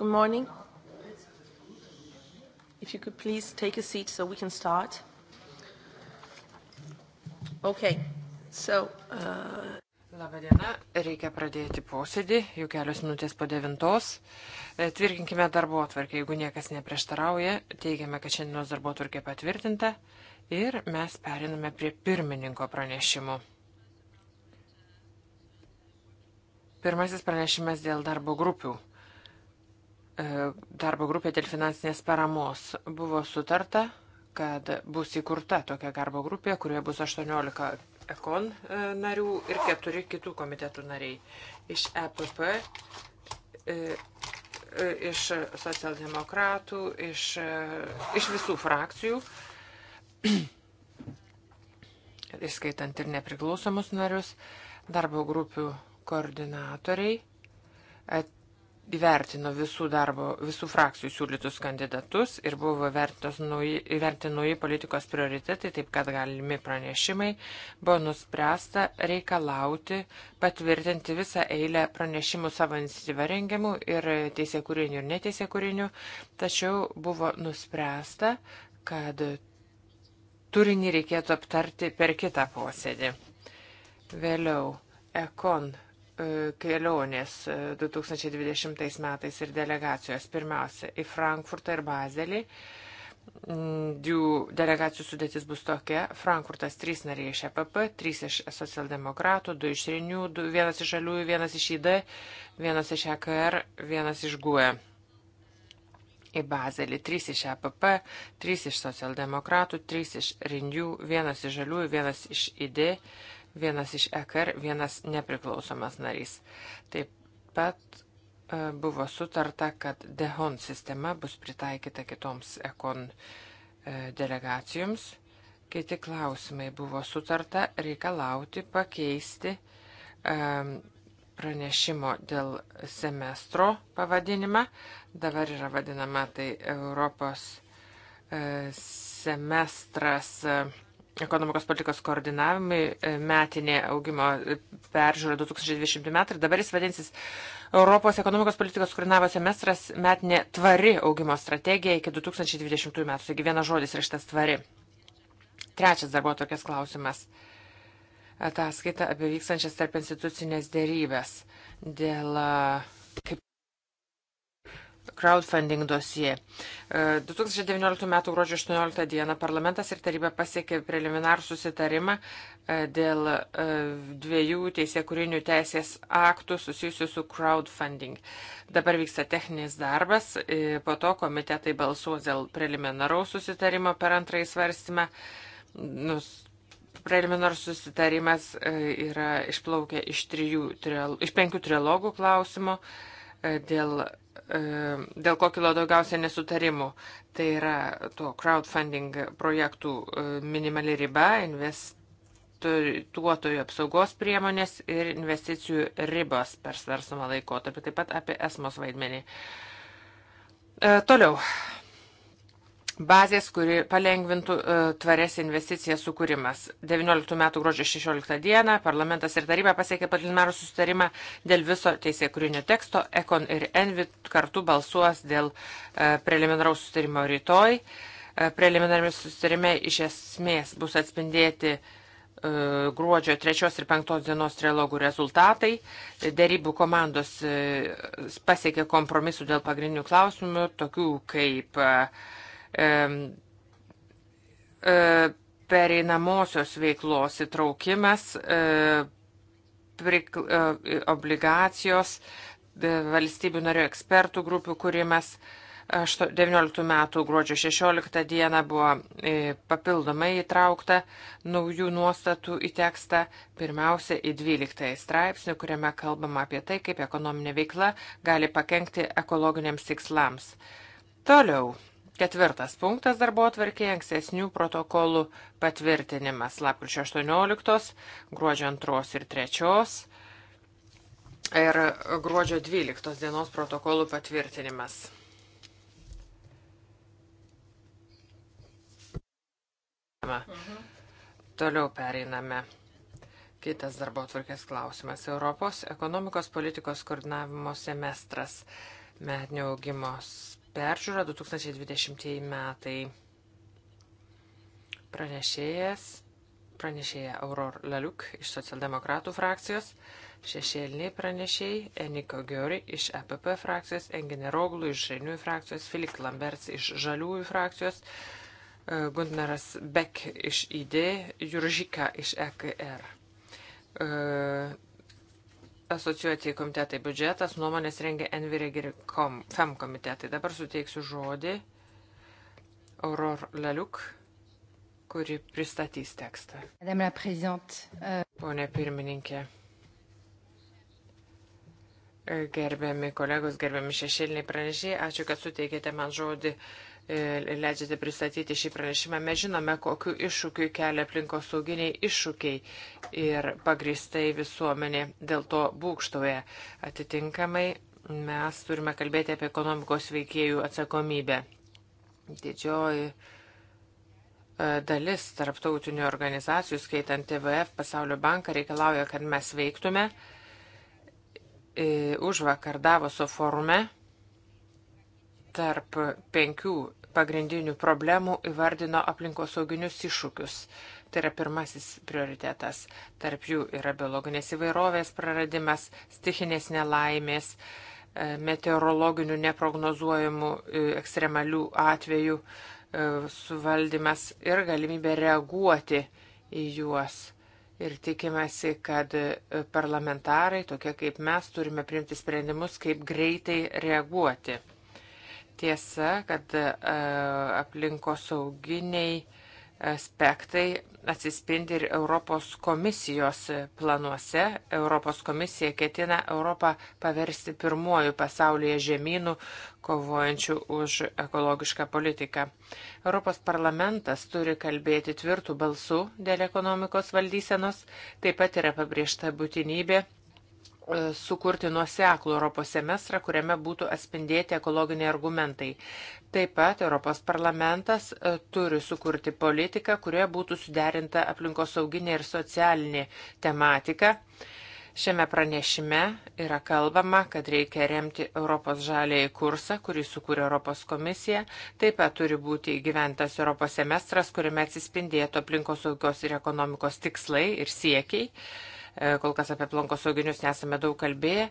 Good morning. If you could please take a seat so we can start. Okay. So, uh... Labadiena, reikia pradėti posėdį, jau kelios minutės po devintos. E, tvirkinkime darbo atvarkę, jeigu niekas neprieštarauja, teigiame, kad šiandienos darbo atvarkė patvirtinta ir mes periname prie pirmininko pranešimų. Pirmasis pranešimas dėl darbo grupių. E, darbo grupė dėl finansinės paramos. Buvo sutarta, kad bus įkurta tokia darbo grupė, kurioje bus 18 ekon e, narių ir 4 kitų komitetų nariai. Iš EPP, e, iš socialdemokratų, iš, iš visų frakcijų, įskaitant ir nepriklausomus narius, darbo grupių koordinatoriai at, įvertino visų darbo, visų frakcijų siūlytus kandidatus ir buvo įvertinti nauji politikos prioritetai, taip kad galimi pranešimai, buvo nuspręsta reikalauti patvirtinti visą eilę pranešimų savo iniciatyvą rengiamų ir teisėkūrinių ir neteisėkūrinių, tačiau buvo nuspręsta, kad turinį reikėtų aptarti per kitą posėdį. Vėliau, ekon E, kelionės 2020 e, metais ir delegacijos pirmiausia į Frankfurtą ir Bazelį. Mm, jų delegacijų sudėtis bus tokia. Frankfurtas trys nariai iš EPP, trys iš socialdemokratų, du iš Renių, du, vienas iš Žaliųjų, vienas iš ID, vienas iš EKR, vienas iš GUE. Į Bazelį trys iš EPP, trys iš socialdemokratų, trys iš Renių, vienas iš Žaliųjų, vienas iš ID, vienas iš EKR, vienas nepriklausomas narys. Taip pat e, buvo sutarta, kad DEHON sistema bus pritaikyta kitoms ekon e, delegacijoms. Kiti klausimai buvo sutarta reikalauti pakeisti e, pranešimo dėl semestro pavadinimą. Dabar yra vadinama tai Europos semestras ekonomikos politikos koordinavimui e, metinė augimo peržiūra 2020 metai ir dabar jis vadinsis Europos ekonomikos politikos koordinavimo semestras metinė tvari augimo strategija iki 2020 metų. Taigi vienas žodis ir šitas tvari. Trečias darbo tokias klausimas. Ataskaita apie vykstančias tarp institucinės dėrybės dėl e, kaip crowdfunding dosie. 2019 e, m. gruodžio 18 d. parlamentas ir taryba pasiekė preliminarų susitarimą e, dėl e, dviejų teisėkurinių teisės aktų susijusių su crowdfunding. Dabar vyksta techninis darbas, po to komitetai balsuos dėl preliminaraus susitarimo per antrąjį svarstymą. Nus, preliminarus susitarimas yra išplaukę iš, trijų, iš penkių trilogų klausimų dėl E, dėl ko kilo daugiausia nesutarimų. Tai yra to crowdfunding projektų e, minimali riba, investuotojų apsaugos priemonės ir investicijų ribos per svarstamą laikotarpį, taip pat apie esmos vaidmenį. E, toliau, bazės, kuri palengvintų e, tvarės investicijas sukūrimas. 19 metų gruodžio 16 dieną parlamentas ir taryba pasiekė preliminarų sustarimą dėl viso teisėkūrinio teksto. Ekon ir Envi kartu balsuos dėl e, preliminaraus sustarimo rytoj. E, Preliminarime sustarime iš esmės bus atspindėti gruodžio 3 ir 5 dienos trilogų rezultatai. Dėrybų komandos pasiekė kompromisų dėl pagrindinių klausimų, tokių kaip uh, E, pereinamosios veiklos įtraukimas, e, e, obligacijos, valstybių narių ekspertų grupių kūrimas. 19 metų gruodžio 16 dieną buvo papildomai įtraukta naujų nuostatų į tekstą, pirmiausia į 12 straipsnį, kuriame kalbama apie tai, kaip ekonominė veikla gali pakengti ekologiniams tikslams. Toliau Ketvirtas punktas darbo atvarkėje ankstesnių protokolų patvirtinimas lapkričio 18, gruodžio 2 ir 3 ir gruodžio 12 dienos protokolų patvirtinimas. Mhm. Toliau pereiname. Kitas darbo atvarkės klausimas - Europos ekonomikos politikos koordinavimo semestras metinio augimos peržiūra 2020 metai. Pranešėjas, pranešėja Auror Laliuk iš socialdemokratų frakcijos, šešėliniai pranešėjai Eniko Giori iš EPP frakcijos, Engine Roglų iš Žainiųjų frakcijos, Filip Lamberts iš Žaliųjų frakcijos, e, Gundneras Beck iš ID, Juržika iš EKR. E, asociuoti komitetai biudžetas, nuomonės rengia Envirė Girikom, FEM komitetai. Dabar suteiksiu žodį Auror Laliuk, kuri pristatys tekstą. Euh, Pone pirmininkė, gerbiami kolegos, gerbiami šešėliniai pranešėjai, ačiū, kad suteikėte man žodį uh, E, leidžiate pristatyti šį pranešimą. Mes žinome, kokiu iššūkiu kelia aplinkos sauginiai iššūkiai ir pagristai visuomenė dėl to būkštoje. Atitinkamai mes turime kalbėti apie ekonomikos veikėjų atsakomybę. Didžioji e, dalis tarptautinių organizacijų, skaitant TVF, Pasaulio banką, reikalauja, kad mes veiktume. E, už vakar Davoso forume tarp penkių pagrindinių problemų įvardino aplinkosauginius iššūkius. Tai yra pirmasis prioritetas. Tarp jų yra biologinės įvairovės praradimas, stichinės nelaimės, e, meteorologinių neprognozuojamų e, ekstremalių atvejų e, suvaldymas ir galimybė reaguoti į juos. Ir tikimasi, kad parlamentarai, tokie kaip mes, turime priimti sprendimus, kaip greitai reaguoti tiesa, kad e, aplinkosauginiai aspektai atsispindi ir Europos komisijos planuose. Europos komisija ketina Europą paversti pirmuoju pasaulyje žemynų kovojančių už ekologišką politiką. Europos parlamentas turi kalbėti tvirtų balsų dėl ekonomikos valdysenos, taip pat yra pabrėžta būtinybė E, sukurti nuoseklų Europos semestrą, kuriame būtų atspindėti ekologiniai argumentai. Taip pat Europos parlamentas e, turi sukurti politiką, kurioje būtų suderinta aplinkosauginė ir socialinė tematika. Šiame pranešime yra kalbama, kad reikia remti Europos žalėjai kursą, kurį sukūrė Europos komisija. Taip pat turi būti įgyventas Europos semestras, kuriame atsispindėtų aplinkosaugos ir ekonomikos tikslai ir siekiai. E, kol kas apie plankosauginius nesame daug kalbėję.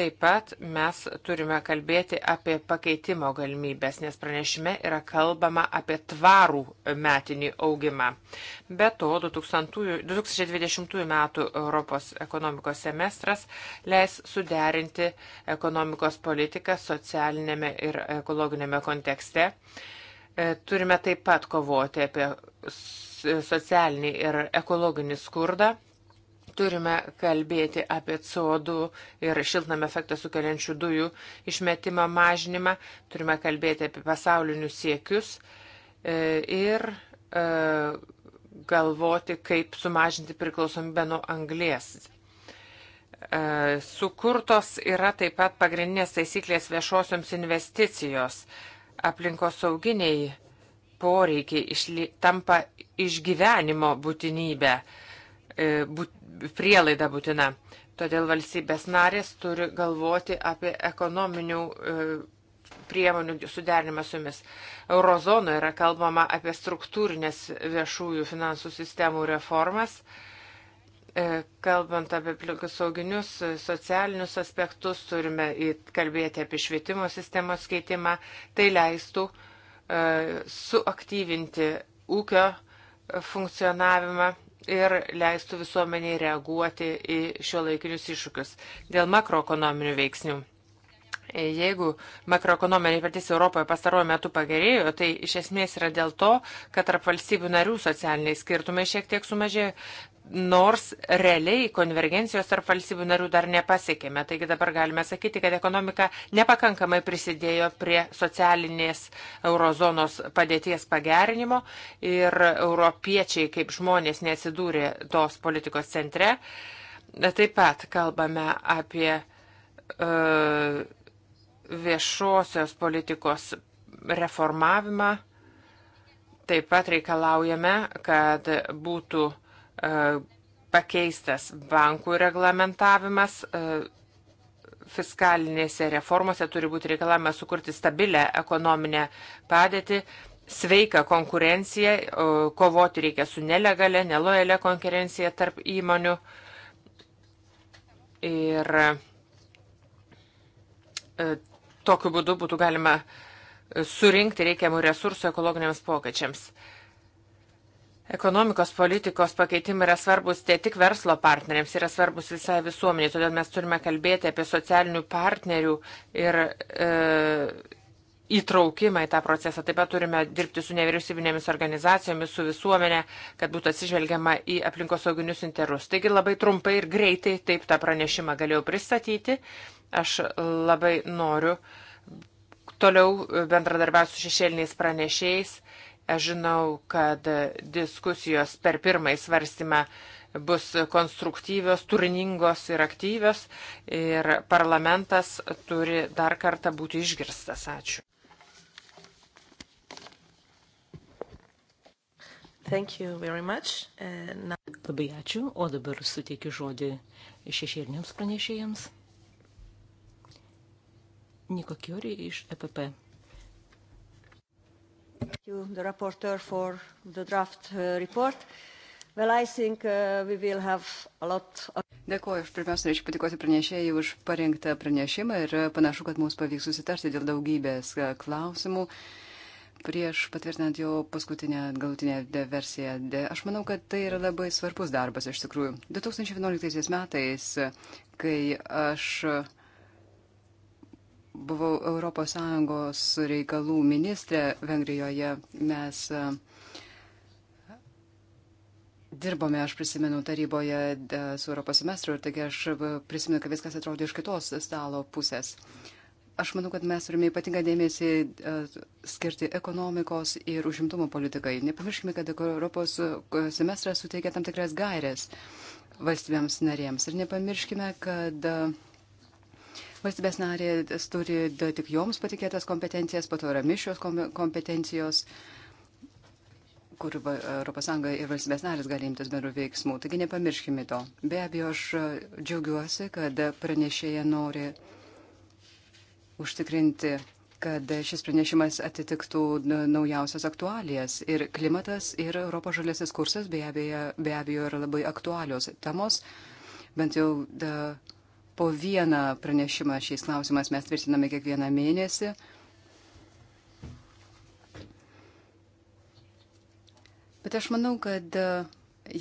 Taip pat mes turime kalbėti apie pakeitimo galimybės, nes pranešime yra kalbama apie tvarų metinį augimą. Be to, 2020 m. Europos ekonomikos semestras leis suderinti ekonomikos politiką socialinėme ir ekologinėme kontekste. E, turime taip pat kovoti apie socialinį ir ekologinį skurdą Turime kalbėti apie CO2 ir šiltnamio efektą sukeliančių dujų išmetimą mažinimą, turime kalbėti apie pasaulinius siekius e, ir e, galvoti, kaip sumažinti priklausomybę nuo anglės. E, sukurtos yra taip pat pagrindinės taisyklės viešosioms investicijos. Aplinkosauginiai poreikiai išli, tampa išgyvenimo būtinybę. E, būt, prielaida būtina. Todėl valstybės narės turi galvoti apie ekonominių e, priemonių suderinimą su jumis. Eurozono yra kalbama apie struktūrinės viešųjų finansų sistemų reformas, e, kalbant apie sauginius, socialinius aspektus, turime kalbėti apie švietimo sistemos keitimą, tai leistų suaktyvinti ūkio funkcionavimą ir leistų visuomeniai reaguoti į šio laikinius iššūkius dėl makroekonominių veiksnių. Jeigu makroekonominė patys Europoje pastaruoju metu pagerėjo, tai iš esmės yra dėl to, kad tarp valstybių narių socialiniai skirtumai šiek tiek sumažėjo, nors realiai konvergencijos tarp valstybių narių dar nepasiekėme. Taigi dabar galime sakyti, kad ekonomika nepakankamai prisidėjo prie socialinės eurozonos padėties pagerinimo ir europiečiai kaip žmonės nesidūrė tos politikos centre. Taip pat kalbame apie uh, viešosios politikos reformavimą. Taip pat reikalaujame, kad būtų uh, E, pakeistas bankų reglamentavimas, e, fiskalinėse reformose turi būti reikalama sukurti stabilę ekonominę padėtį, sveiką konkurenciją, kovoti reikia su nelegale, nelojalia konkurencija tarp įmonių. Ir e, tokiu būdu būtų galima surinkti reikiamų resursų ekologiniams pokyčiams. Ekonomikos politikos pakeitimai yra svarbus ne tik verslo partneriams, yra svarbus visai visuomeniai, todėl mes turime kalbėti apie socialinių partnerių ir e, įtraukimą į tą procesą. Taip pat turime dirbti su nevyriausybinėmis organizacijomis, su visuomenė, kad būtų atsižvelgiama į aplinkosauginius interus. Taigi labai trumpai ir greitai taip tą pranešimą galėjau pristatyti. Aš labai noriu toliau bendradarbiauti su šešėliniais pranešėjais Aš žinau, kad diskusijos per pirmąjį svarstymą bus konstruktyvios, turiningos ir aktyvios ir parlamentas turi dar kartą būti išgirstas. Ačiū. Now... Labai ačiū, o dabar suteikiu žodį šešėliniams pranešėjams. Niko Kiori iš EPP. Uh, well, think, uh, of... Dėkuoju, aš pirmiausia norėčiau patikoti pranešėjai už parengtą pranešimą ir uh, panašu, kad mums pavyks susitarti dėl daugybės uh, klausimų. Prieš patvirtinant jo paskutinę galutinę versiją, aš manau, kad tai yra labai svarbus darbas iš tikrųjų. 2011 metais, kai aš buvau ES reikalų ministrė Vengrijoje, mes e, dirbome, aš prisimenu, taryboje e, su Europos semestru ir taigi aš e, prisimenu, kad viskas atrodė iš kitos stalo pusės. Aš manau, kad mes turime ypatingą dėmesį skirti ekonomikos ir užimtumo politikai. Nepamirškime, kad Europos semestras suteikia tam tikras gairias valstybėms narėms. Ir nepamirškime, kad uh, Valstybės narės turi da, tik joms patikėtas kompetencijas, pato yra mišrios kompetencijos kur ES ir valstybės narės gali imtis bendrų veiksmų. Taigi nepamirškime to. Be abejo, aš e, džiaugiuosi, kad pranešėja nori užtikrinti, kad šis pranešimas atitiktų naujausias aktualijas. Ir klimatas, ir Europos žalėsis kursas be abejo, be abejo yra labai aktualios temos. Bent jau da, po vieną pranešimą šiais klausimais mes tvirtiname kiekvieną mėnesį. Bet aš manau, kad e,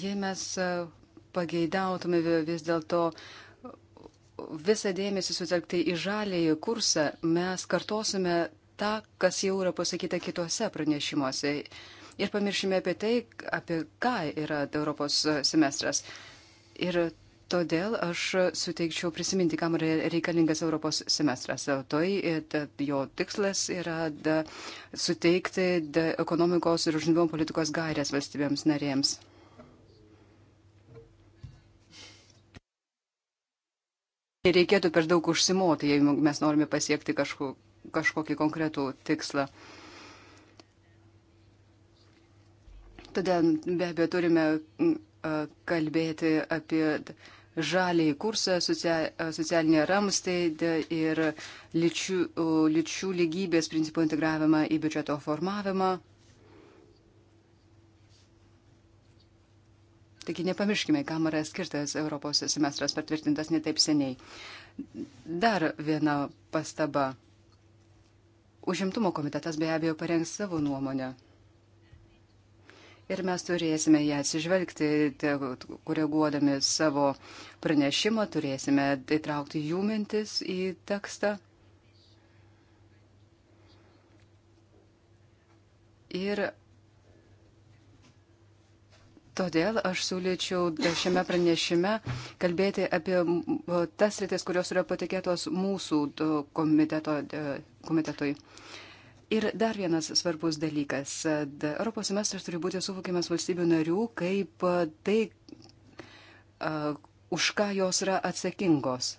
jei mes e, pageidautume vis dėlto visą dėmesį sutelkti į žalėjį kursą, mes kartosime tą, kas jau yra pasakyta kitose pranešimuose. Ir pamiršime apie tai, apie ką yra Europos semestras. Ir Todėl aš suteikčiau prisiminti, kam reikalingas Europos semestras. Toj jo tikslas yra da, suteikti da, ekonomikos ir užimtumo politikos gairias valstybėms narėms. Nereikėtų per daug užsimoti, jeigu mes norime pasiekti kažko, kažkokį konkretų tikslą. Todėl be abejo turime kalbėti apie žaliai kursą, socialinį ramstį ir lyčių, lyčių lygybės principų integravimą į biudžeto formavimą. Taigi nepamirškime, kam yra skirtas Europos semestras patvirtintas netaip seniai. Dar viena pastaba. Užimtumo komitetas be abejo parengs savo nuomonę ir mes turėsime ją atsižvelgti, koreguodami savo pranešimą, turėsime įtraukti jų mintis į tekstą. Ir todėl aš siūlyčiau šiame pranešime kalbėti apie tas rytis, kurios yra patikėtos mūsų komiteto, komitetui. Ir dar vienas svarbus dalykas. Europos semestras turi būti suvokiamas valstybių narių kaip tai, už ką jos yra atsakingos.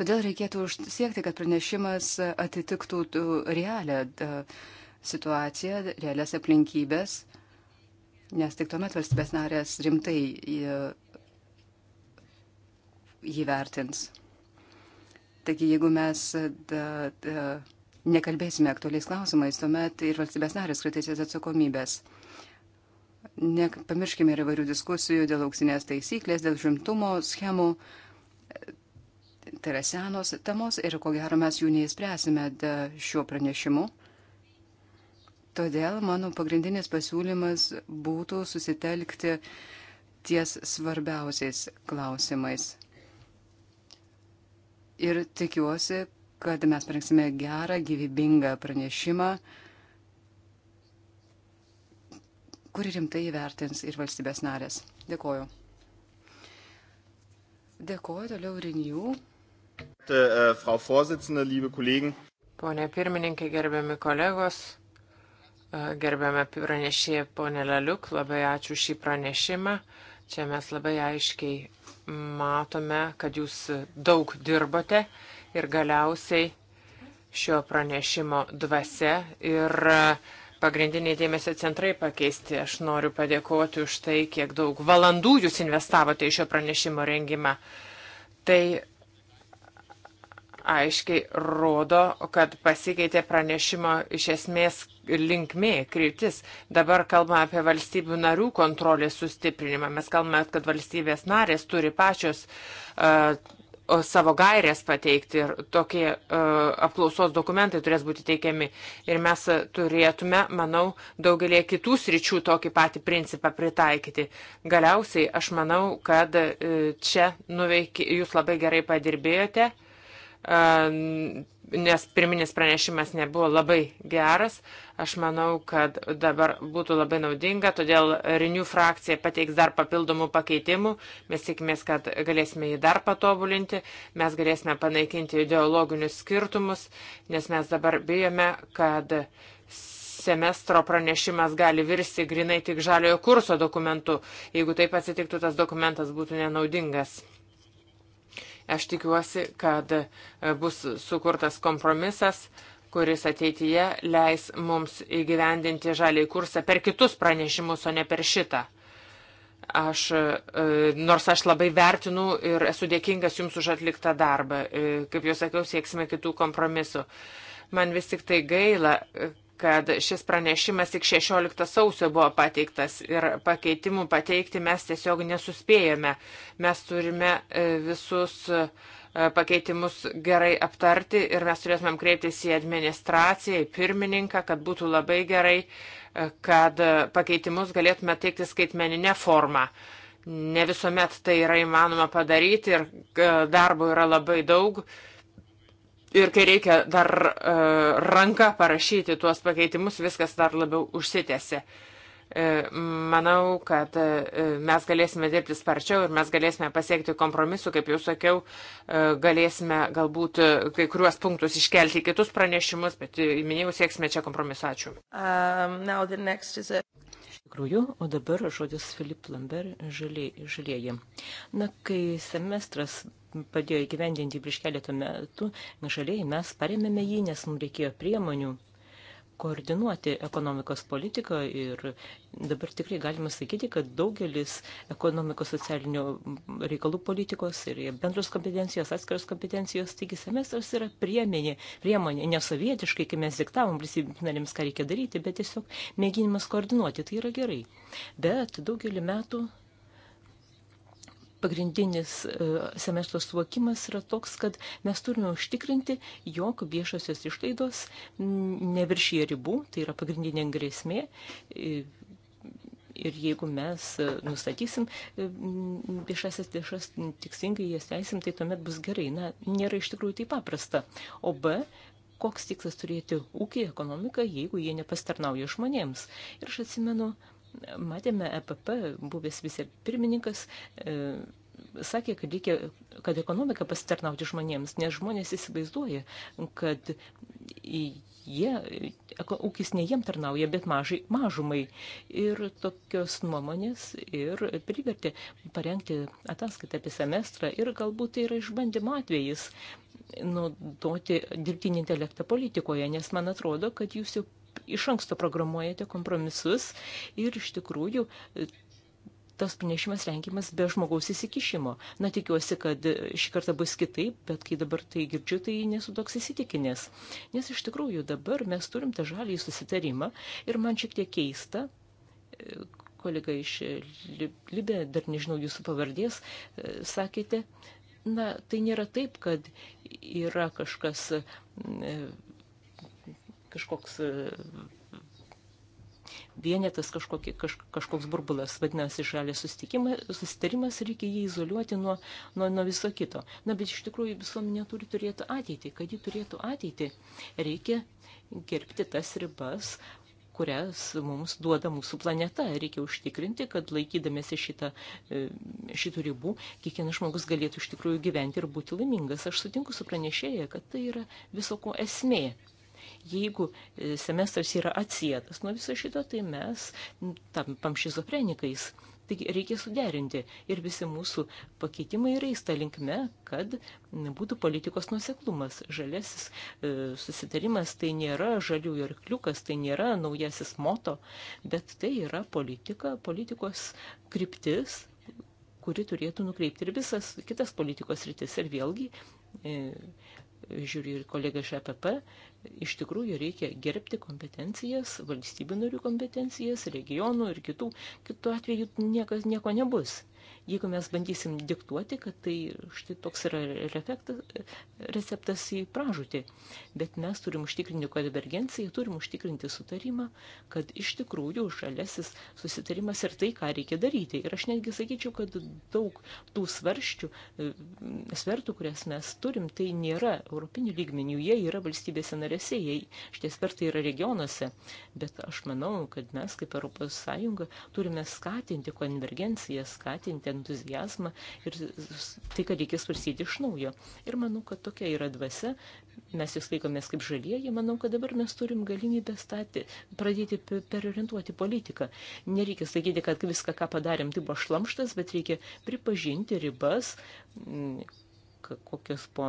Todėl reikėtų siekti, kad pranešimas atitiktų realią situaciją, realias aplinkybės, nes tik tuomet valstybės narės rimtai jį vertins. Taigi, jeigu mes da, da, nekalbėsime aktualiais klausimais, tuomet ir valstybės narės kritysės atsakomybės. Nepamirškime ir įvairių diskusijų dėl auksinės taisyklės, dėl žimtumo schemų. Tai yra senos temos ir ko gero mes jų neįspręsime šiuo pranešimu. Todėl mano pagrindinis pasiūlymas būtų susitelkti ties svarbiausiais klausimais. Ir tikiuosi, kad mes parengsime gerą, gyvybingą pranešimą, kurį rimtai įvertins ir valstybės narės. Dėkoju. Dėkoju toliau Rinijų. Äh, Pone pirmininkė, gerbiami kolegos, äh, gerbiami pranešėjai, ponė Leliuk, labai ačiū šį pranešimą. Čia mes labai aiškiai matome, kad jūs daug dirbote ir galiausiai šio pranešimo dvasia ir pagrindiniai dėmesio centrai pakeisti. Aš noriu padėkoti už tai, kiek daug valandų jūs investavote į šio pranešimo rengimą. Tai aiškiai rodo, kad pasikeitė pranešimo iš esmės linkmė, kryptis. Dabar kalbame apie valstybių narių kontrolės sustiprinimą. Mes kalbame, kad valstybės narės turi pačios uh, savo gairės pateikti ir tokie apklausos dokumentai turės būti teikiami. Ir mes turėtume, manau, daugelie kitų sričių tokį patį principą pritaikyti. Galiausiai aš manau, kad e, čia nuveikė, jūs labai gerai padirbėjote e, nes pirminis pranešimas nebuvo labai geras. Aš manau, kad dabar būtų labai naudinga, todėl Rinių frakcija pateiks dar papildomų pakeitimų. Mes tikimės, kad galėsime jį dar patobulinti, mes galėsime panaikinti ideologinius skirtumus, nes mes dabar bijome, kad semestro pranešimas gali virsti grinai tik žaliojo kurso dokumentu. Jeigu taip atsitiktų, tas dokumentas būtų nenaudingas. Aš tikiuosi, kad e, bus sukurtas kompromisas, kuris ateityje leis mums įgyvendinti žaliai kursą per kitus pranešimus, o ne per šitą. Aš, e, nors aš labai vertinu ir esu dėkingas Jums už atliktą darbą. E, kaip jau sakiau, sieksime kitų kompromisų. Man vis tik tai gaila, kad šis pranešimas tik 16 sausio buvo pateiktas ir pakeitimų pateikti mes tiesiog nesuspėjome. Mes turime e, visus e, pakeitimus gerai aptarti ir mes turėtumėm kreiptis į administraciją, į pirmininką, kad būtų labai gerai, e, kad pakeitimus galėtume teikti skaitmeninę formą. Ne visuomet tai yra įmanoma padaryti ir darbo yra labai daug. Ir kai reikia dar uh, e, ranka parašyti tuos pakeitimus, viskas dar labiau užsitėsi. E, manau, kad e, mes galėsime dirbti sparčiau ir mes galėsime pasiekti kompromisu, kaip jau sakiau, galėsime galbūt kai kuriuos punktus iškelti į kitus pranešimus, bet minėjau, sieksime čia kompromisu. Ačiū. Um, a tikrųjų, o dabar žodis Filip Lambert žalieji. Na, kai semestras padėjo įgyvendinti prieš keletą metų, žalieji mes paremėme jį, nes mums reikėjo priemonių koordinuoti ekonomikos politiką ir dabar tikrai galima sakyti, kad daugelis ekonomikos socialinių reikalų politikos ir bendros kompetencijos, atskiros kompetencijos, taigi semestras yra priemonė, priemonė nesovietiškai, kai mes diktavom valstybėms narėms, ką reikia daryti, bet tiesiog mėginimas koordinuoti, tai yra gerai. Bet daugelį metų pagrindinis e, semestro suvokimas yra toks, kad mes turime užtikrinti, jog viešosios išlaidos neviršyje ribų, tai yra pagrindinė grėsmė. Ir jeigu mes e, nustatysim e, viešasias lėšas, tikslingai jas leisim, tai tuomet bus gerai. Na, nėra iš tikrųjų tai paprasta. O B, koks tikslas turėti ūkį, ekonomiką, jeigu jie nepastarnauja žmonėms. Ir aš atsimenu, uh, matėme EPP, buvęs visi pirmininkas, e, sakė, kad reikia, kad ekonomika pasitarnauti žmonėms, nes žmonės įsivaizduoja, kad jie, ūkis ne jiem tarnauja, bet mažai, mažumai. Ir tokios nuomonės ir privertė parengti ataskaitą apie semestrą ir galbūt tai yra išbandymo atvejis naudoti dirbtinį intelektą politikoje, nes man atrodo, kad jūs jau iš anksto programuojate kompromisus ir iš tikrųjų e, tas pranešimas rengiamas be žmogaus įsikišimo. Na, tikiuosi, kad e, šį kartą bus kitaip, bet kai dabar tai girdžiu, tai nesu toks įsitikinęs. Nes iš tikrųjų dabar mes turim tą žalį susitarimą ir man šiek tiek keista, e, kolega iš Libė, dar nežinau jūsų pavardės, sakėte, na, tai nėra taip, kad yra kažkas kažkoks e, vienetas, kažkokie, kaž, kažkoks burbulas, vadinasi, šalės susitarimas, reikia jį izoliuoti nuo, nuo, nuo viso kito. Na, bet iš tikrųjų visuomenė turi turėti ateitį. Kad ji turėtų ateitį, reikia gerbti tas ribas, kurias mums duoda mūsų planeta. Reikia užtikrinti, kad laikydamėsi šitą, e, šitų ribų, kiekvienas žmogus galėtų iš tikrųjų gyventi ir būti laimingas. Aš sutinku su pranešėja, kad tai yra viso ko esmė. Jeigu e, semestras yra atsietas nuo viso šito, tai mes tampam šizofrenikais. Taigi reikia suderinti ir visi mūsų pakeitimai yra įsta linkme, kad būtų politikos nuseklumas. Žalėsis e, susitarimas tai nėra žalių ir kliukas, tai nėra naujasis moto, bet tai yra politika, politikos kryptis, kuri turėtų nukreipti ir visas kitas politikos rytis. Ir vėlgi, e, žiūriu ir kolegą iš EPP, iš tikrųjų reikia gerbti kompetencijas, valstybių narių kompetencijas, regionų ir kitų. Kitu atveju niekas nieko nebus jeigu mes bandysim diktuoti, kad tai štai toks yra refektas, receptas į pražūtį. Bet mes turim užtikrinti konvergenciją, turim užtikrinti sutarimą, kad iš tikrųjų šalesis susitarimas ir tai, ką reikia daryti. Ir aš netgi sakyčiau, kad daug tų svarščių, e, svertų, kurias mes turim, tai nėra europinių lygmenių, jie yra valstybėse narėse, jie šitie svertai yra regionuose. Bet aš manau, kad mes kaip Europos Sąjunga turime skatinti konvergenciją, skatinti entuzijazmą ir tai, kad reikia svarstyti iš naujo. Ir manau, kad tokia yra dvasia, mes jūs laikomės kaip žalieji, manau, kad dabar mes turim galimybę stati, pradėti perorientuoti politiką. Nereikia sakyti, kad viską, ką padarėm, tai buvo šlamštas, bet reikia pripažinti ribas kokios po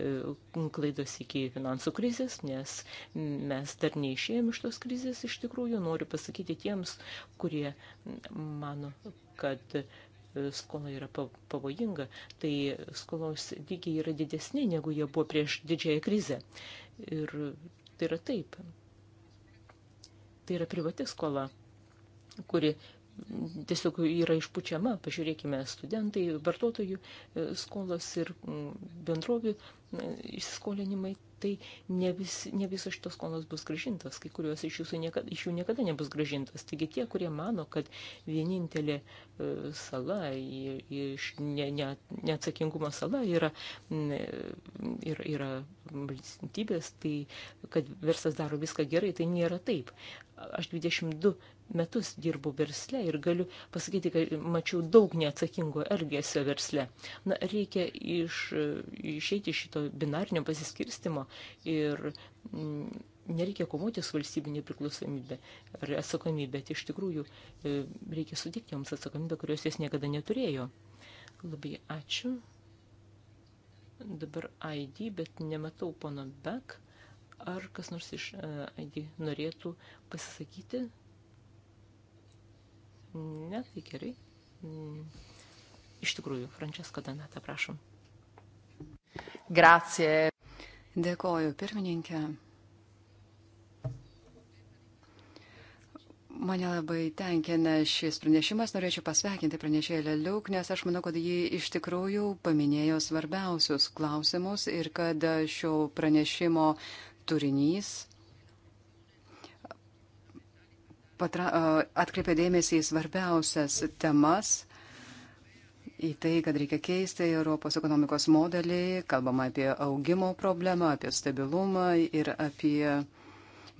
e, klaidos iki finansų krizės, nes mes dar neišėjom iš tos krizės iš tikrųjų. Noriu pasakyti tiems, kurie mano, kad skola yra pavojinga, tai skolos lygiai yra didesni, negu jie buvo prieš didžiąją krizę. Ir tai yra taip. Tai yra privati skola, kuri tiesiog yra išpučiama, pažiūrėkime, studentai, vartotojų e, skolos ir bendrovių e, įsiskolinimai, tai ne, vis, ne visos šitos skolos bus gražintas, kai kurios iš, niekada, iš jų niekada nebus gražintas. Taigi tie, kurie mano, kad vienintelė e, sala, iš ne, ne, neatsakingumo sala yra, yra, e, yra valstybės, tai kad verslas daro viską gerai, tai nėra taip. Aš 22 metus dirbu versle ir galiu pasakyti, kad mačiau daug neatsakingo elgesio versle. Na, reikia iš, išeiti iš šito binarnio pasiskirstimo ir m, mm, nereikia komuoti su valstybinė priklausomybė ar atsakomybė, bet iš tikrųjų e, reikia sutikti joms atsakomybę, kurios jas niekada neturėjo. Labai ačiū. Dabar ID, bet nematau pono Beck. Ar kas nors iš e, ID norėtų pasisakyti? Ne, tai gerai. Mm. Iš tikrųjų, Frančeska Danata, prašom. Grazie. Dėkoju, pirmininkė. Mane labai tenkina šis pranešimas, norėčiau pasveikinti pranešėlę Liuk, nes aš manau, kad ji iš tikrųjų paminėjo svarbiausius klausimus ir kad šio pranešimo turinys patra, atkreipė dėmesį į svarbiausias temas, į tai, kad reikia keisti Europos ekonomikos modelį, kalbama apie augimo problemą, apie stabilumą ir apie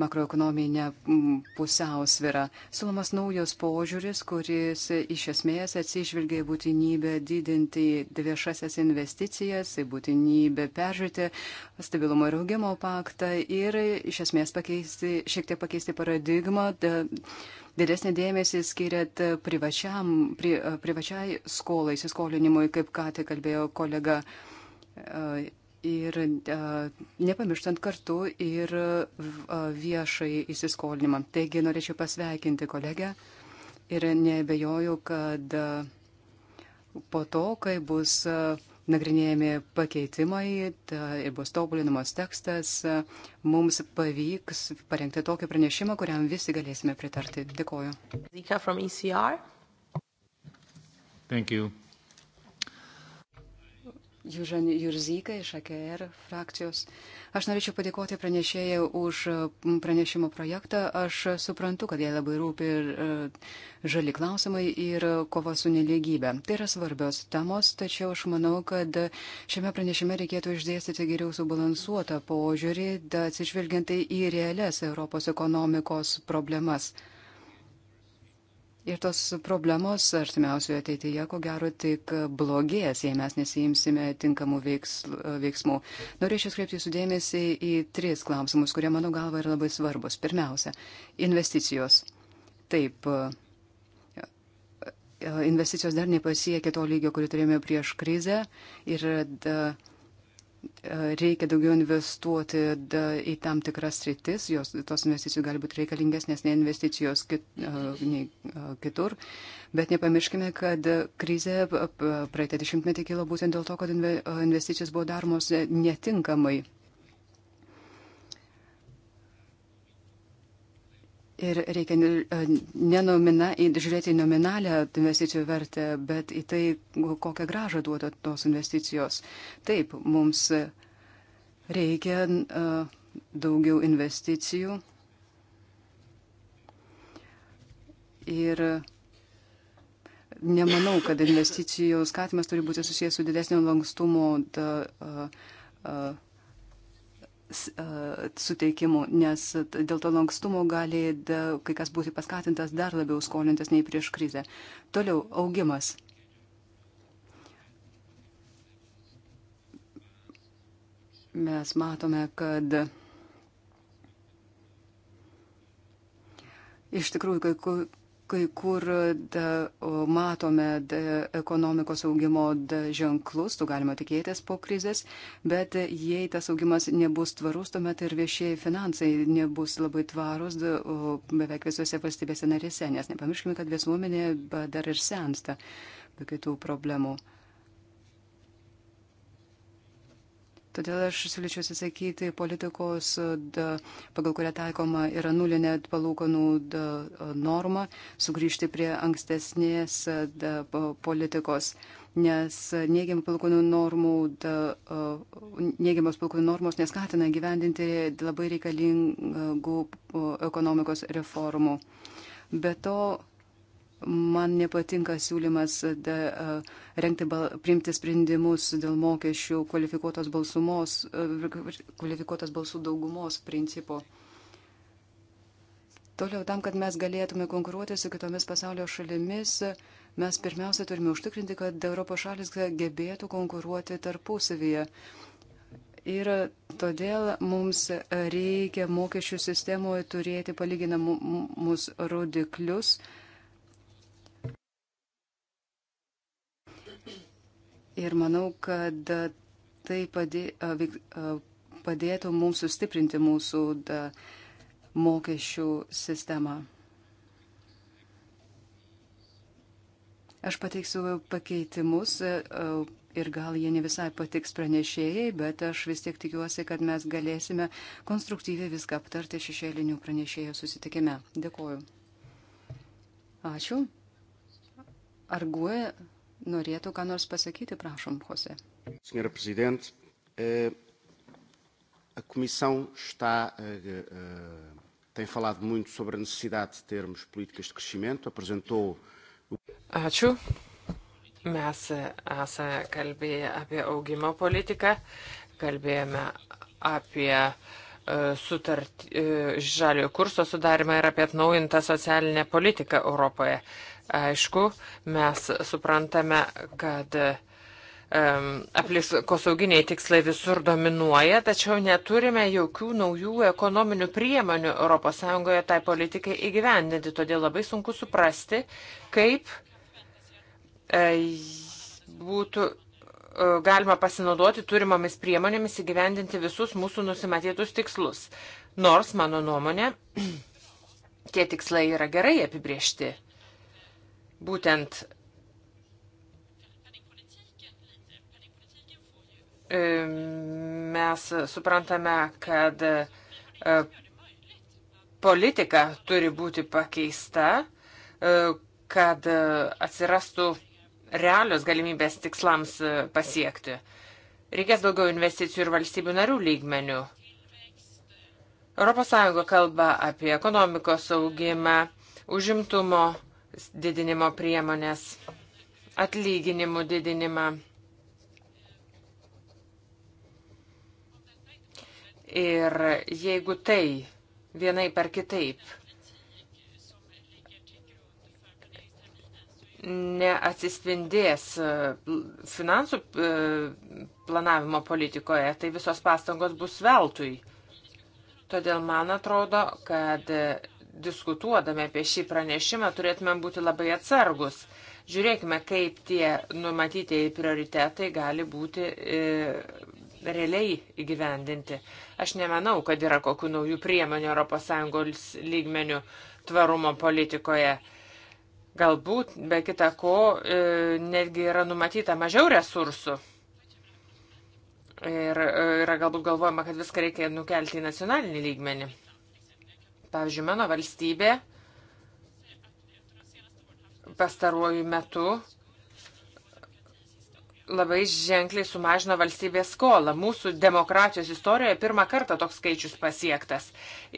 makroekonominę mm, pusiausvirą. Siūlomas naujos požiūris, kuris iš esmės atsižvelgia į būtinybę didinti viešasias investicijas, į būtinybę peržiūrėti stabilumo ir augimo paktą ir iš esmės pakeisti, šiek tiek pakeisti paradigmą. De, didesnį dėmesį skiriat privačiam, pri, privačiai skolai, įsiskolinimui, kaip ką tik kalbėjo kolega. E, ir e, nepamirštant kartu ir e, e, viešai įsiskolinimą. Taigi norėčiau pasveikinti kolegę ir nebejoju, kad po to, kai bus nagrinėjami pakeitimai ta, ir bus tobulinamas tekstas, mums pavyks parengti tokį pranešimą, kuriam visi galėsime pritarti. Dėkoju. Zika from ECR. Thank you. Južan Jurzyka iš AKR frakcijos. Aš norėčiau padėkoti pranešėjai už pranešimo projektą. Aš suprantu, kad jai labai rūpi ir e, žali klausimai ir kova su neligybė. Tai yra svarbios temos, tačiau aš manau, kad šiame pranešime reikėtų išdėstyti geriau subalansuotą požiūrį, atsižvelgiant į realias Europos ekonomikos problemas. Ir tos problemos artimiausioje ateityje, ko gero, tik blogės, jei mes nesijimsime tinkamų veiks, veiksmų. Norėčiau skreipti jūsų dėmesį į tris klausimus, kurie, mano galva, yra labai svarbus. Pirmiausia, investicijos. Taip, investicijos dar nepasiekė to lygio, kurį turėjome prieš krizę. Ir da, uh, reikia daugiau investuoti į tam tikras rytis, jos, tos investicijos gali būti reikalingesnės nei investicijos kit, nei, kitur, bet nepamirškime, kad krizė praeitą dešimtmetį kilo būtent dėl to, kad investicijos buvo daromos netinkamai. Ir reikia nežiūrėti į nominalią investicijų vertę, bet į tai, kokią gražą duoda tos investicijos. Taip, mums reikia daugiau investicijų. Ir nemanau, kad investicijų skatimas turi būti susijęs su didesnio lankstumo. Da, uh, uh, suteikimu, nes dėl to lankstumo gali da, kai kas būti paskatintas dar labiau skolintis nei prieš krizę. Toliau augimas. Mes matome, kad iš tikrųjų kai kai kur da, matome da, ekonomikos augimo da, ženklus, tu galima tikėtis po krizės, bet jei tas augimas nebus tvarus, tuomet ir viešieji finansai nebus labai tvarus da, o, beveik visose valstybėse narėse, nes nepamirškime, kad visuomenė dar ir sensta be kitų problemų. Todėl aš siūlyčiau atsisakyti politikos, da, pagal kurią taikoma yra nulinė palūkanų norma, sugrįžti prie ankstesnės da, politikos, nes neigiamas palūkanų normų, da, neigiamas palūkanų normos neskatina gyvendinti labai reikalingų ekonomikos reformų. Be to, Man nepatinka siūlymas da, rengti, bal, priimti sprendimus dėl mokesčių kvalifikuotos, balsumos, kvalifikuotos balsų daugumos principo. Toliau tam, kad mes galėtume konkuruoti su kitomis pasaulio šalimis, mes pirmiausia turime užtikrinti, kad Europos šalis gebėtų konkuruoti tarpusavyje. Ir todėl mums reikia mokesčių sistemoje turėti palyginamus rodiklius, uh, Ir manau, kad tai padė, padėtų mums sustiprinti mūsų da, mokesčių sistemą. Aš pateiksiu pakeitimus ir gal jie ne visai patiks pranešėjai, bet aš vis tiek tikiuosi, kad mes galėsime konstruktyviai viską aptarti šešėlinių pranešėjų susitikime. Dėkuoju. Ačiū. Ar guoja norėtų ką nors pasakyti, prašom, Jose. Senhora Presidente, eh, a Comissão está, eh, eh, tem falado muito sobre a necessidade de termos políticas de crescimento, apresentou. Ačiū. Mes esame kalbėję apie augimo politiką, kalbėjome apie sutartį žaliojo kurso sudarimą ir apie atnaujintą socialinę politiką Europoje. Aišku, mes suprantame, kad aplinkosauginiai tikslai visur dominuoja, tačiau neturime jokių naujų ekonominių priemonių ES tai politikai įgyvendinti. Todėl labai sunku suprasti, kaip e, būtų e, galima pasinaudoti turimomis priemonėmis įgyvendinti visus mūsų nusimatytus tikslus. Nors, mano nuomonė, tie tikslai yra gerai apibriešti. Būtent e, mes suprantame, kad e, politika turi būti pakeista, e, kad atsirastų realios galimybės tikslams pasiekti. Reikės daugiau investicijų ir valstybių narių lygmenių. ES kalba apie ekonomikos augimą, užimtumo didinimo priemonės, atlyginimų didinimą. Ir jeigu tai vienai per kitaip neatsispindės e, finansų e, planavimo politikoje, tai visos pastangos bus veltui. Todėl man atrodo, kad diskutuodami apie šį pranešimą turėtume būti labai atsargus. Žiūrėkime, kaip tie numatytieji prioritetai gali būti e, realiai įgyvendinti. Aš nemanau, kad yra kokių naujų priemonių ES lygmenių tvarumo politikoje. Galbūt, be kita ko, e, netgi yra numatyta mažiau resursų. Ir e, yra galbūt galvojama, kad viską reikia nukelti į nacionalinį lygmenį. Pavyzdžiui, mano valstybė pastaruoju metu labai ženkliai sumažino valstybės skolą. Mūsų demokratijos istorijoje pirmą kartą toks skaičius pasiektas.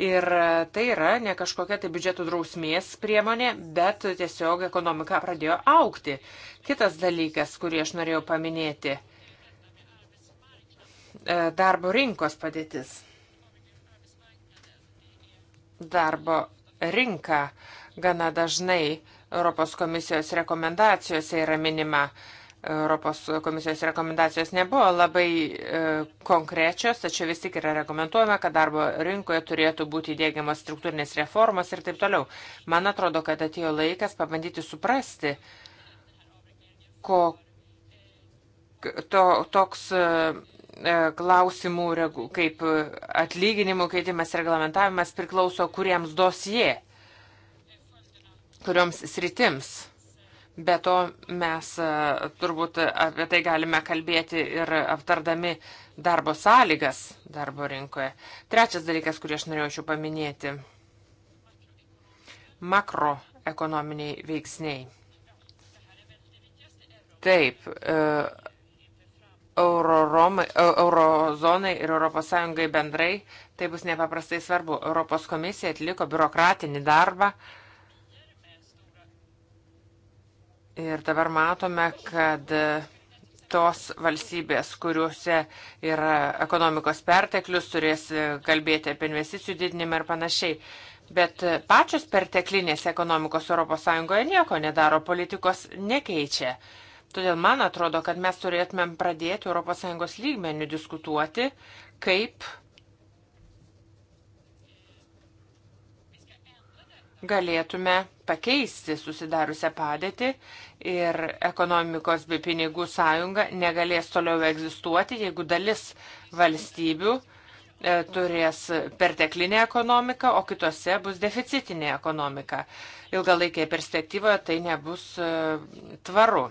Ir tai yra ne kažkokia tai biudžetų drausmės priemonė, bet tiesiog ekonomika pradėjo aukti. Kitas dalykas, kurį aš norėjau paminėti e, - darbo rinkos padėtis darbo rinką. Gana dažnai Europos komisijos rekomendacijose yra minima. Europos komisijos rekomendacijos nebuvo labai e, konkrečios, tačiau vis tik yra rekomenduojama, kad darbo rinkoje turėtų būti įdėgiamas struktūrinės reformos ir taip toliau. Man atrodo, kad atėjo laikas pabandyti suprasti, ko to, toks e, E, klausimų, kaip atlyginimų keitimas reglamentavimas priklauso kuriems dosie, kurioms sritims. Be to mes e, turbūt apie tai galime kalbėti ir aptardami darbo sąlygas darbo rinkoje. Trečias dalykas, kurį aš norėjau čia paminėti - makroekonominiai veiksniai. Taip, e, E, eurozonai euro ir ES bendrai, tai bus nepaprastai svarbu. Europos komisija atliko biurokratinį darbą ir dabar matome, kad tos valstybės, kuriuose yra ekonomikos perteklius, turės kalbėti apie investicijų didinimą ir panašiai. Bet pačios perteklinės ekonomikos ES nieko nedaro, politikos nekeičia. Todėl man atrodo, kad mes turėtumėm pradėti ES lygmenių diskutuoti, kaip galėtume pakeisti susidariusią padėtį ir ekonomikos bei pinigų sąjunga negalės toliau egzistuoti, jeigu dalis valstybių e, turės perteklinę ekonomiką, o kitose bus deficitinė ekonomika. Ilgalaikėje perspektyvoje tai nebus e, tvaru.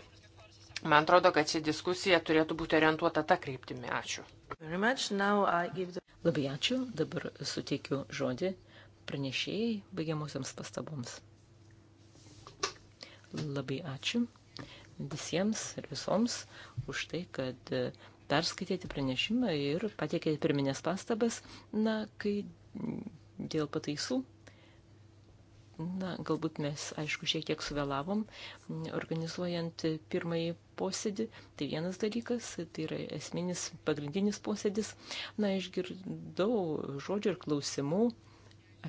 Man atrodo, kad ši diskusija turėtų būti orientuota tą kryptimį. Ačiū. Labai ačiū. Dabar suteikiu žodį pranešėjai baigiamosiams pastaboms. Labai ačiū visiems ir visoms už tai, kad e, perskaitėte pranešimą ir pateikėte pirminės pastabas, na, kai dėl pataisų Na, galbūt mes, aišku, šiek tiek suvėlavom, organizuojant pirmąjį posėdį. Tai vienas dalykas, tai yra esminis, pagrindinis posėdis. Na, išgirdau žodžių ir klausimų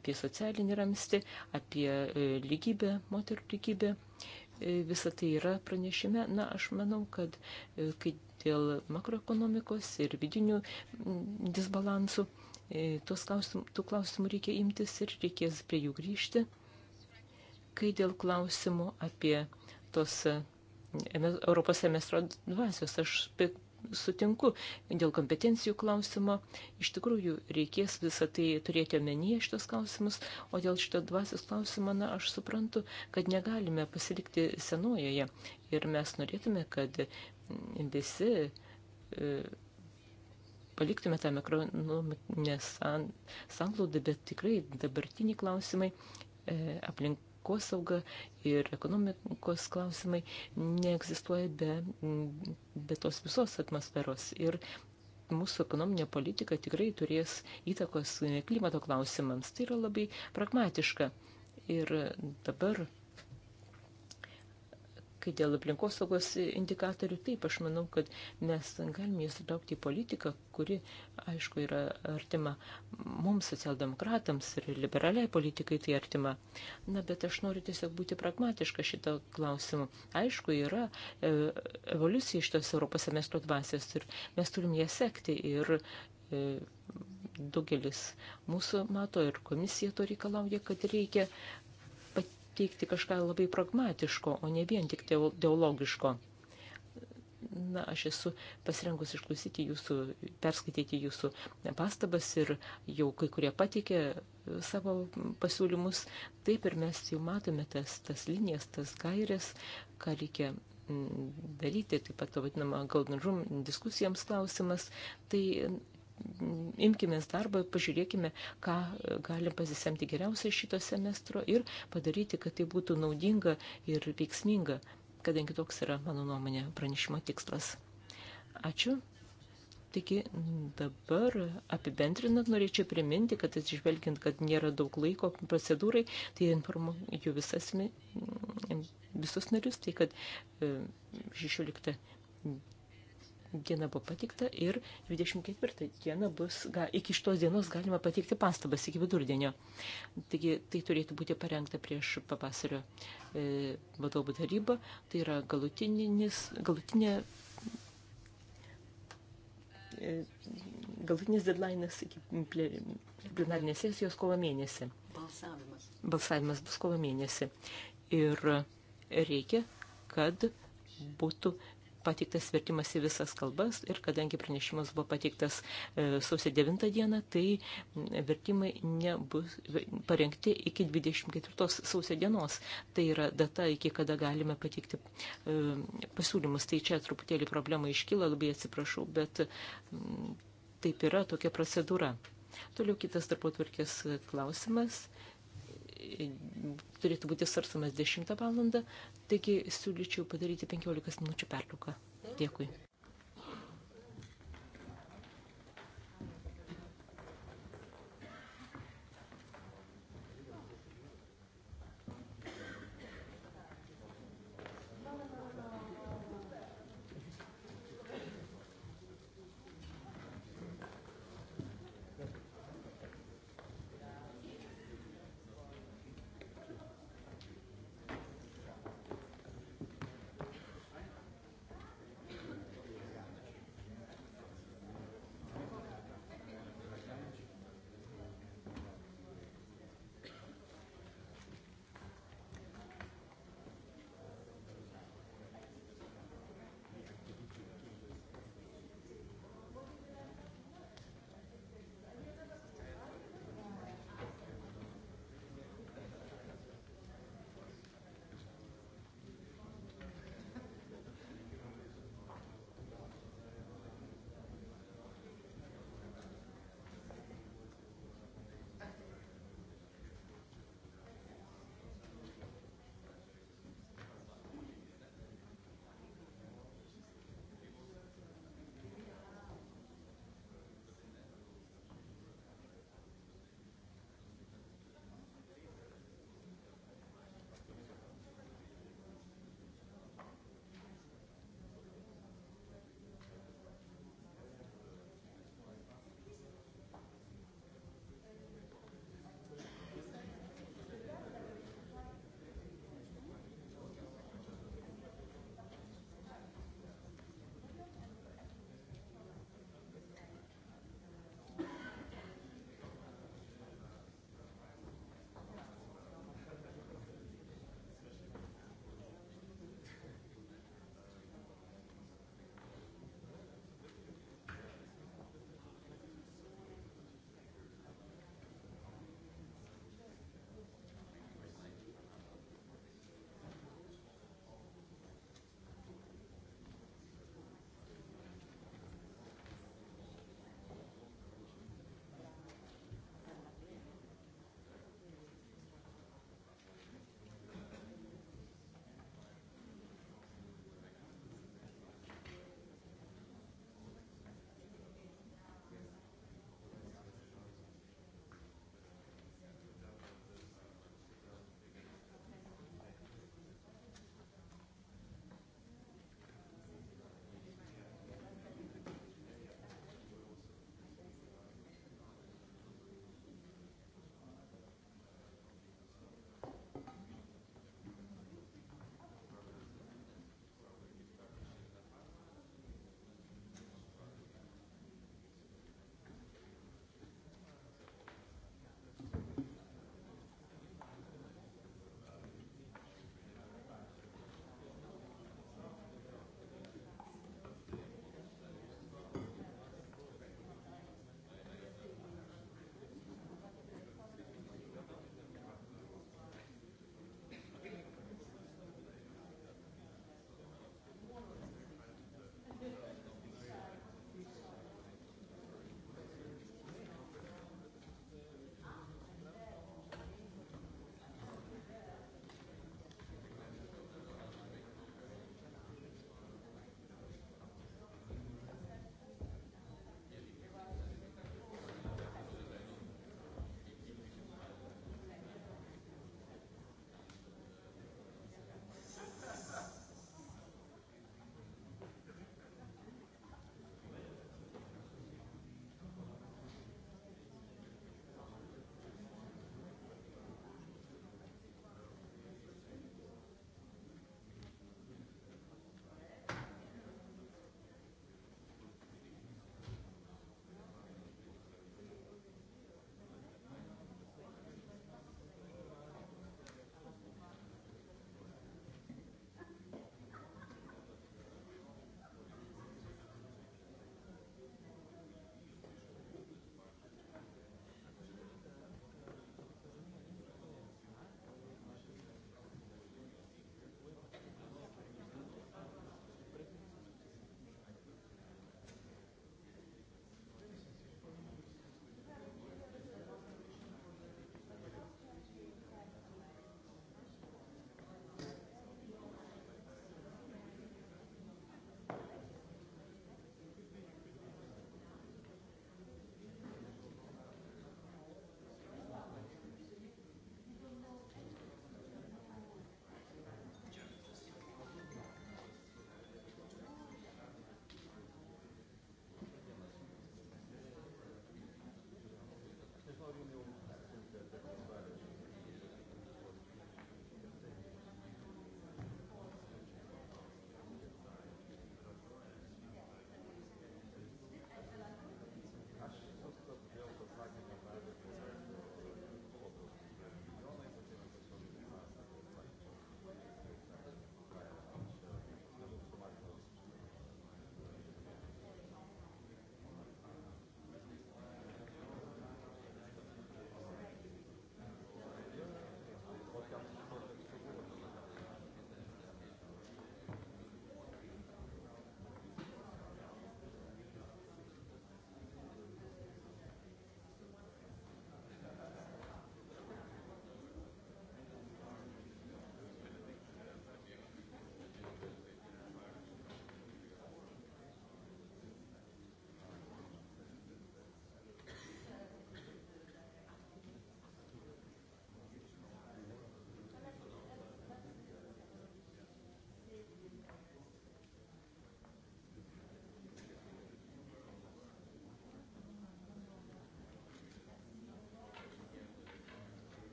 apie socialinį ramstį, apie e, lygybę, moterų lygybę. E, visa tai yra pranešime. Na, aš manau, kad e, kai dėl makroekonomikos ir vidinių disbalansų, tų klausimų, tų klausimų reikia imtis ir reikės prie jų grįžti. Kai dėl klausimų apie tos e, Europos semestro dvasios, aš sutinku dėl kompetencijų klausimo. Iš tikrųjų, reikės visą tai turėti omenyje šitos klausimus, o dėl šito dvasios klausimo, na, aš suprantu, kad negalime pasilikti senojoje. Ir mes norėtume, kad visi e, paliktume tą mikroekonominę sanglaudą, bet tikrai dabartiniai klausimai, e, aplink aplinkosauga ir ekonomikos klausimai neegzistuoja be, be tos visos atmosferos. Ir mūsų ekonominė politika tikrai turės įtakos klimato klausimams. Tai yra labai pragmatiška. Ir dabar Kai dėl aplinkosaugos indikatorių, taip aš manau, kad mes galime jūs įtraukti į politiką, kuri, aišku, yra artima mums, socialdemokratams ir liberaliai politikai tai artima. Na, bet aš noriu tiesiog būti pragmatiška šito klausimu. Aišku, yra e, evoliucija iš tos Europos semestro dvasės ir mes turim ją sekti. Ir, e, daugelis mūsų mato ir komisija to reikalauja, kad reikia teikti kažką labai pragmatiško, o ne vien tik teologiško. Na, aš esu pasirengus išklausyti jūsų, perskaityti jūsų pastabas ir jau kai kurie patikė savo pasiūlymus. Taip ir mes jau matome tas, tas linijas, tas gairės, ką reikia mm, daryti, taip pat to vadinama Golden Room diskusijams klausimas, tai imkime darbą, pažiūrėkime, ką galim pasisemti geriausiai šito semestro ir padaryti, kad tai būtų naudinga ir veiksminga, kadangi toks yra, mano nuomonė, pranešimo tikslas. Ačiū. Taigi dabar apibendrinant norėčiau priminti, kad atsižvelgiant, kad nėra daug laiko procedūrai, tai informuoju visas, visus narius, tai kad 16 e, diena buvo patikta ir 24 diena bus, ga, iki šitos dienos galima patikti pastabas iki vidurdienio. Taigi tai turėtų būti parengta prieš pavasario e, vadovų tarybą, tai yra galutinė e, galutinis deadline'as iki plenarinės sesijos kovo mėnesį. Balsavimas. Balsavimas bus kovo mėnesį. Ir reikia, kad būtų e, pateiktas vertimas į visas kalbas ir kadangi pranešimas buvo pateiktas e, sausio 9 dieną, tai vertimai nebus parengti iki 24 sausio dienos. Tai yra data, iki kada galime pateikti e, pasiūlymus. Tai čia truputėlį problema iškyla, labai atsiprašau, bet taip yra tokia procedūra. Toliau kitas darbotvarkės klausimas turėtų būti svarstamas 10 valandą, taigi siūlyčiau padaryti 15 minučių perliuką. Dėkui.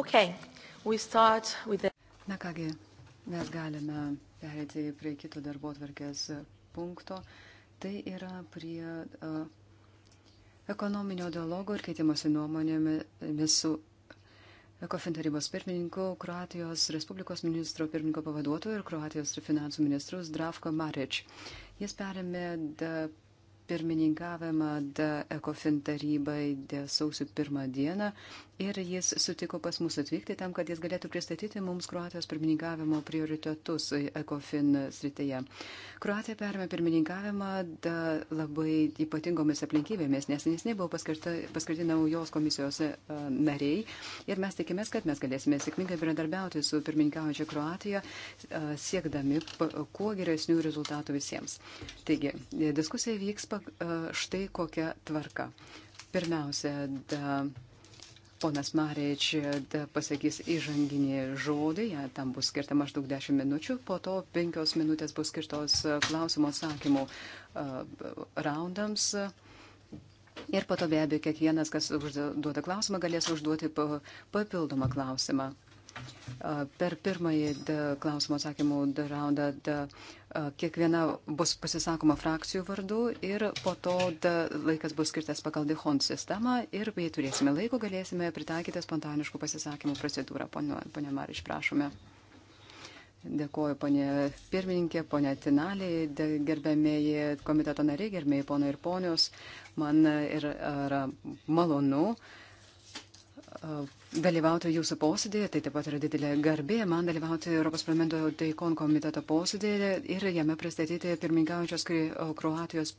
Okay. The... Na kągi, mes galime perėti prie kito darbo tvarkės punkto. Tai yra prie uh, ekonominio dialogo ir keitimosi nuomonėmis su Ekofin tarybos pirmininku, Kroatijos Respublikos ministro pirmininko pavaduotoju ir Kroatijos finansų ministrus Dravko Marič. Jis perėmė pirmininkavimą Ekofin tarybai sausio pirmą dieną ir jis sutiko pas mus atvykti tam, kad jis galėtų pristatyti mums Kroatijos pirmininkavimo prioritetus ECOFIN srityje. Kroatija perėmė pirmininkavimą da, labai ypatingomis aplinkybėmis, nes nesiniai buvo paskirti naujos komisijos e, nariai ir mes tikimės, kad mes galėsime sėkmingai bendradarbiauti su pirmininkaujančia Kroatija, e, siekdami kuo geresnių rezultatų visiems. Taigi, diskusija vyks e, štai kokia tvarka. Pirmiausia, da, Ponas Marič e, pasakys įžanginį žodį, ja, tam bus skirta maždaug 10 minučių, po to 5 minutės bus skirtos e, klausimo atsakymų e, raundams. Ir po to be abejo, kiekvienas, kas užduoda klausimą, galės užduoti papildomą klausimą. Per pirmąjį klausimo atsakymų raundą kiekviena bus pasisakoma frakcijų vardu ir po to da, laikas bus skirtas pagal Dihon sistemą ir jei turėsime laiko, galėsime pritaikyti spontaniškų pasisakymų procedūrą. Pone, pone Mariš, prašome. Dėkuoju, ponė pirmininkė, ponė Tinalė, gerbėmėji komiteto nariai, gerbėmėji pono ir ponios. Man yra malonu dalyvauti jūsų posėdėje, tai taip pat yra didelė garbė man dalyvauti Europos parlamento Teikon komiteto posėdėje ir jame pristatyti pirmingaujančios Kroatijos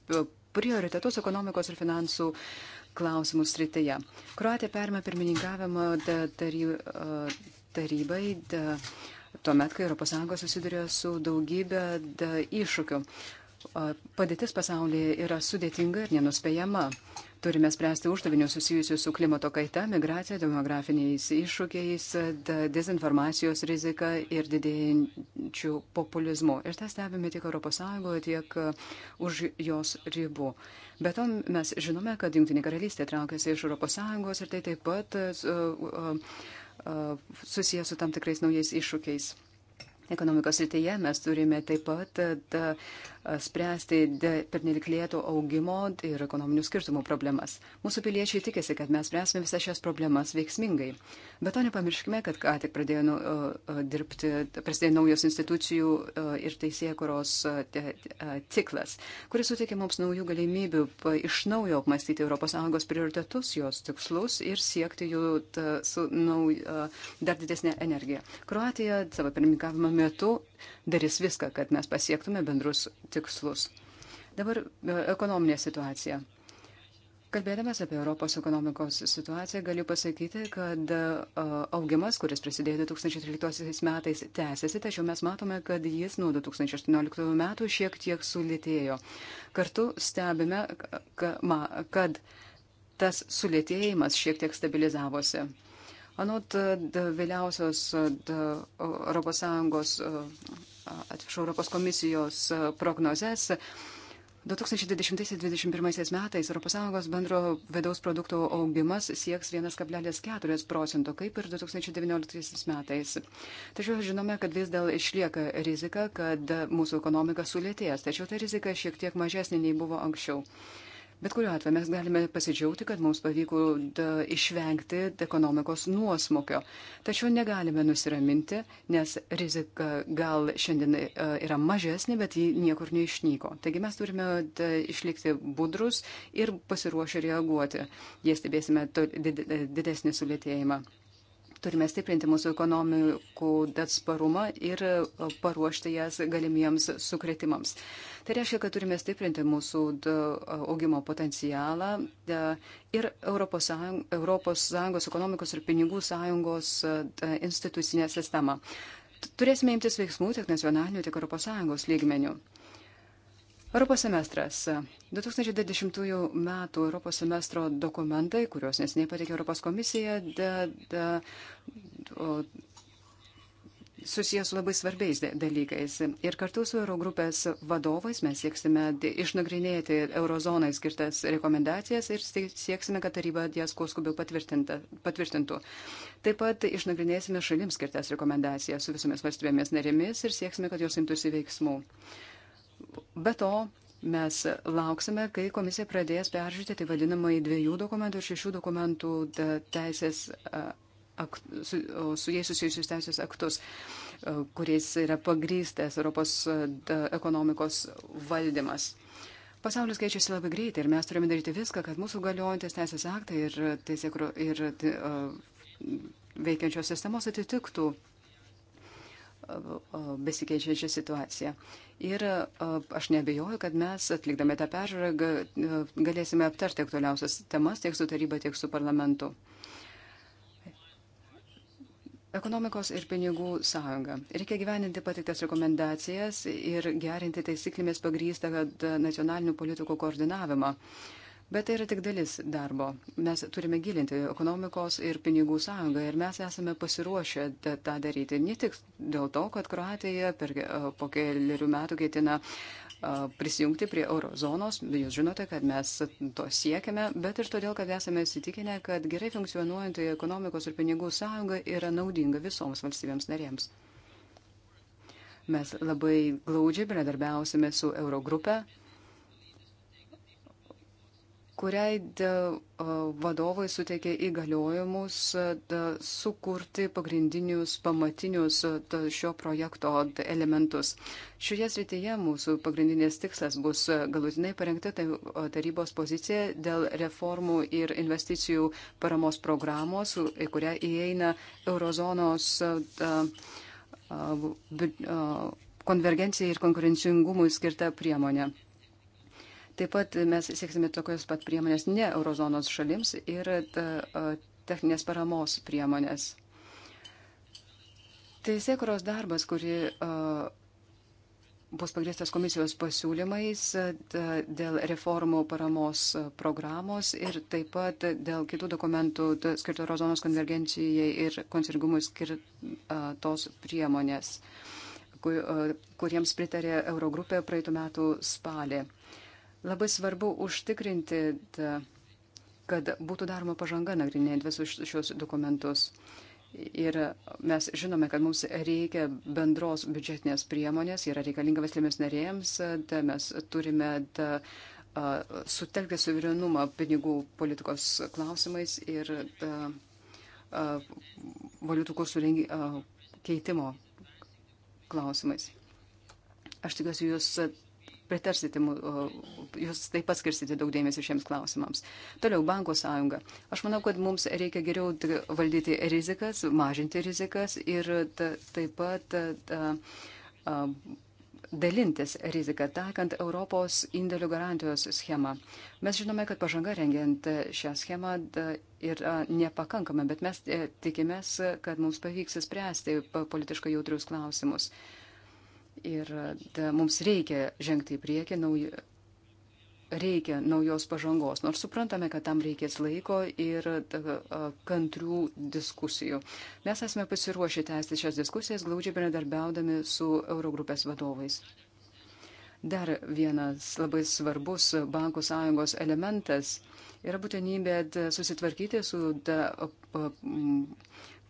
prioritetus ekonomikos ir finansų klausimų srityje. Kroatija perėmė pirmininkavimą tarybai tuomet, kai ES susiduria su daugybė iššūkių. Padėtis pasaulyje yra sudėtinga ir nenuspėjama. Turime spręsti uždavinius susijusius su klimato kaita, migracija, demografiniais iššūkiais, dezinformacijos rizika ir didėjančių populizmų. Ir tą stebime tiek ES, tiek e, už jos ribų. Bet to mes žinome, kad Junktinė karalystė traukiasi iš ES ir tai taip pat e, e, susijęs su tam tikrais naujais iššūkiais. Ekonomikos rytyje mes turime taip pat da, E, spręsti per nediklėto augimo ir ekonominių skirtumų problemas. Mūsų piliečiai tikisi, kad mes spręsime visas šias problemas veiksmingai. Bet to nepamirškime, kad ką tik pradėjo uh, dirbti, prasidėjo naujos institucijų uh, ir teisėkuros uh, ciklas, kuris suteikė mums naujų galimybių iš naujo apmastyti ES prioritetus, jos tikslus ir siekti jų ta, su nau, dar didesnė energija. Kroatija savo pirmininkavimo metu darys viską, kad mes pasiektume bendrus tikslus. Dabar e, ekonominė situacija. Kalbėdamas apie Europos ekonomikos situaciją, galiu pasakyti, kad e, augimas, kuris prasidėjo 2013 metais, tęsiasi, tačiau mes matome, kad jis nuo 2018 metų šiek tiek sulėtėjo. Kartu stebime, kad tas sulėtėjimas šiek tiek stabilizavosi. Anot e, vėliausios ES, e, atsiprašau, Europos komisijos e, prognozes, 2020-2021 metais ES bendro vidaus produkto augimas sieks 1,4 procento, kaip ir 2019 metais. Tačiau žinome, kad vis dėl išlieka rizika, kad mūsų ekonomika sulėtės, tačiau ta rizika šiek tiek mažesnė nei buvo anksčiau. Bet kuriuo atveju mes galime pasidžiaugti, kad mums pavyko da, išvengti ekonomikos nuosmokio. Tačiau negalime nusiraminti, nes rizika gal šiandien e, yra mažesnė, bet ji niekur neišnyko. Taigi mes turime da, išlikti budrus ir pasiruošę reaguoti, jei stebėsime didesnį sulėtėjimą. Turime stiprinti mūsų ekonomikų atsparumą ir e, paruošti jas galimiems sukretimams. Tai reiškia, kad turime stiprinti mūsų augimo potencialą ir ES ekonomikos ir pinigų sąjungos e, institucinę sistemą. Turėsime imtis veiksmų tiek nacionalinių, tiek ES lygmenių. Europos semestras. 2020 m. Europos semestro dokumentai, kuriuos nesiniai pateikė Europos komisija, da, da, susijęs su labai svarbiais dalykais. Ir kartu su Eurogrupės vadovais mes sieksime išnagrinėti eurozonai skirtas rekomendacijas ir sieksime, kad taryba jas kuo skubiau patvirtintų. Taip pat išnagrinėsime šalims skirtas rekomendacijas su visomis valstybėmis narėmis ir sieksime, kad jos imtųsi veiksmų. Be to, mes lauksime, kai komisija pradės peržiūrėti tai vadinamai dviejų dokumentų ir šešių dokumentų teisės, akt, su, su jais susijusius teisės aktus, kuriais yra pagrystas Europos ekonomikos valdymas. Pasaulis keičiasi labai greitai ir mes turime daryti viską, kad mūsų galiojantis teisės aktai ir, teisė, ir, ir uh, veikiančios sistemos atitiktų besikeičiančią situaciją. Ir e, aš nebejoju, kad mes, atlikdami tą peržiūrą, galėsime aptarti aktualiausias temas tiek su taryba, tiek su parlamentu. Ekonomikos ir pinigų sąjunga. Reikia gyveninti patiktas rekomendacijas ir gerinti taisyklėmis pagrystą e, nacionalinių politikų koordinavimą. Uh, Bet tai yra tik dalis darbo. Mes turime gilinti ekonomikos ir pinigų sąjungą ir mes esame pasiruošę tą daryti. Ne tik dėl to, kad Kroatija per, e, po keliarių metų ketina e, prisijungti prie eurozonos. Jūs žinote, kad mes to siekiame, bet ir todėl, kad esame įsitikinę, kad gerai funkcionuojanti ekonomikos ir pinigų sąjunga yra naudinga visoms valstybėms narėms. Mes labai glaudžiai bendradarbiausime su Eurogrupe, kuriai vadovai suteikė įgaliojimus sukurti pagrindinius pamatinius šio projekto elementus. Šioje srityje mūsų pagrindinės tikslas bus galutinai parengta tai, tarybos pozicija dėl reformų ir investicijų paramos programos, į kurią įeina eurozonos konvergencijai ir konkurencingumui skirta priemonė. Taip pat mes sieksime tokios pat priemonės ne eurozonos šalims ir techninės paramos priemonės. Teisėkuros darbas, kuri bus pagrėstas komisijos pasiūlymais dėl reformų paramos programos ir taip pat dėl kitų dokumentų skirtų eurozonos konvergencijai ir koncirgumui skirtos priemonės, kuriems pritarė Eurogrupė praeitų metų spalį. Labai svarbu užtikrinti, kad būtų daroma pažanga nagrinėjant visus šios dokumentus. Ir mes žinome, kad mums reikia bendros biudžetinės priemonės, yra reikalinga valstybėms narėjams, da, mes turime da, sutelkti suverenumą pinigų politikos klausimais ir da, valiutų kursų keitimo klausimais. Aš tikiuosi, jūs pritarsite, jūs taip pat skirsite daug dėmesio šiems klausimams. Toliau, bankų sąjunga. Aš manau, kad mums reikia geriau valdyti rizikas, mažinti rizikas ir ta, taip pat ta, a, dalintis riziką, takant Europos indėlių garantijos schemą. Mes žinome, kad pažanga rengiant šią schemą yra nepakankama, bet mes e, tikimės, kad mums pavyks spręsti politiškai jautrius klausimus. Ir da, mums reikia žengti į priekį, nauj... reikia naujos pažangos, nors suprantame, kad tam reikės laiko ir da, kantrių diskusijų. Mes esame pasiruošę tęsti šias diskusijas, glaudžiai bendradarbiaudami su Eurogrupės vadovais. Dar vienas labai svarbus bankų sąjungos elementas yra būtinybė susitvarkyti su da, pa,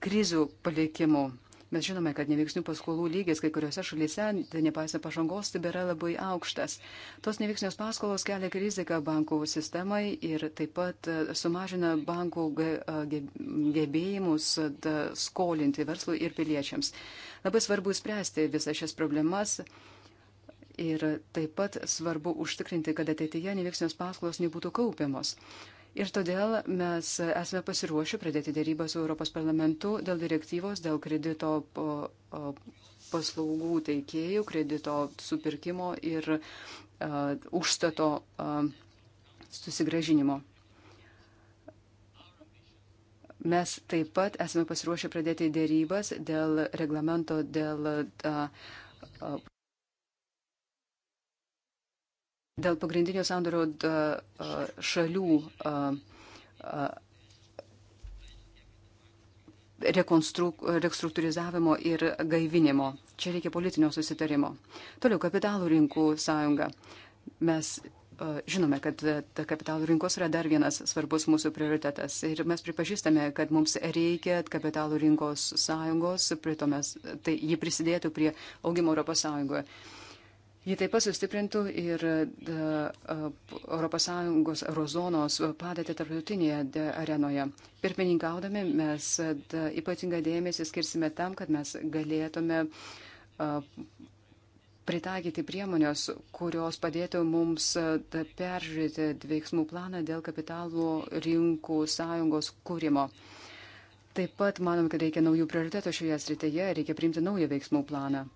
krizių palikimu Mes žinome, kad neveiksnių paskolų lygis kai kuriuose šalyse, tai nepaisant pažangos, tebėra labai aukštas. Tos neveiksnios paskolos kelia riziką bankų sistemai ir taip pat e, sumažina bankų e, gebėjimus e, skolinti verslui ir piliečiams. Labai svarbu spręsti visas šias problemas. Ir taip pat svarbu užtikrinti, kad ateityje neveiksnios paskolos nebūtų kaupiamos. Ir todėl mes esame pasiruošę pradėti dėrybą su Europos parlamentu dėl direktyvos, dėl kredito paslaugų teikėjų, kredito supirkimo ir uh, užstato uh, susigražinimo. Mes taip pat esame pasiruošę pradėti dėrybas dėl reglamento, dėl. Uh, dėl pagrindinio sandorio šalių restruktūrizavimo ir gaivinimo. Čia reikia politinio susitarimo. Toliau, kapitalų rinkų sąjunga. Mes žinome, kad ta kapitalų rinkos yra dar vienas svarbus mūsų prioritetas. Ir mes pripažįstame, kad mums reikia kapitalų rinkos sąjungos, prie to mes, tai ji prisidėtų prie augimo Europos sąjungoje. Ji taip pat sustiprintų ir ES e, eurozonos padėtį tarptautinėje e, arenoje. Pirmininkaudami mes e, ypatingą dėmesį skirsime tam, kad mes galėtume pritaikyti priemonės, kurios padėtų mums peržiūrėti veiksmų planą dėl kapitalų rinkų sąjungos kūrimo. Taip pat manom, kad reikia naujų prioritetų šioje srityje, reikia priimti naują veiksmų planą.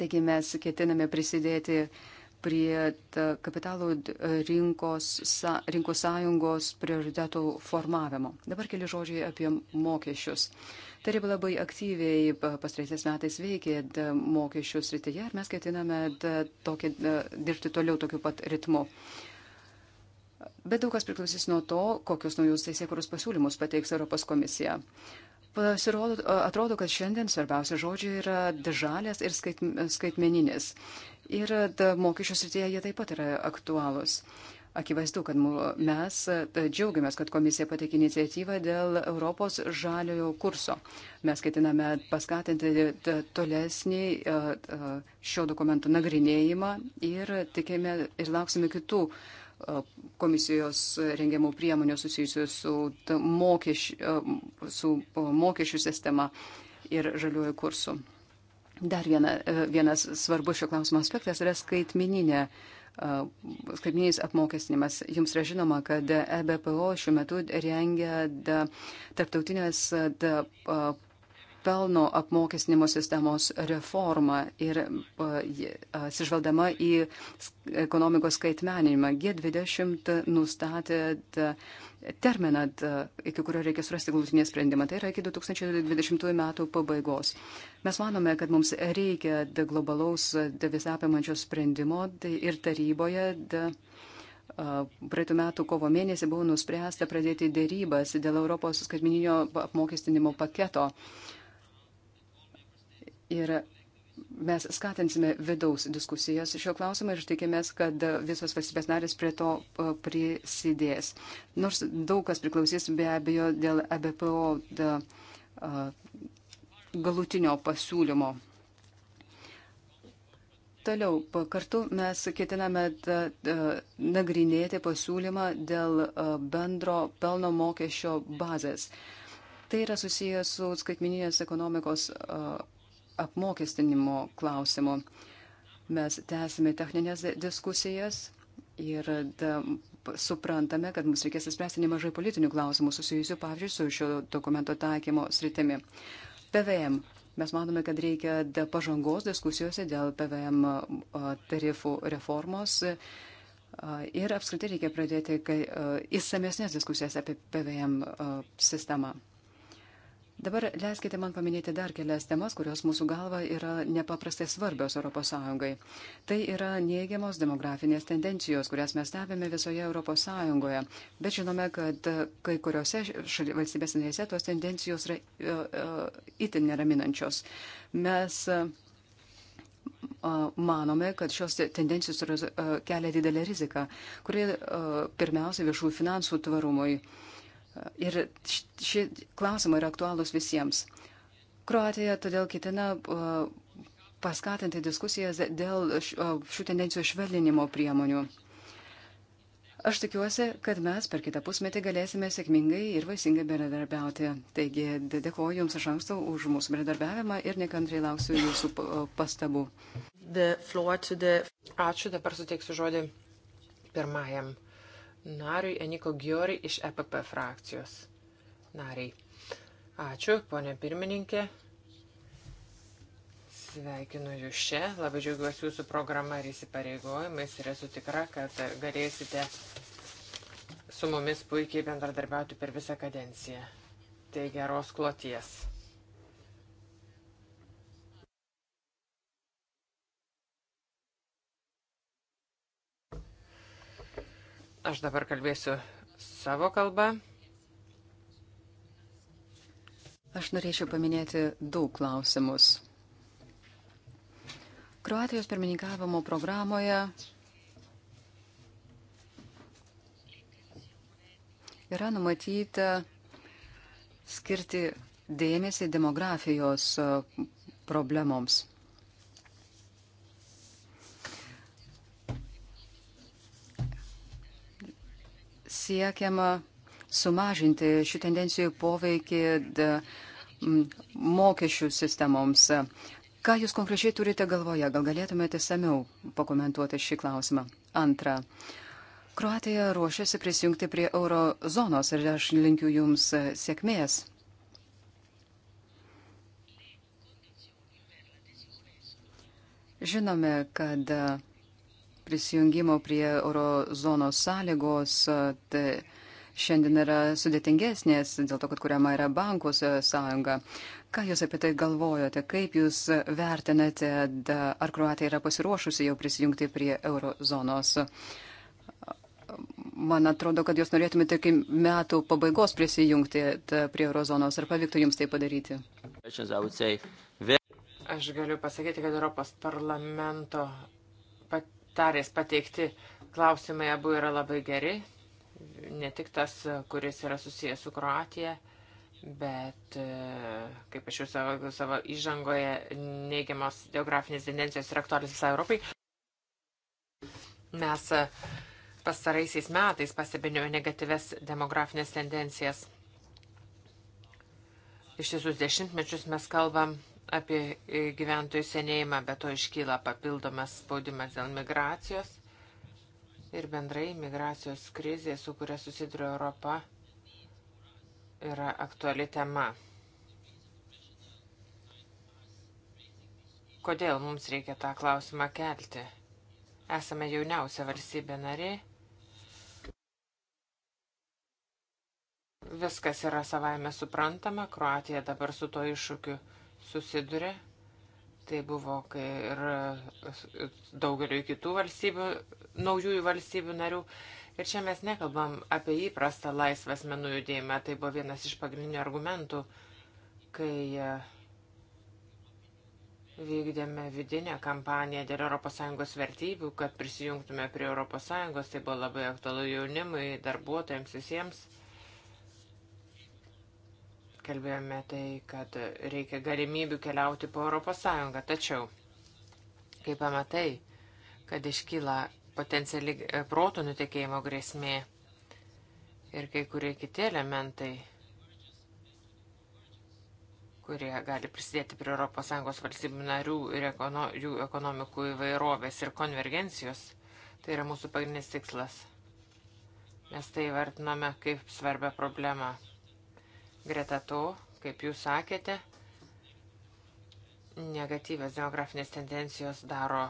Taigi mes ketiname prisidėti prie kapitalų rinkos, rinkų sąjungos prioritetų formavimo. Dabar keli žodžiai apie mokesčius. Taryba labai aktyviai pastraisiais metais veikė mokesčių srityje ir mes ketiname tokį, dirbti toliau tokiu pat ritmu. Bet daug kas priklausys nuo to, kokius naujus teisėkurus pasiūlymus pateiks Europos komisija. Pasirodo, atrodo, kad šiandien svarbiausia žodžiai yra žalės ir skaitmeninis. Ir mokesčių srityje jie taip pat yra aktualūs. Akivaizdu, kad mes džiaugiamės, kad komisija pateikė iniciatyvą dėl Europos žaliojo kurso. Mes ketiname paskatinti tolesnį šio dokumento nagrinėjimą ir tikime ir lauksime kitų uh, komisijos rengiamų priemonių susijusių su, mokeš, e, su e, mokesčių sistema ir žaliuoju kursu. Dar viena, e, vienas svarbus šio klausimo aspektas yra skaitmininė skaitmeninis apmokestinimas. Jums yra žinoma, kad EBPO šiuo metu rengia da, tarptautinės da, pelno apmokestinimo sistemos reformą ir atsižvelgdama į ekonomikos skaitmeninimą. G20 nustatė terminą, iki kurio reikia surasti galutinį sprendimą. Tai yra iki 2020 metų pabaigos. Mes manome, kad mums reikia globalaus visapimančio sprendimo tai ir taryboje. De, Praeitų metų kovo mėnesį buvo nuspręsta pradėti dėrybas dėl Europos skaitmininio apmokestinimo paketo. Uh, Ir mes skatinsime vidaus diskusijas šio klausimo ir tikimės, kad visos valstybės narės prie to e, prisidės. Nors daug kas priklausys be abejo dėl ABPO e dė, a, galutinio pasiūlymo. Toliau, kartu mes ketiname da, da, nagrinėti pasiūlymą dėl bendro pelno mokesčio bazės. Tai yra susijęs su skaitmininės ekonomikos a, apmokestinimo klausimu. Mes tęsime techninės diskusijas ir da, suprantame, kad mums reikės įspręsti nemažai politinių klausimų susijusių, pavyzdžiui, su šio dokumento taikymo sritimi. PVM. Mes manome, kad reikia pažangos diskusijose dėl PVM tarifų reformos ir apskritai reikia pradėti įsamesnės diskusijas apie PVM sistemą. Dabar leiskite man paminėti dar kelias temas, kurios mūsų galva yra nepaprastai svarbios ES. Tai yra neigiamos demografinės tendencijos, kurias mes stebime visoje ES. Bet žinome, kad kai kuriuose šali, valstybės narėse tos tendencijos yra uh, uh, itin neraminančios. Mes uh, manome, kad šios tendencijos kelia didelę riziką, kuri pirmiausia viešųjų finansų tvarumui. Uh, Ir šie klausimai yra aktualūs visiems. Kroatija todėl ketina paskatinti diskusijas dėl šių tendencijų švelninimo priemonių. Aš tikiuosi, kad mes per kitą pusmetį galėsime sėkmingai ir vaisingai bendradarbiauti. Taigi dėkoju Jums iš anksto už mūsų bendradarbiavimą ir nekantriai lauksiu Jūsų pastabų. The... Ačiū, dabar suteiksiu žodį pirmajam nariui Eniko Giori iš EPP frakcijos nariai. Ačiū, ponė pirmininkė. Sveikinu Jūs čia. Labai džiaugiuosi Jūsų programa ir įsipareigojimais ir esu tikra, kad galėsite su mumis puikiai bendradarbiauti per visą kadenciją. Tai geros kloties. Aš dabar kalbėsiu savo kalbą. Aš norėčiau paminėti du klausimus. Kroatijos pirmininkavimo programoje yra numatyta skirti dėmesį demografijos problemoms. siekiama sumažinti šių tendencijų poveikį mokesčių sistemoms. Ką Jūs konkrečiai turite galvoje? Gal galėtumėte samiau pakomentuoti šį klausimą? Antra. Kroatija ruošiasi prisijungti prie eurozonos ir aš linkiu Jums e, sėkmės. Žinome, kad e, prisijungimo prie eurozonos sąlygos tai šiandien yra sudėtingesnės dėl to, kad kuriama yra bankų sąjunga. Ką Jūs apie tai galvojate? Kaip Jūs vertinate, ar Kruatija yra pasiruošusi jau prisijungti prie eurozonos? man atrodo, kad jūs norėtumėte iki metų pabaigos prisijungti prie eurozonos. Ar pavyktų jums tai padaryti? Aš galiu pasakyti, kad Europos parlamento parlamentarės pateikti klausimai abu yra labai geri. Ne tik tas, kuris yra susijęs su Kroatija, bet, e, kaip aš jau savo, savo įžangoje, neigiamos geografinės tendencijos yra aktualios visai Europai. Mes e, pastaraisiais metais pastebėjome negatyves demografinės tendencijas. Iš tiesų dešimtmečius mes kalbam apie e, gyventojų senėjimą, bet to iškyla papildomas spaudimas dėl migracijos ir bendrai migracijos krizė, su kuria susiduria Europa, yra aktuali tema. Kodėl mums reikia tą klausimą kelti? Esame jauniausia valstybė nariai. Viskas yra savaime suprantama, Kroatija dabar su to iššūkiu susiduria. Tai buvo ir daugeliu kitų valstybių, naujųjų valstybių narių. Ir čia mes nekalbam apie įprastą laisvą asmenų judėjimą. Tai buvo vienas iš pagrindinių argumentų, kai e, vykdėme vidinę kampaniją dėl ES vertybių, kad prisijungtume prie ES. Tai buvo labai aktualu jaunimui, darbuotojams visiems kalbėjome tai, kad reikia galimybių keliauti po Europos Sąjungą. Tačiau, kai pamatai, kad iškyla potenciali e, protų nutekėjimo grėsmė ir kai kurie kiti elementai, kurie gali prisidėti prie ES valstybių narių ir ekono, jų ekonomikų įvairovės ir konvergencijos, tai yra mūsų pagrindinis tikslas. Mes tai vertiname kaip svarbią problemą. Greta to, kaip jūs sakėte, negatyvios demografinės tendencijos daro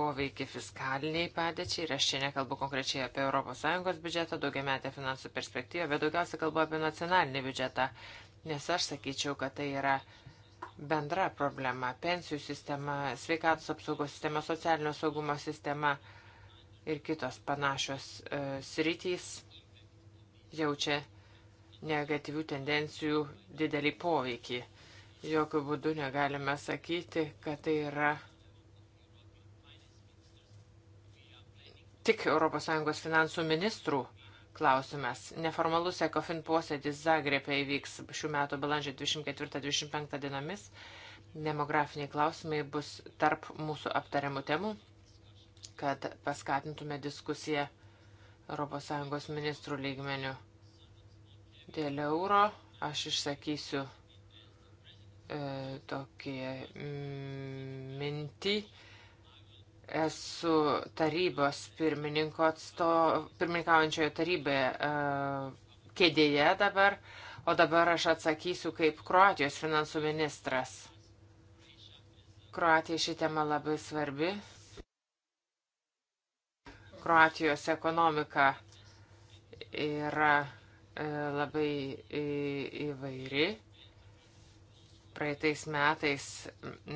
poveikį fiskaliniai padėčiai ir aš čia nekalbu konkrečiai apie ES biudžetą, daugiametę finansų perspektyvą, bet daugiausia kalbu apie nacionalinį biudžetą, nes aš sakyčiau, kad tai yra bendra problema - pensijų sistema, sveikatos apsaugos sistema, socialinio saugumo sistema ir kitos panašios e, sritys jaučia negatyvių tendencijų didelį poveikį. Jokių būdų negalime sakyti, kad tai yra tik ES finansų ministrų klausimas. Neformalus ECOFIN posėdis Zagrebe įvyks šių metų balandžio 24-25 dienomis. Demografiniai klausimai bus tarp mūsų aptariamų temų, kad paskatintume diskusiją ES ministrų lygmenių dėl euro aš išsakysiu e, tokį mm, mintį. Esu tarybos pirmininko atstovo, pirmininkaujančioje taryboje e, kėdėje dabar, o dabar aš atsakysiu kaip Kroatijos finansų ministras. Kroatijai ši tema labai svarbi. Kroatijos ekonomika yra E, labai įvairi. Praeitais metais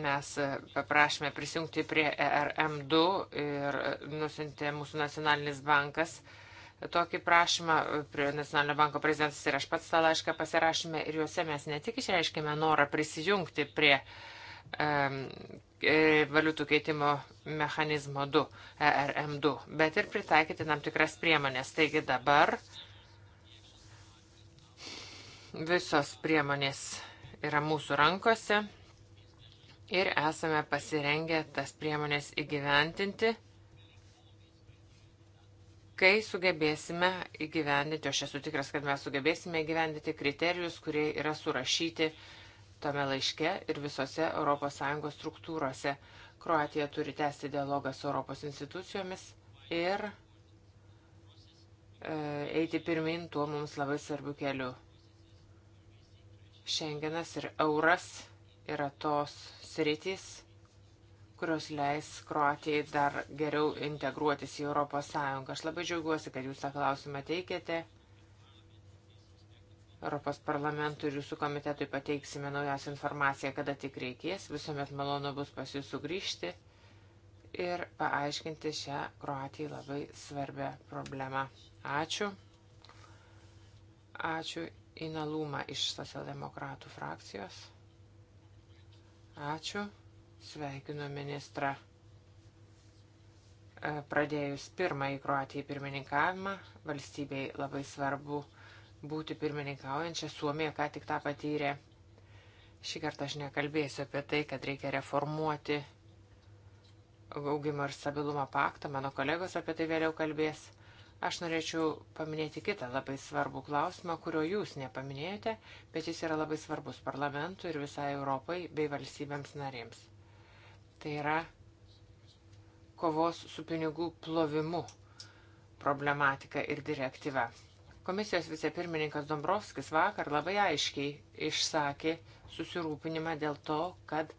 mes paprašėme prisijungti prie ERM2 ir nusintė mūsų nacionalinis bankas tokį prašymą. Prie nacionalinio banko prezidentas ir aš pats tą laišką pasirašėme ir juose mes ne tik išreiškėme norą prisijungti prie um, valiutų keitimo mechanizmo 2, ERM2, bet ir pritaikyti tam tikras priemonės. Taigi dabar uh, Visos priemonės yra mūsų rankose ir esame pasirengę tas priemonės įgyventinti, kai sugebėsime įgyvendinti, aš esu tikras, kad mes sugebėsime įgyvendinti kriterijus, kurie yra surašyti tame laiške ir visose ES struktūrose. Kroatija turi tęsti dialogą su Europos institucijomis ir e, eiti pirmin tuo mums labai svarbiu keliu. Šengenas ir euras yra tos sritys, kurios leis Kroatijai dar geriau integruotis į ES. Aš labai džiaugiuosi, kad jūs tą klausimą teikėte. Europos parlamentui ir jūsų komitetui pateiksime naujas informaciją, kada tik reikės. Visuomet malonu bus pas jūs sugrįžti ir paaiškinti šią Kroatijai labai svarbę problemą. Ačiū. Ačiū Inalumą iš socialdemokratų frakcijos. Ačiū. Sveikinu ministrą. E, pradėjus pirmąjį Kroatijai pirmininkavimą, valstybei labai svarbu būti pirmininkaujančia. Suomija ką tik tą patyrė. Šį kartą aš nekalbėsiu apie tai, kad reikia reformuoti augimo ir stabilumo paktą. Mano kolegos apie tai vėliau kalbės. Aš norėčiau paminėti kitą labai svarbų klausimą, kurio jūs nepaminėjote, bet jis yra labai svarbus parlamentui ir visai Europai bei valstybėms narėms. Tai yra kovos su pinigų plovimu problematika ir direktyva. Komisijos vicepirmininkas Dombrovskis vakar labai aiškiai išsakė susirūpinimą dėl to, kad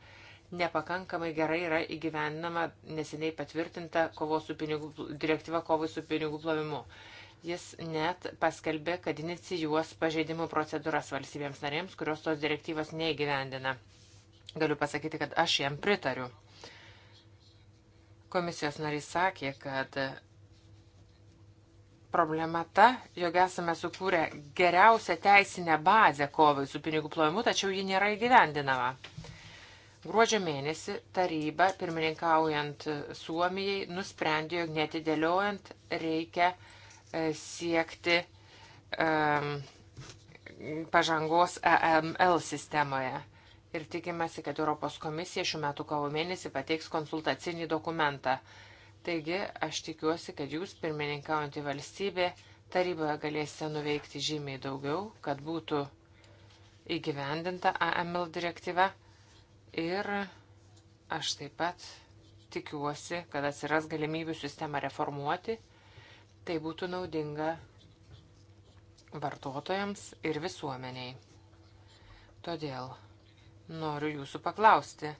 nepakankamai gerai yra įgyvendinama neseniai patvirtinta kovos su pinigų, direktyva kovai su pinigų plovimu. Jis net paskelbė, kad inicijuos pažeidimų procedūras valstybėms narėms, kurios tos direktyvos neįgyvendina. Galiu pasakyti, kad aš jam pritariu. Komisijos narys sakė, kad problema ta, jog esame sukūrę geriausią teisinę bazę kovai su pinigų plovimu, tačiau ji nėra įgyvendinama. Gruodžio mėnesį taryba, pirmininkaujant Suomijai, nusprendė, jog netidėliojant reikia e, siekti um, pažangos EML sistemoje. Ir tikimasi, kad Europos komisija šiuo metu kovo mėnesį pateiks konsultacinį dokumentą. Taigi, aš tikiuosi, kad jūs, pirmininkaujantį valstybę, taryboje galėsite nuveikti žymiai daugiau, kad būtų įgyvendinta AML direktyva Ir aš taip pat tikiuosi, kad atsiras galimybių sistemą reformuoti. Tai būtų naudinga vartotojams ir visuomeniai. Todėl noriu jūsų paklausti,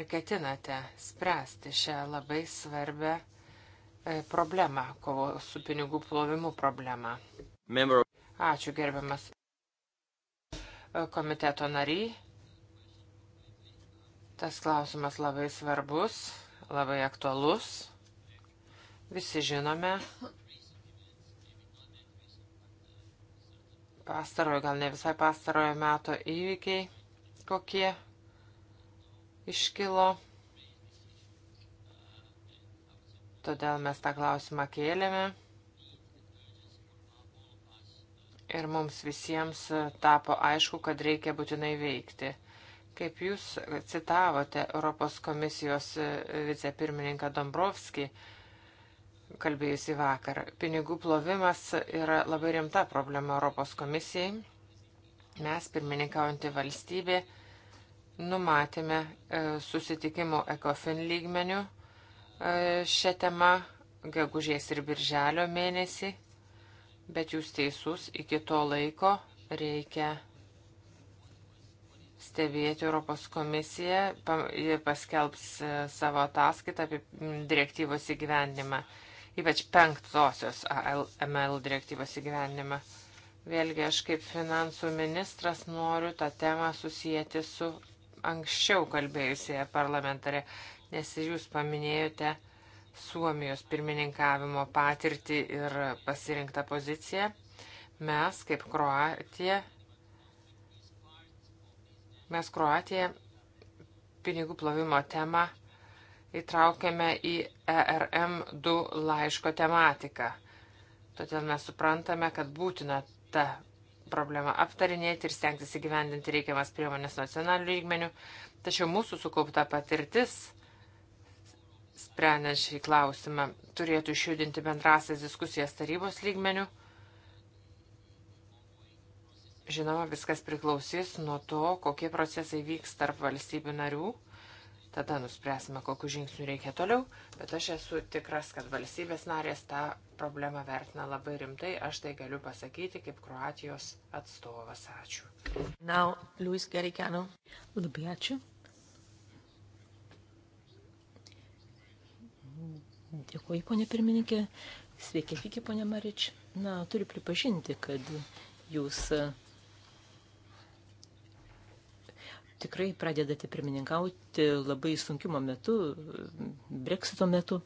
ar ketinate spręsti šią labai svarbę e, problemą, kovo su pinigų plovimu problemą. Ačiū gerbiamas e, komiteto nariai. Tas klausimas labai svarbus, labai aktualus. Visi žinome. Pastarojo, gal ne visai pastarojo meto įvykiai, kokie iškilo. Todėl mes tą klausimą kėlėme. Ir mums visiems tapo aišku, kad reikia būtinai veikti. Kaip jūs citavote Europos komisijos vicepirmininką Dombrovskį, kalbėjusi vakar, pinigų plovimas yra labai rimta problema Europos komisijai. Mes, pirmininkaujantį valstybė, numatėme e, susitikimų ECOFIN lygmenių e, šią temą gegužės ir birželio mėnesį, bet jūs teisus, iki to laiko reikia stebėti Europos komisiją, ji paskelbs e, savo ataskaitą apie direktyvos įgyvendimą, ypač penktosios ALML direktyvos įgyvendimą. Vėlgi aš kaip finansų ministras noriu tą temą susijęti su anksčiau kalbėjusioje parlamentare, nes jūs paminėjote Suomijos pirmininkavimo patirtį ir pasirinktą poziciją. Mes, kaip Kroatija, Mes Kroatiją pinigų plovimo temą įtraukėme į ERM2 laiško tematiką. Todėl mes suprantame, kad būtina tą problemą aptarinėti ir stengtis įgyvendinti reikiamas priemonės nacionalinių lygmenių. Tačiau mūsų sukaupta patirtis, sprendžiant šį klausimą, turėtų išjudinti bendrasias diskusijas tarybos lygmenių Žinoma, viskas priklausys nuo to, kokie procesai vyks tarp valstybių narių. Tada nuspręsime, kokiu žingsniu reikia toliau. Bet aš esu tikras, kad valstybės narės tą problemą vertina labai rimtai. Aš tai galiu pasakyti kaip Kroatijos atstovas. Ačiū. Now, Luis Gericano. Labai ačiū. Dėkuoju, ponė pirmininkė. Sveiki, Viki, ponė Marič. Na, turiu pripažinti, kad jūs uh, tikrai pradedate pirmininkauti labai sunkiumo metu, breksito metu.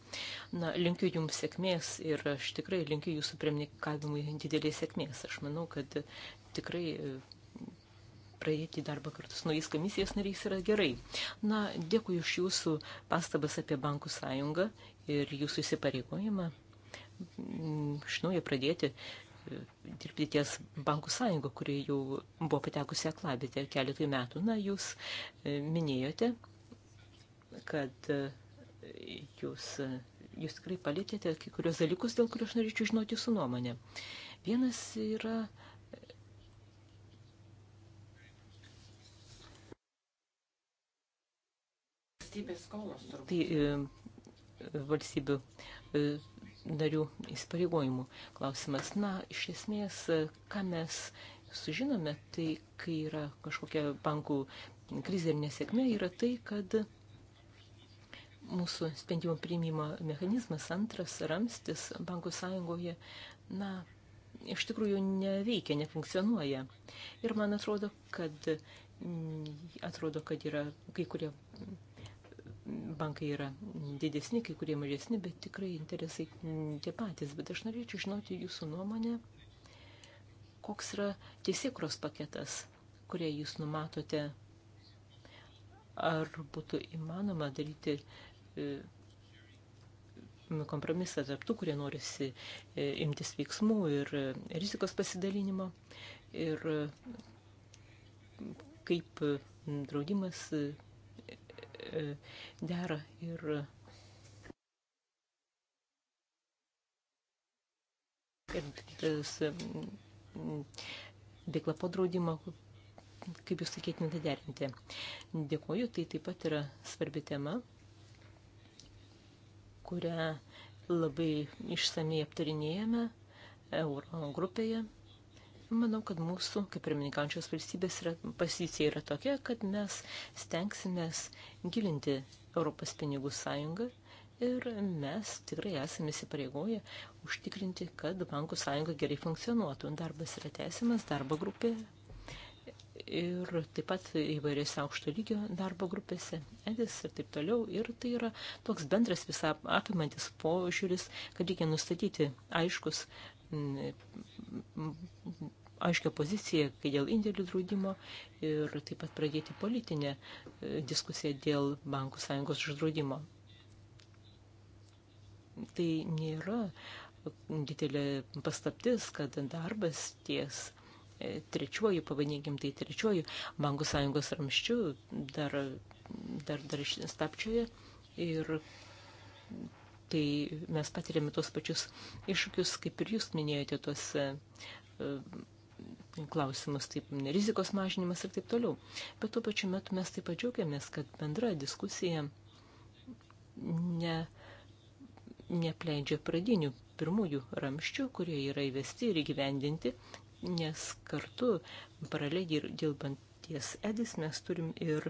Na, linkiu jums sėkmės ir aš tikrai linkiu jūsų pirmininkavimui didelės sėkmės. Aš manau, kad tikrai e, praeiti darbą kartu su naujais komisijos nariais yra gerai. Na, dėkui už jūsų pastabas apie bankų sąjungą ir jūsų įsipareigojimą iš naujo pradėti dirbti ties bankų sąjunga, kuri jau buvo patekusi aklavitė keletui metų. Na, jūs e, minėjote, kad e, jūs, e, jūs tikrai palėtėte kai kurios dalykus, dėl kurių aš norėčiau žinoti jūsų nuomonę. Vienas yra valstybės skolos turbūt. Tai valstybių narių įsipareigojimų. Klausimas, na, iš esmės, ką mes sužinome, tai kai yra kažkokia bankų krizė ir nesėkmė, yra tai, kad mūsų sprendimo priimimo mechanizmas, antras ramstis bankų sąjungoje, na, iš tikrųjų neveikia, nefunkcionuoja. Ir man atrodo, kad mm, atrodo, kad yra kai kurie bankai yra didesni, kai kurie mažesni, bet tikrai interesai tie patys. Bet aš norėčiau žinoti jūsų nuomonę, koks yra teisėkros paketas, kurie jūs numatote, ar būtų įmanoma daryti e, kompromisą tarp tų, kurie norisi e, imtis veiksmų ir e, rizikos pasidalinimo. Ir kaip draudimas E, dera ir ir tas e, veikla po draudimo, kaip jūs sakytumėte, derinti. Dėkuoju, tai taip pat yra svarbi tema, kurią labai išsamei aptarinėjame Euro grupėje. Manau, kad mūsų, kaip pirmininkančios valstybės, yra, pozicija yra tokia, kad mes stengsimės gilinti Europos pinigų sąjungą ir mes tikrai esame įsipareigoję užtikrinti, kad bankų sąjunga gerai funkcionuotų. Darbas yra tęsiamas, darbo grupė ir taip pat įvairiose aukšto lygio darbo grupėse, edis ir taip toliau. Ir tai yra toks bendras visą apimantis požiūris, kad reikia nustatyti aiškus aiškę poziciją, kai dėl indėlių draudimo ir taip pat pradėti politinę e, diskusiją dėl bankų sąjungos uždraudimo. Tai nėra didelė pastaptis, kad darbas ties e, trečiuoju, pavadinkim tai trečiuoju, bankų sąjungos ramščiu dar, dar, dar stapčioje ir tai mes patiriame tuos pačius iššūkius, kaip ir jūs minėjote, tuos e, klausimus, taip, rizikos mažinimas ir taip toliau. Bet tuo pačiu metu mes taip pat džiaugiamės, kad bendra diskusija ne, neapleidžia pradinių pirmųjų ramščių, kurie yra įvesti ir įgyvendinti, nes kartu paraleliai dirbant ties Edis mes turim ir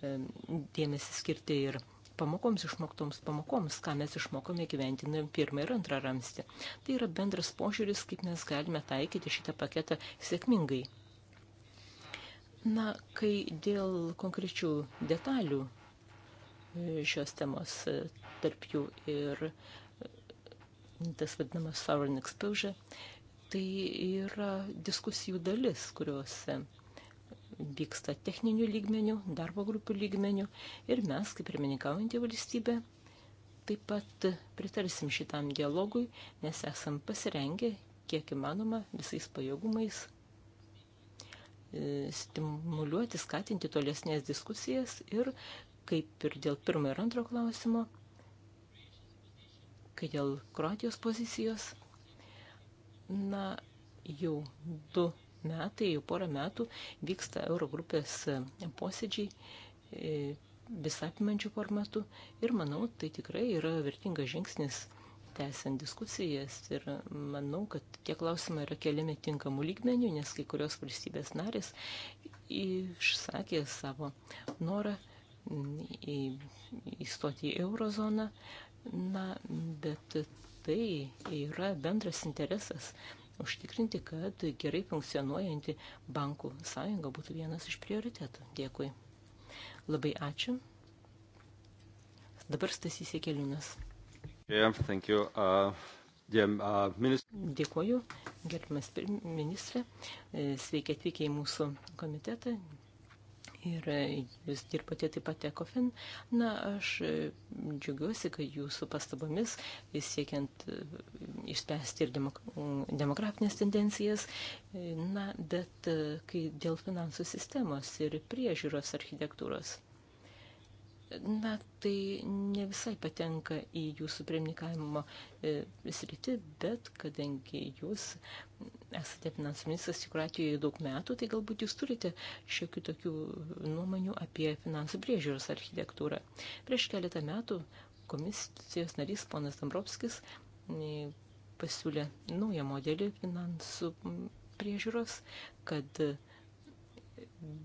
dėmesį skirti ir pamokoms išmoktoms pamokoms, ką mes išmokome gyventinam pirmą ir antrą ramstį. Tai yra bendras požiūris, kaip mes galime taikyti šitą paketą sėkmingai. Na, kai dėl konkrečių detalių e, šios temos, e, tarp jų ir e, tas vadinamas foreign exposure, tai yra diskusijų dalis, kuriuose vyksta techninių lygmenių, darbo grupių lygmenių ir mes, kaip pirmininkaujantį valstybę, taip pat pritarsim šitam dialogui, nes esam pasirengę, kiek įmanoma, visais pajėgumais e, stimuliuoti, skatinti tolesnės diskusijas ir kaip ir dėl pirmo ir antro klausimo, kai dėl Kroatijos pozicijos, na, jau du metai, jau porą metų vyksta Eurogrupės posėdžiai e, visapimančių formatų ir manau, tai tikrai yra vertingas žingsnis tęsiant diskusijas ir manau, kad tie klausimai yra keliami tinkamų lygmenių, nes kai kurios valstybės narės išsakė savo norą įstoti į eurozoną, na, bet tai yra bendras interesas užtikrinti, kad gerai funkcionuojanti bankų sąjunga būtų vienas iš prioritetų. Dėkui. Labai ačiū. Dabar Stasys Ekeliūnas. Yeah, thank you. Uh... uh Dėkuoju, gerbimas ministrė. E, sveiki atvykę į mūsų komitetą. Ir e, jūs dirbate taip pat ECOFIN. Na, aš e, džiugiuosi, kad jūsų pastabomis, e, siekiant išspręsti ir mm, demografinės tendencijas, na, bet kai dėl finansų sistemos ir priežiūros architektūros na, tai ne visai patenka į jūsų pirmininkavimo e, sritį, bet kadangi jūs esate finansų ministras Kroatijoje daug metų, tai galbūt jūs turite šiokių tokių nuomonių apie finansų priežiūros architektūrą. Prieš keletą metų komisijos narys ponas Dombrovskis e, pasiūlė naują modelį finansų priežiūros, kad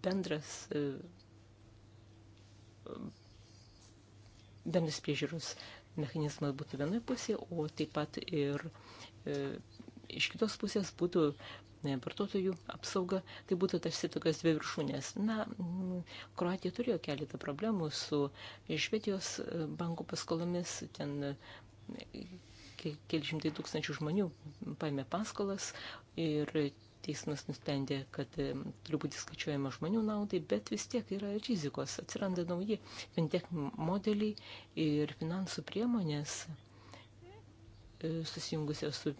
bendras e, bendras priežiūros mechanizmas būtų vienoje pusėje, o taip pat ir e, iš kitos pusės būtų e, vartotojų apsauga, tai būtų tarsi tokios dvi viršūnės. Na, Kroatija turėjo keletą problemų su Švedijos e, bankų paskolomis, ten e, keli šimtai tūkstančių žmonių paėmė paskolas ir teismas nusprendė, kad turi būti skaičiuojama žmonių naudai, bet vis tiek yra rizikos, atsiranda nauji fintech modeliai ir finansų priemonės e, susijungusios su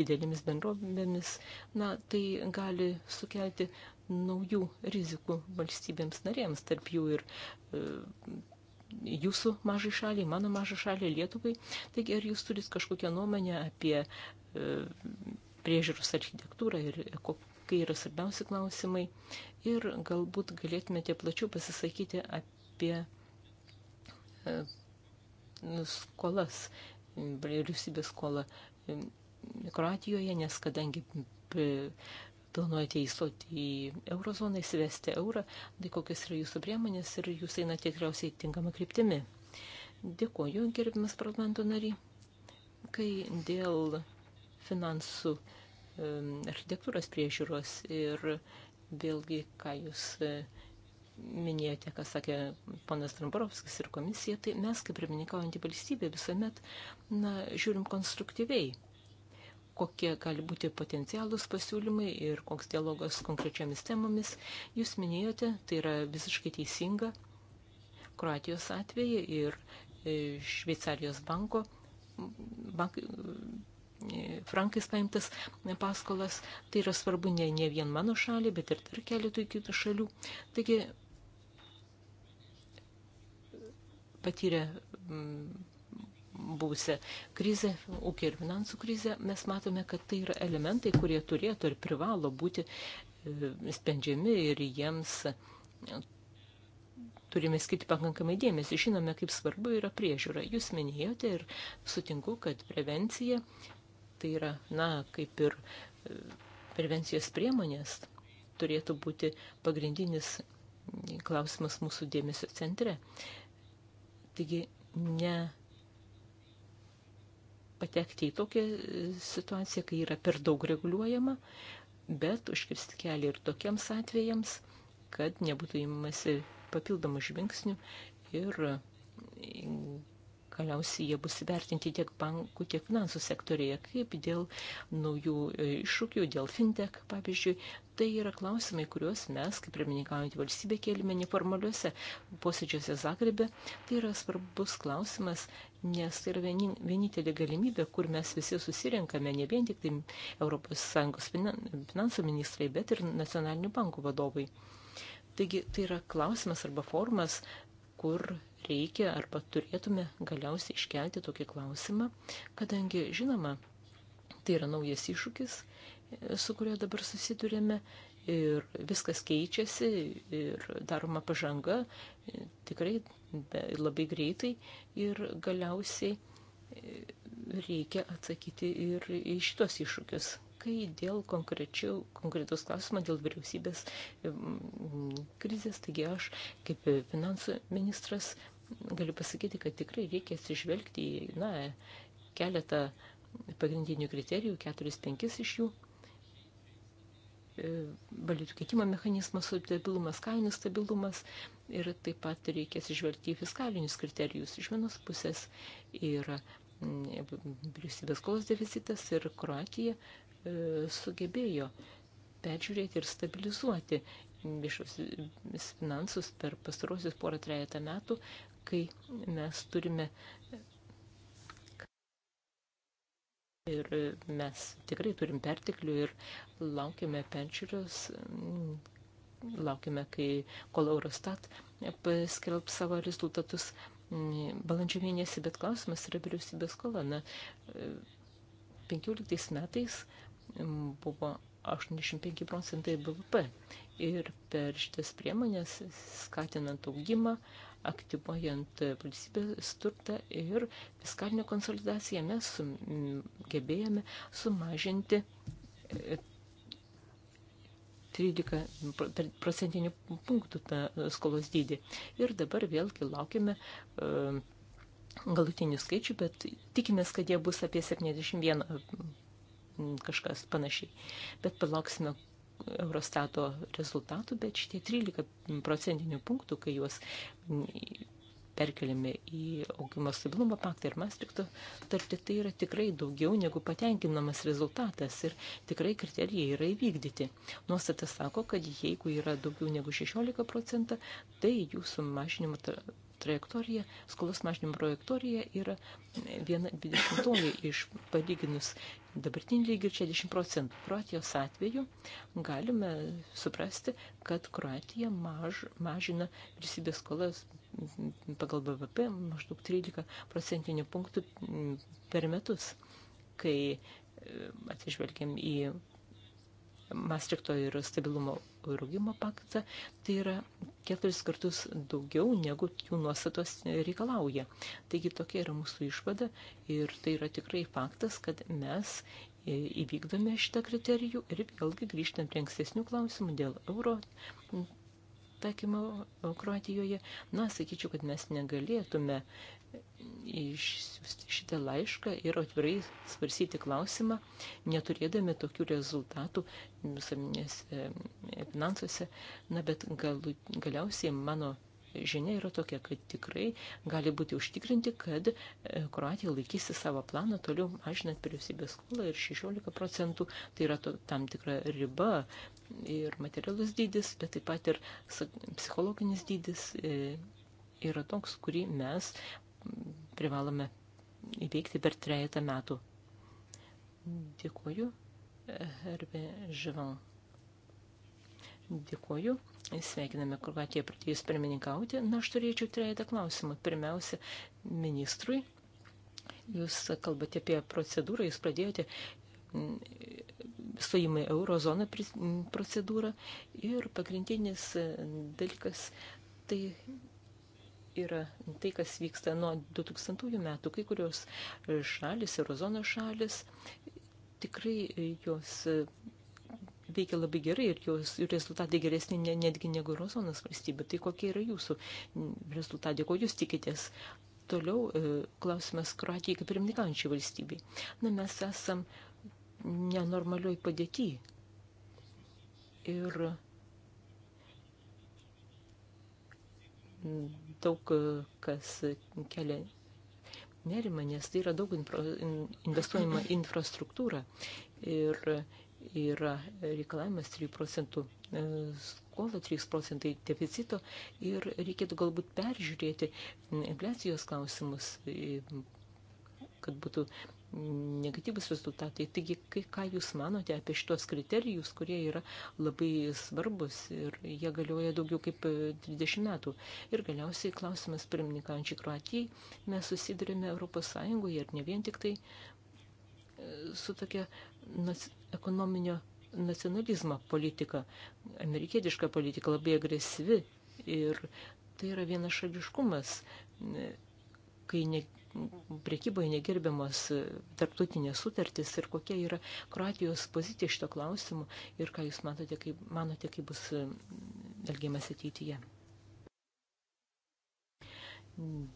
didelėmis bendrovėmis, na, tai gali sukelti naujų rizikų valstybėms narėms, tarp jų ir e, jūsų mažai šaliai, mano mažai šaliai Lietuvai. Taigi, ar jūs turit kažkokią nuomonę apie e, priežiūros architektūrą ir kokie yra svarbiausi klausimai. Ir galbūt galėtumėte plačiau pasisakyti apie e, skolas, vyriausybės skolą e, Kroatijoje, nes kadangi planuojate įstoti į eurozoną, įsivesti eurą, tai kokios yra jūsų priemonės ir jūs einate tikriausiai tinkamą kryptimį. Dėkuoju, gerbimas parlamento nariai, kai dėl finansų architektūros priežiūros ir vėlgi, ką jūs e, minėjote, ką sakė panas Tramborovskis ir komisija, tai mes, kaip pirmininkaujantį valstybę, visuomet na, žiūrim konstruktyviai kokie gali būti potencialūs pasiūlymai ir koks dialogas konkrečiamis temomis. Jūs minėjote, tai yra visiškai teisinga Kroatijos atveju ir e, Šveicarijos banko bank, frankais paimtas paskolas. Tai yra svarbu ne, ne vien mano šaliai, bet ir dar keletui kitų šalių. Taigi patyrė mm, buvusią krizę, ūkio ir finansų krizę, mes matome, kad tai yra elementai, kurie turėtų ir privalo būti e, sprendžiami ir jiems e, turime skirti pakankamai dėmesį. Žinome, kaip svarbu yra priežiūra. Jūs minėjote ir sutinku, kad prevencija tai yra, na, kaip ir e, prevencijos priemonės turėtų būti pagrindinis klausimas mūsų dėmesio centre. Taigi, ne patekti į tokią e, situaciją, kai yra per daug reguliuojama, bet užkirsti kelią ir tokiems atvejams, kad nebūtų įmasi papildomų žvingsnių ir galiausiai jie bus įvertinti tiek bankų, tiek finansų sektorėje, kaip dėl naujų e, iššūkių, dėl fintech, pavyzdžiui. Tai yra klausimai, kuriuos mes, kaip pirmininkaujant valstybė, kėlėme neformaliuose posėdžiuose Zagrebė. Tai yra svarbus klausimas, nes tai yra vienintelė galimybė, kur mes visi susirenkame, ne vien tik tai ES finansų ministrai, bet ir nacionalinių bankų vadovai. Taigi tai yra klausimas arba formas, kur reikia arba turėtume galiausiai iškelti tokį klausimą, kadangi, žinoma, tai yra naujas iššūkis, e, su kurio dabar susidurėme ir viskas keičiasi ir daroma pažanga e, tikrai labai greitai ir galiausiai e, reikia atsakyti ir į šitos iššūkius. Kai dėl konkretaus klausimo, dėl vyriausybės krizės, taigi aš kaip finansų ministras galiu pasakyti, kad tikrai reikia atsižvelgti į, na, keletą pagrindinių kriterijų, keturis, penkis iš jų. E, valiutų keitimo mechanizmas, stabilumas, kainų stabilumas ir taip pat reikia atsižvelgti į fiskalinius kriterijus. Iš vienos pusės yra vyriausybės skolos deficitas ir Kroatija e, sugebėjo peržiūrėti ir stabilizuoti viešus finansus per pastarosius porą trejetą metų, kai mes turime ir mes tikrai turim perteklių ir laukiame penčiūros, laukiame, kai kol Eurostat paskelb savo rezultatus balandžio mėnesį, bet klausimas yra vyriausybės skola. Na, 15 metais buvo 85 procentai BVP ir per šitas priemonės skatinant augimą, aktyvuojant valstybės turtą ir fiskalinę konsolidaciją mes gebėjome sumažinti 13 e, procentinių punktų tą skolos dydį. Ir dabar vėlgi laukime e, galutinių skaičių, bet tikimės, kad jie bus apie 71 kažkas panašiai. Bet palauksime, Eurostato rezultatų, bet šitie 13 procentinių punktų, kai juos perkeliami į augimo stabilumo paktą ir Maastrichto tartį, tai yra tikrai daugiau negu patenkinamas rezultatas ir tikrai kriterijai yra įvykdyti. Nuostata sako, kad jeigu yra daugiau negu 16 procentą, tai jūsų mažinimo tra trajektorija, skolos mažinimo trajektorija yra 1,20 iš palyginus dabartiniu lygiu 60 procentų. Kroatijos atveju galime suprasti, kad Kroatija maž, mažina visybės skolas pagal BVP maždaug 13 procentinių punktų per metus, kai e, atsižvelgiam į Mastrikto ir stabilumo ir augimo paktą, tai yra keturis kartus daugiau negu jų nuostatos reikalauja. Taigi tokia yra mūsų išvada ir tai yra tikrai faktas, kad mes įvykdome šitą kriterijų ir vėlgi grįžtam prie ankstesnių klausimų dėl euro taikymo Kroatijoje. Na, sakyčiau, kad mes negalėtume išsiųsti šitą laišką ir atvirai svarsyti klausimą, neturėdami tokių rezultatų visuomenėse finansuose. Na, bet gal, galiausiai mano žinia yra tokia, kad tikrai gali būti užtikrinti, kad e, Kroatija laikysi savo planą toliau mažinant vyriausybės skolą ir 16 procentų, tai yra to, tam tikra riba ir materialus dydis, bet taip pat ir psichologinis dydis e, yra toks, kurį mes privalome įveikti per trejata metų. Dėkuoju, Herbe Živan. Dėkuoju. Sveikiname Kroatiją pradėjus pirmininkauti. Na, aš turėčiau trejata klausimų. Pirmiausia, ministrui. Jūs kalbate apie procedūrą, jūs pradėjote mm, stojimą į eurozoną mm, procedūrą ir pagrindinis dalykas tai yra tai, kas vyksta nuo 2000 metų. Kai kurios šalis, eurozono šalis, tikrai jos veikia labai gerai ir jos jų rezultatai geresni ne, netgi negu eurozonos valstybė. Tai kokie yra jūsų rezultatai, ko jūs tikitės? Toliau e, klausimas Kroatijai kaip pirmininkaujančiai valstybei. Na, mes esam nenormalioj padėty. Ir daug e, kas kelia nerimą, nes tai yra daug infra, investuojama infrastruktūra ir yra reikalavimas 3 procentų e, skolą, 3 procentai deficito ir reikėtų galbūt peržiūrėti infliacijos klausimus, e, kad būtų negatyvus rezultatai. Taigi, kai, ką Jūs manote apie šitos kriterijus, kurie yra labai svarbus ir jie galioja daugiau kaip 30 e, metų. Ir galiausiai klausimas pirmininkančiai Kroatijai, mes susidurime Europos Sąjungoje ir ne vien tik tai e, su tokia ekonominio nacionalizmo politika, amerikietiška politika labai agresyvi ir tai yra vienašališkumas, e, kai ne, priekyboje negerbiamas tarptautinės sutartys ir kokia yra Kroatijos pozicija šito klausimu ir ką jūs matote, kaip, manote, kaip bus mm, elgiamas ateityje.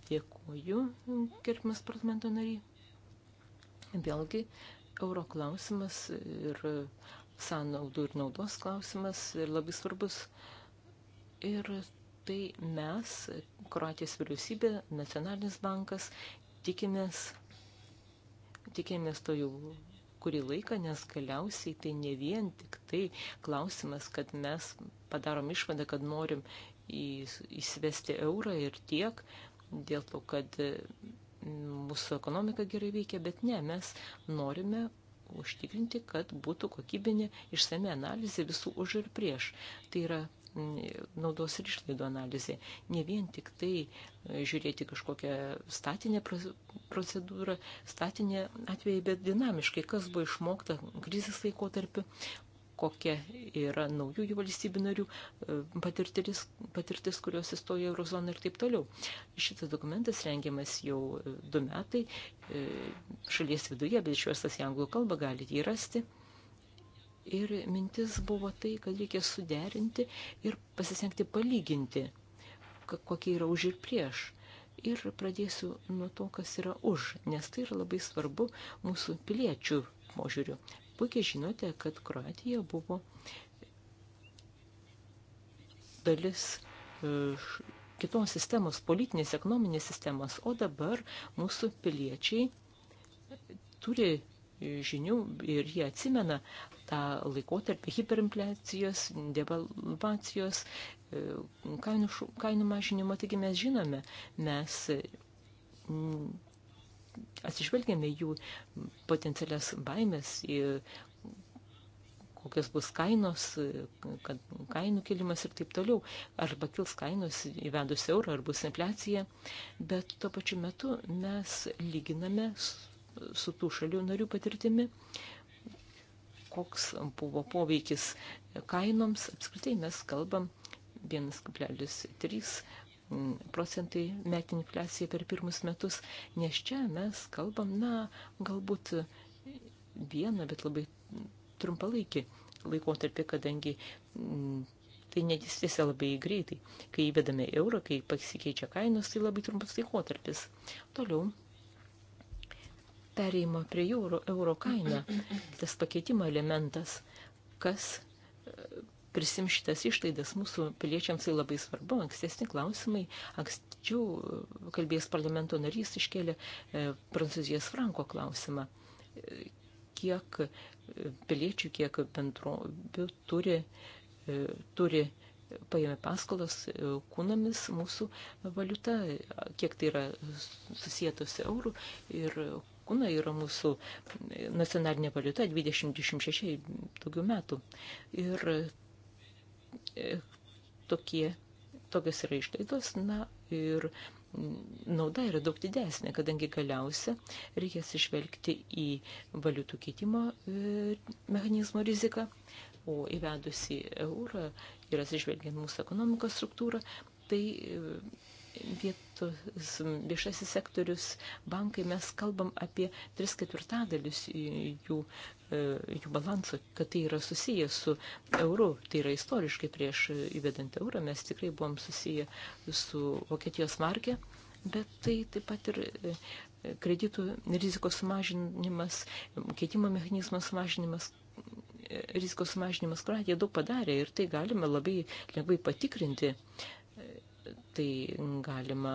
Dėkuoju, gerbimas parlamento nariai. Vėlgi, euro klausimas ir sąnaudų ir naudos klausimas ir labai svarbus. Ir tai mes, Kroatijos vyriausybė, Nacionalinis bankas tikimės, tikimės to jau kurį laiką, nes galiausiai tai ne vien tik tai klausimas, kad mes padarom išvadą, kad norim įsivesti eurą ir tiek, dėl to, kad mm, mūsų ekonomika gerai veikia, bet ne, mes norime užtikrinti, kad būtų kokybinė išsame analizė visų už ir prieš. Tai yra naudos ir išlaidų analizė. Ne vien tik tai e, žiūrėti kažkokią statinę procedūrą, statinę atvejį, bet dinamiškai, kas buvo išmokta krizės laikotarpiu, kokia yra naujųjų valstybių narių e, patirtis, patirtis kurios įstojo eurozoną ir taip toliau. Šitas dokumentas rengiamas jau e, du metai šalies viduje, bet išverstas į anglų kalbą galite jį rasti. Ir mintis buvo tai, kad reikia suderinti ir pasisengti palyginti, kokie yra už ir prieš. Ir pradėsiu nuo to, kas yra už, nes tai yra labai svarbu mūsų piliečių požiūriu. Puikiai žinote, kad Kroatija buvo dalis e, kitos sistemos, politinės, ekonominės sistemos, o dabar mūsų piliečiai turi žinių ir jie atsimena tą laikotarpį hiperinfliacijos, devalvacijos, e, kainų, kainų mažinimo, taigi mes žinome, mes mm, atsižvelgėme jų potencialias baimės ir kokios bus kainos, kad kainų kilimas ir taip toliau, arba kils kainos įvedus eurą, ar bus infliacija, bet tuo pačiu metu mes lyginame su su tų šalių narių patirtimi, koks buvo poveikis kainoms. Apskritai mes kalbam 1,3 procentai metinį infliaciją per pirmus metus, nes čia mes kalbam, na, galbūt vieną, bet labai trumpalaikį laikotarpį, kadangi mm, tai nedistėsia labai greitai. Kai įvedame eurą, kai pasikeičia kainos, tai labai trumpas laikotarpis. Toliau pereimą prie euro, euro kainą, tas pakeitimo elementas, kas e, prisim šitas išlaidas mūsų piliečiams tai labai svarbu. Ankstesni klausimai, anksčiau e, kalbėjęs parlamento narys iškėlė e, Prancūzijos franko klausimą. E, kiek piliečių, kiek bendrovių turi, e, turi paėmė paskolas kūnomis mūsų valiuta, kiek tai yra susijęta su eurų ir kuna yra mūsų nacionalinė valiuta 20-26 daugiau metų. Ir e, tokie, tokios yra išlaidos, na ir nauda yra daug didesnė, kadangi galiausia reikės išvelgti į valiutų keitimo e, mechanizmo riziką, o įvedusi eurą ir atsižvelgiant mūsų ekonomikos struktūrą, tai e, viet, privatus viešasis sektorius, bankai, mes kalbam apie tris ketvirtadalius jų, e, jų balanso, kad tai yra susiję su euru. Tai yra istoriškai prieš įvedant eurą mes tikrai buvom susiję su Vokietijos markė, bet tai taip pat ir e, kreditų rizikos sumažinimas, keitimo mechanizmo sumažinimas, e, rizikos sumažinimas Kroatija daug padarė ir tai galime labai lengvai patikrinti tai galima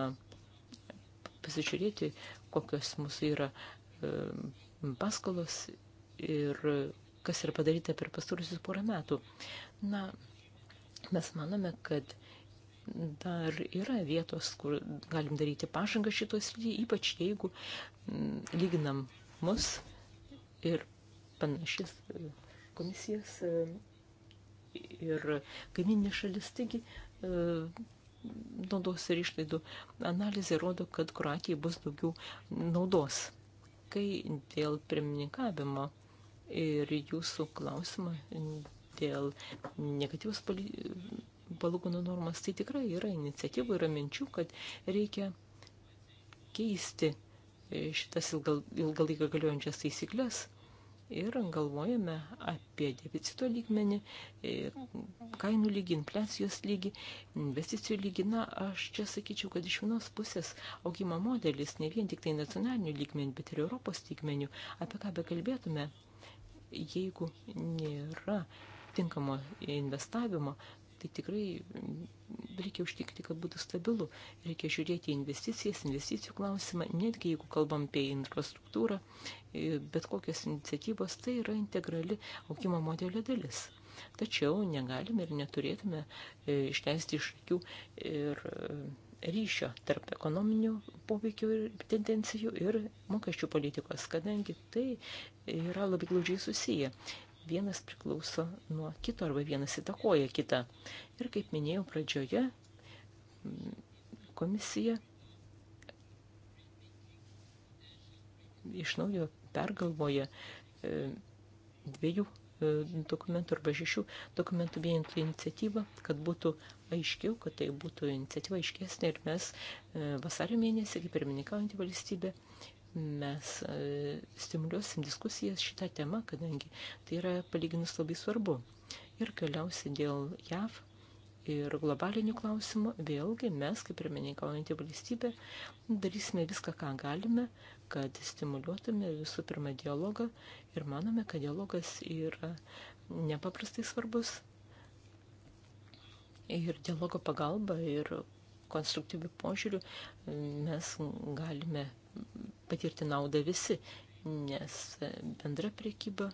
pasižiūrėti, kokios mūsų yra e, paskolos ir kas yra padaryta per pastarusius porą metų. Na, mes manome, kad dar yra vietos, kur galim daryti pažangą šitos lygiai, ypač jeigu mm, lyginam mus ir panašias e, komisijas e, ir kaiminės šalis. Taigi, naudos ir išlaidų analizė rodo, kad Kroatijai bus daugiau naudos. Kai dėl pirmininkavimo ir jūsų klausimą dėl negatyvus palūkanų normas, tai tikrai yra iniciatyvų, yra minčių, kad reikia keisti šitas ilgal, ilgalaikio galiojančias taisyklės ir galvojame apie deficito lygmenį, e, kainų lygį, infliacijos lygį, investicijų lygį. Na, aš čia sakyčiau, kad iš vienos pusės augimo modelis ne vien tik tai nacionalinių lygmenį, bet ir Europos lygmenių, apie ką bekalbėtume, jeigu nėra tinkamo investavimo, tai tikrai reikia užtikti, kad būtų stabilu. Reikia žiūrėti investicijas, investicijų klausimą, netgi jeigu kalbam apie infrastruktūrą, e, bet kokios iniciatyvos, tai yra integrali augimo modelio dalis. Tačiau negalime ir neturėtume e, išleisti iš akių ir e, ryšio tarp ekonominių poveikių ir tendencijų ir mokesčių politikos, kadangi tai yra labai glaudžiai susiję vienas priklauso nuo kito arba vienas įtakoja kitą. Ir kaip minėjau pradžioje, komisija iš naujo pergalvoja e, dviejų e, dokumentų arba šešių dokumentų vienintų iniciatyvą, kad būtų aiškiau, kad tai būtų iniciatyva aiškesnė ir mes e, vasario mėnesį, kaip pirmininkaujantį valstybę, mes e, stimuliuosim diskusijas šitą temą, kadangi tai yra palyginus labai svarbu. Ir galiausiai dėl JAV ir globalinių klausimų, vėlgi mes, kaip ir meninkaujantį valstybę, darysime viską, ką galime, kad stimuliuotume visų pirma dialogą ir manome, kad dialogas yra nepaprastai svarbus. Ir dialogo pagalba ir konstruktyvių požiūrių e, mes galime patirti naudą visi, nes bendra priekyba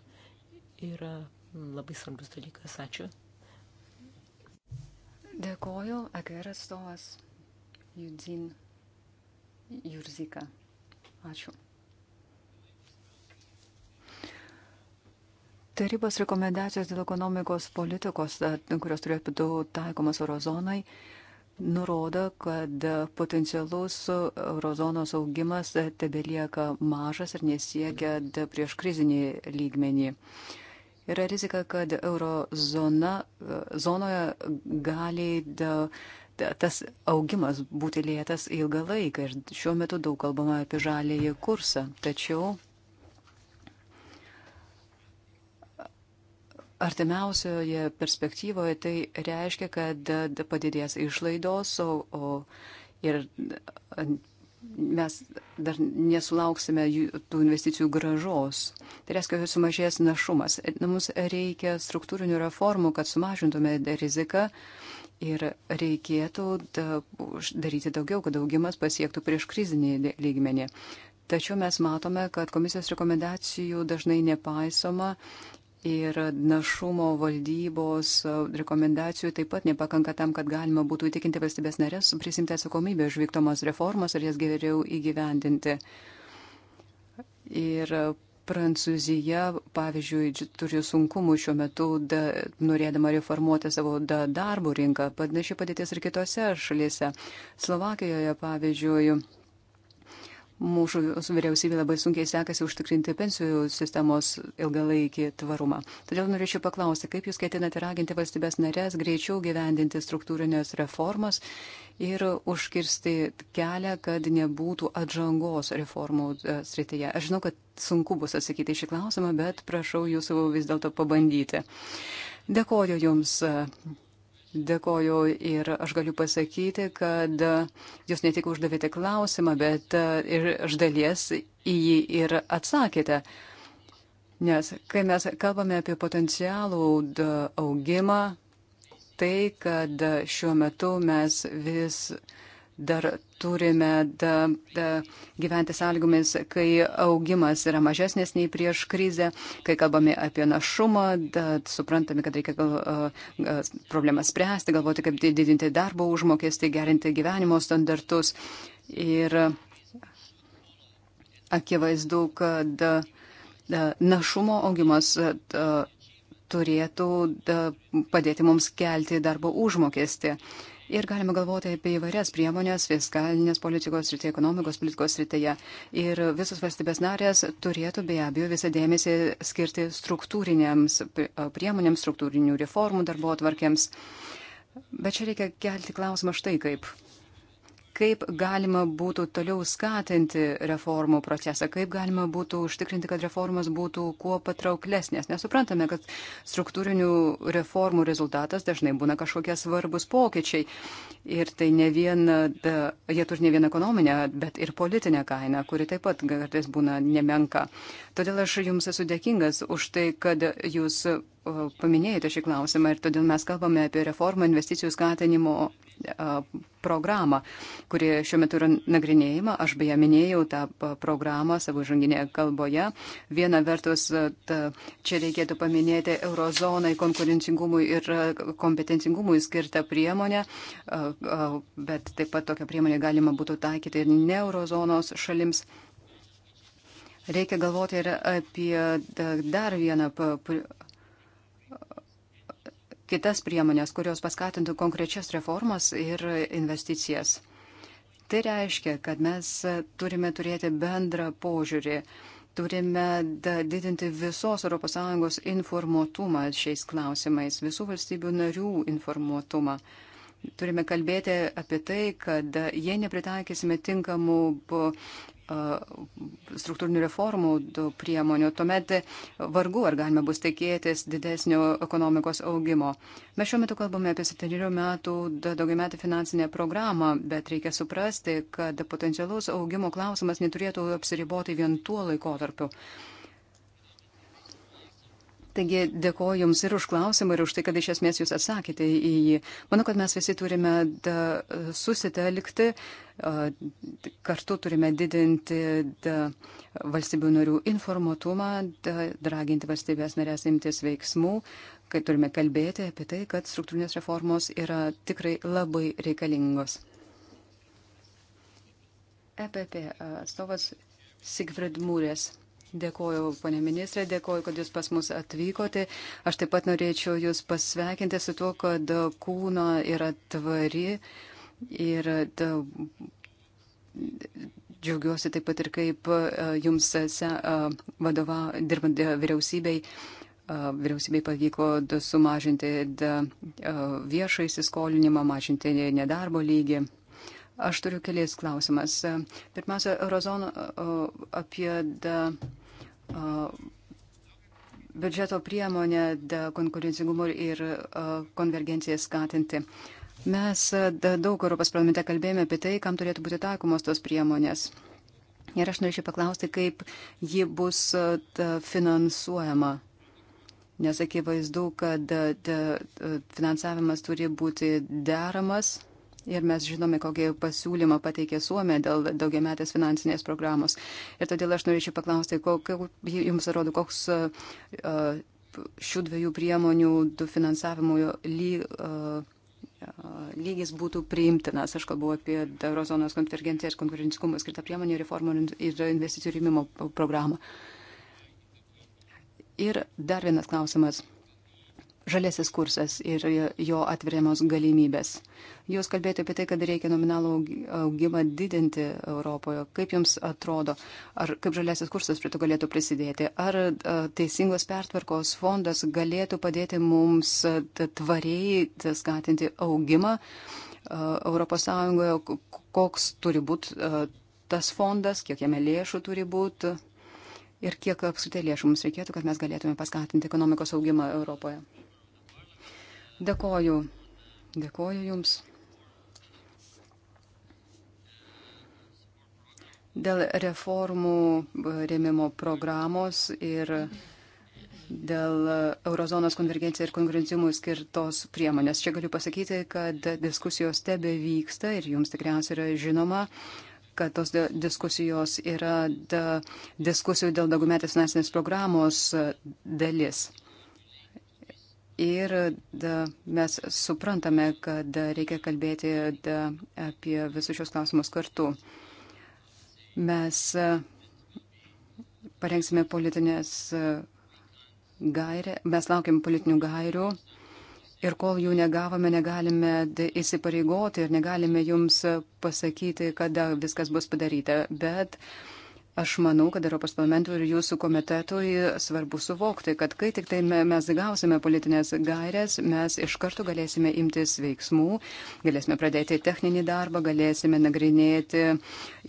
yra labai svarbus dalykas. Ačiū. Dėkoju, AGR atstovas Judzin Jurzika. Ačiū. Tarybos rekomendacijos dėl ekonomikos politikos, kurios turėtų būti taikomas eurozonai, nurodo, kad potencialus eurozonos augimas tebelieka mažas ir nesiekia prieš krizinį lygmenį. Yra rizika, kad eurozona zonoje gali da, tas augimas būti lėtas ilgą laiką ir šiuo metu daug kalbama apie žalėjį kursą. Tačiau artimiausioje perspektyvoje tai reiškia, kad padidės išlaidos, o, o ir mes dar nesulauksime tų investicijų gražos. Tai reiškia, kad sumažės našumas. Mums reikia struktūrinių reformų, kad sumažintume riziką ir reikėtų daryti daugiau, kad augimas pasiektų prieš krizinį lygmenį. Tačiau mes matome, kad komisijos rekomendacijų dažnai nepaisoma ir našumo valdybos rekomendacijų taip pat nepakanka tam, kad galima būtų įtikinti valstybės narės prisimti atsakomybę už vykdomas reformas ir jas geriau įgyvendinti. Ir Prancūzija, pavyzdžiui, turi sunkumų šiuo metu, da, norėdama reformuoti savo da, darbo rinką. Panaši padėtis ir kitose šalyse. Slovakijoje, pavyzdžiui, mūsų vyriausybė labai sunkiai sekasi užtikrinti pensijų sistemos ilgalaikį tvarumą. Todėl norėčiau paklausti, kaip Jūs ketinate raginti valstybės narės greičiau gyvendinti struktūrinės reformas ir užkirsti kelią, kad nebūtų atžangos reformų e, srityje. Aš žinau, kad sunku bus atsakyti šį klausimą, bet prašau Jūsų vis dėlto pabandyti. Dėkoju Jums. E, Dėkoju ir aš galiu pasakyti, kad jūs ne tik uždavėte klausimą, bet e, ir iš dalies į jį ir atsakėte. Nes kai mes kalbame apie potencialų augimą, tai, kad šiuo metu mes vis dar turime da, da, gyventi sąlygomis, kai augimas yra mažesnis nei prieš krizę, kai kalbame apie našumą, da, suprantame, kad reikia gal, a, a, problemas spręsti, galvoti, kaip didinti darbo užmokestį, gerinti gyvenimo standartus. Ir akivaizdu, kad da, našumo augimas da, turėtų da, padėti mums kelti darbo užmokestį. Ir galime galvoti apie įvairias priemonės fiskalinės politikos srityje, ekonomikos politikos srityje. Ir visos valstybės narės turėtų be abejo visą dėmesį skirti struktūrinėms priemonėms, struktūrinių reformų darbo atvarkėms. Bet čia reikia kelti klausimą štai kaip kaip galima būtų toliau skatinti reformų procesą, kaip galima būtų užtikrinti, kad reformas būtų kuo patrauklesnės. Nesuprantame, kad struktūrinių reformų rezultatas dažnai būna kažkokie svarbus pokyčiai. Ir tai ne vien, jie turi ne vien ekonominę, bet ir politinę kainą, kuri taip pat kartais būna nemenka. Todėl aš Jums esu dėkingas už tai, kad Jūs uh, paminėjote šį klausimą ir todėl mes kalbame apie reformą investicijų skatinimo uh, programą, kuri šiuo metu yra nagrinėjama. Aš beje minėjau tą uh, programą savo žanginėje kalboje. Viena vertus, ta, čia reikėtų paminėti eurozonai konkurencingumui ir kompetencingumui skirtą priemonę, bet taip pat tokią priemonę galima būtų taikyti ir ne eurozonos šalims. Reikia galvoti ir apie dar vieną kitas priemonės, kurios paskatintų konkrečias reformas ir investicijas. Tai reiškia, kad mes turime turėti bendrą požiūrį, turime didinti visos ES informuotumą šiais klausimais, visų valstybių narių informuotumą. Turime kalbėti apie tai, kad jei nepritaikysime tinkamų struktūrinių reformų priemonių, tuomet vargu ar galime bus tikėtis didesnio ekonomikos augimo. Mes šiuo metu kalbame apie 7 metų daugiametį finansinę programą, bet reikia suprasti, kad potencialus augimo klausimas neturėtų apsiriboti vien tuo laikotarpiu. Taigi dėkoju Jums ir už klausimą, ir už tai, kad iš esmės Jūs atsakėte į jį. Manau, kad mes visi turime da, susitelkti, kartu turime didinti da, valstybių narių informatumą, da, draginti valstybės narės imtis veiksmų, kai turime kalbėti apie tai, kad struktūrinės reformos yra tikrai labai reikalingos. EPP atstovas Sigfrid Mūrės. Dėkoju, ponė ministrė, dėkoju, kad jūs pas mus atvykote. Aš taip pat norėčiau jūs pasveikinti su tuo, kad kūno yra tvari ir da, džiaugiuosi taip pat ir kaip jums se, vadova, dirbant vyriausybei. Vyriausybei pavyko sumažinti viešą įsiskolinimą, mažinti nedarbo lygį. Aš turiu kelias klausimas. Pirmiausia, Eurozono apie da, biudžeto priemonę konkurencingumo ir konvergenciją skatinti. Mes daug Europos parlamente kalbėjome apie tai, kam turėtų būti taikomos tos priemonės. Ir aš norėčiau paklausti, kaip ji bus finansuojama. Nes akivaizdu, kad finansavimas turi būti deramas Ir mes žinome, kokį pasiūlymą pateikė Suomė dėl daugiametės finansinės programos. Ir todėl aš norėčiau paklausti, kokio, jums atrodo, koks e, šių dviejų priemonių du finansavimo lyg, e, e, lygis būtų priimtinas. Aš kalbu apie Eurozonos konvergenciją ir konkurencingumo skirtą priemonę reformų ir investicijų rėmimo programą. Ir dar vienas klausimas žalėsis kursas ir jo atveriamos galimybės. Jūs kalbėjote apie tai, kad reikia nominalų augimą didinti Europoje. Kaip jums atrodo, ar kaip žalėsis kursas prie to galėtų prisidėti? Ar teisingos pertvarkos fondas galėtų padėti mums tvariai skatinti augimą Europos Sąjungoje? Koks turi būti tas fondas, kiek jame lėšų turi būti? Ir kiek apskritai lėšų mums reikėtų, kad mes galėtume paskatinti ekonomikos augimą Europoje? Dėkoju. Dėkoju Jums. Dėl reformų e, rėmimo programos ir dėl Eurozonos konvergencijai ir konkurencimui skirtos priemonės. Čia galiu pasakyti, kad diskusijos tebe vyksta ir jums tikriausiai yra žinoma, kad tos diskusijos yra diskusijų dėl daugumetės nacinės programos dalis. Ir da, mes suprantame, kad da, reikia kalbėti da, apie visus šios klausimus kartu. Mes parengsime politinės gairę, mes laukiam politinių gairių ir kol jų negavome, negalime įsipareigoti ir negalime jums pasakyti, kada viskas bus padaryta. Bet uh, Aš manau, kad Europos parlamentui ir jūsų komitetui svarbu suvokti, kad kai tik tai mes gausime politinės gairias, mes iš karto galėsime imtis veiksmų, galėsime pradėti techninį darbą, galėsime nagrinėti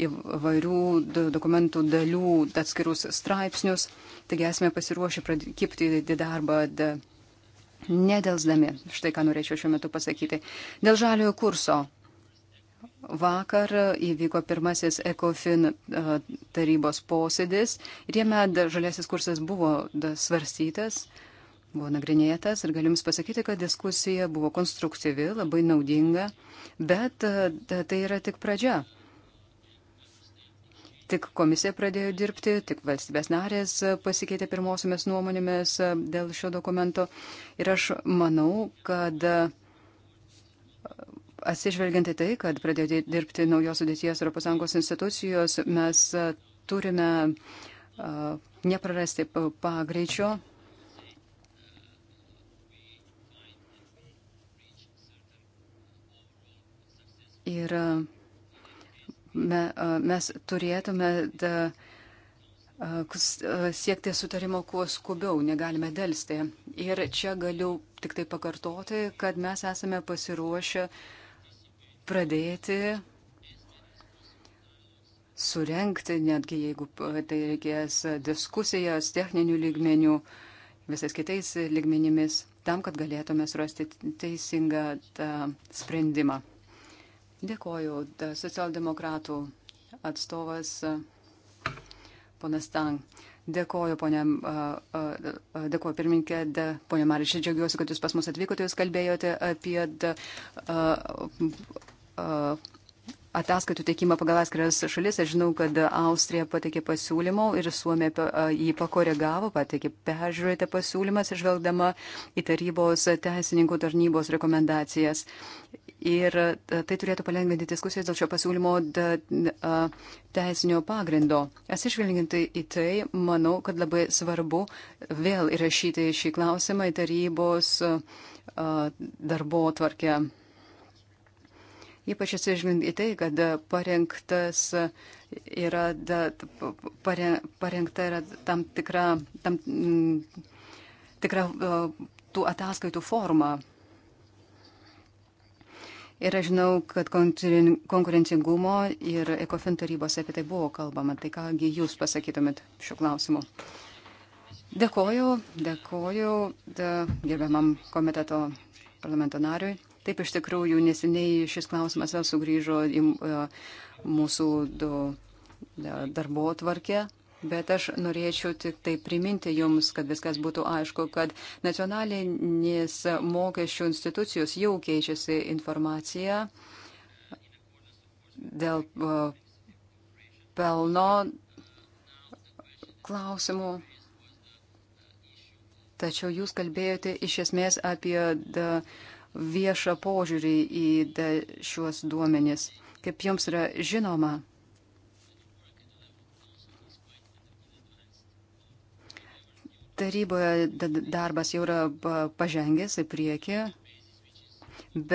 įvairių dokumentų dalių atskirus straipsnius. Taigi esame pasiruošę kipti darbą nedelsdami. Štai ką norėčiau šiuo metu pasakyti. Dėl žaliojo kurso Vakar įvyko pirmasis ECOFIN e, tarybos posėdis ir jame žaliasis kursas buvo svarstytas, buvo nagrinėtas ir galim pasakyti, kad diskusija buvo konstruktyvi, labai naudinga, bet e, tai yra tik pradžia. Tik komisija pradėjo dirbti, tik valstybės narės e, pasikeitė pirmosiomis nuomonėmis dėl šio dokumento ir aš manau, kad Atsižvelgiant į tai, kad pradėjo dirbti naujos sudėties ES institucijos, mes turime neprarasti pagreičio. Ir me, mes turėtume da, siekti sutarimo kuo skubiau, negalime dėlsti. Ir čia galiu tik tai pakartoti, kad mes esame pasiruošę uh, pradėti surenkti, netgi jeigu tai reikės diskusijas techninių lygmenių, visais kitais lygmenimis, tam, kad galėtume surasti teisingą sprendimą. Dėkoju, socialdemokratų atstovas ponas Tang. Dėkoju, ponė, dėkoju pirmininkė, dė, ponė Marišė, džiaugiuosi, kad jūs pas mus atvykote, jūs kalbėjote apie dė, ataskaitų teikimą pagal atskiras šalis. Aš žinau, kad Austrija pateikė pasiūlymą ir Suomija jį pakoregavo, pateikė peržiūrėtą pasiūlymą, išvelgdama į tarybos teisininkų tarnybos rekomendacijas. Ir tai turėtų palengventi diskusijas dėl šio pasiūlymo teisinio pagrindo. Atsižvelginti į tai, manau, kad labai svarbu vėl įrašyti šį klausimą į tarybos darbo tvarkę. Ypač atsižvelgiant į tai, kad parengtas yra, da, pare, parengta yra tam tikra, tam, m, mm, tikra tų ataskaitų forma. Ir aš žinau, kad konkurencingumo ir ekofin tarybose apie tai buvo kalbama. Tai kągi jūs pasakytumėt šiuo klausimu? Dėkoju, dėkoju da, gerbiamam komiteto parlamento nariui. Taip iš tikrųjų neseniai šis klausimas vėl sugrįžo į e, mūsų darbo tvarkę. Bet aš norėčiau tik tai priminti Jums, kad viskas būtų aišku, kad nacionalinės mokesčių institucijos jau keičiasi informaciją dėl e, pelno klausimų. Tačiau Jūs kalbėjote iš esmės apie. The, viešą požiūrį į šiuos duomenis. Kaip jums yra žinoma, taryboje darbas jau yra pažengęs į priekį,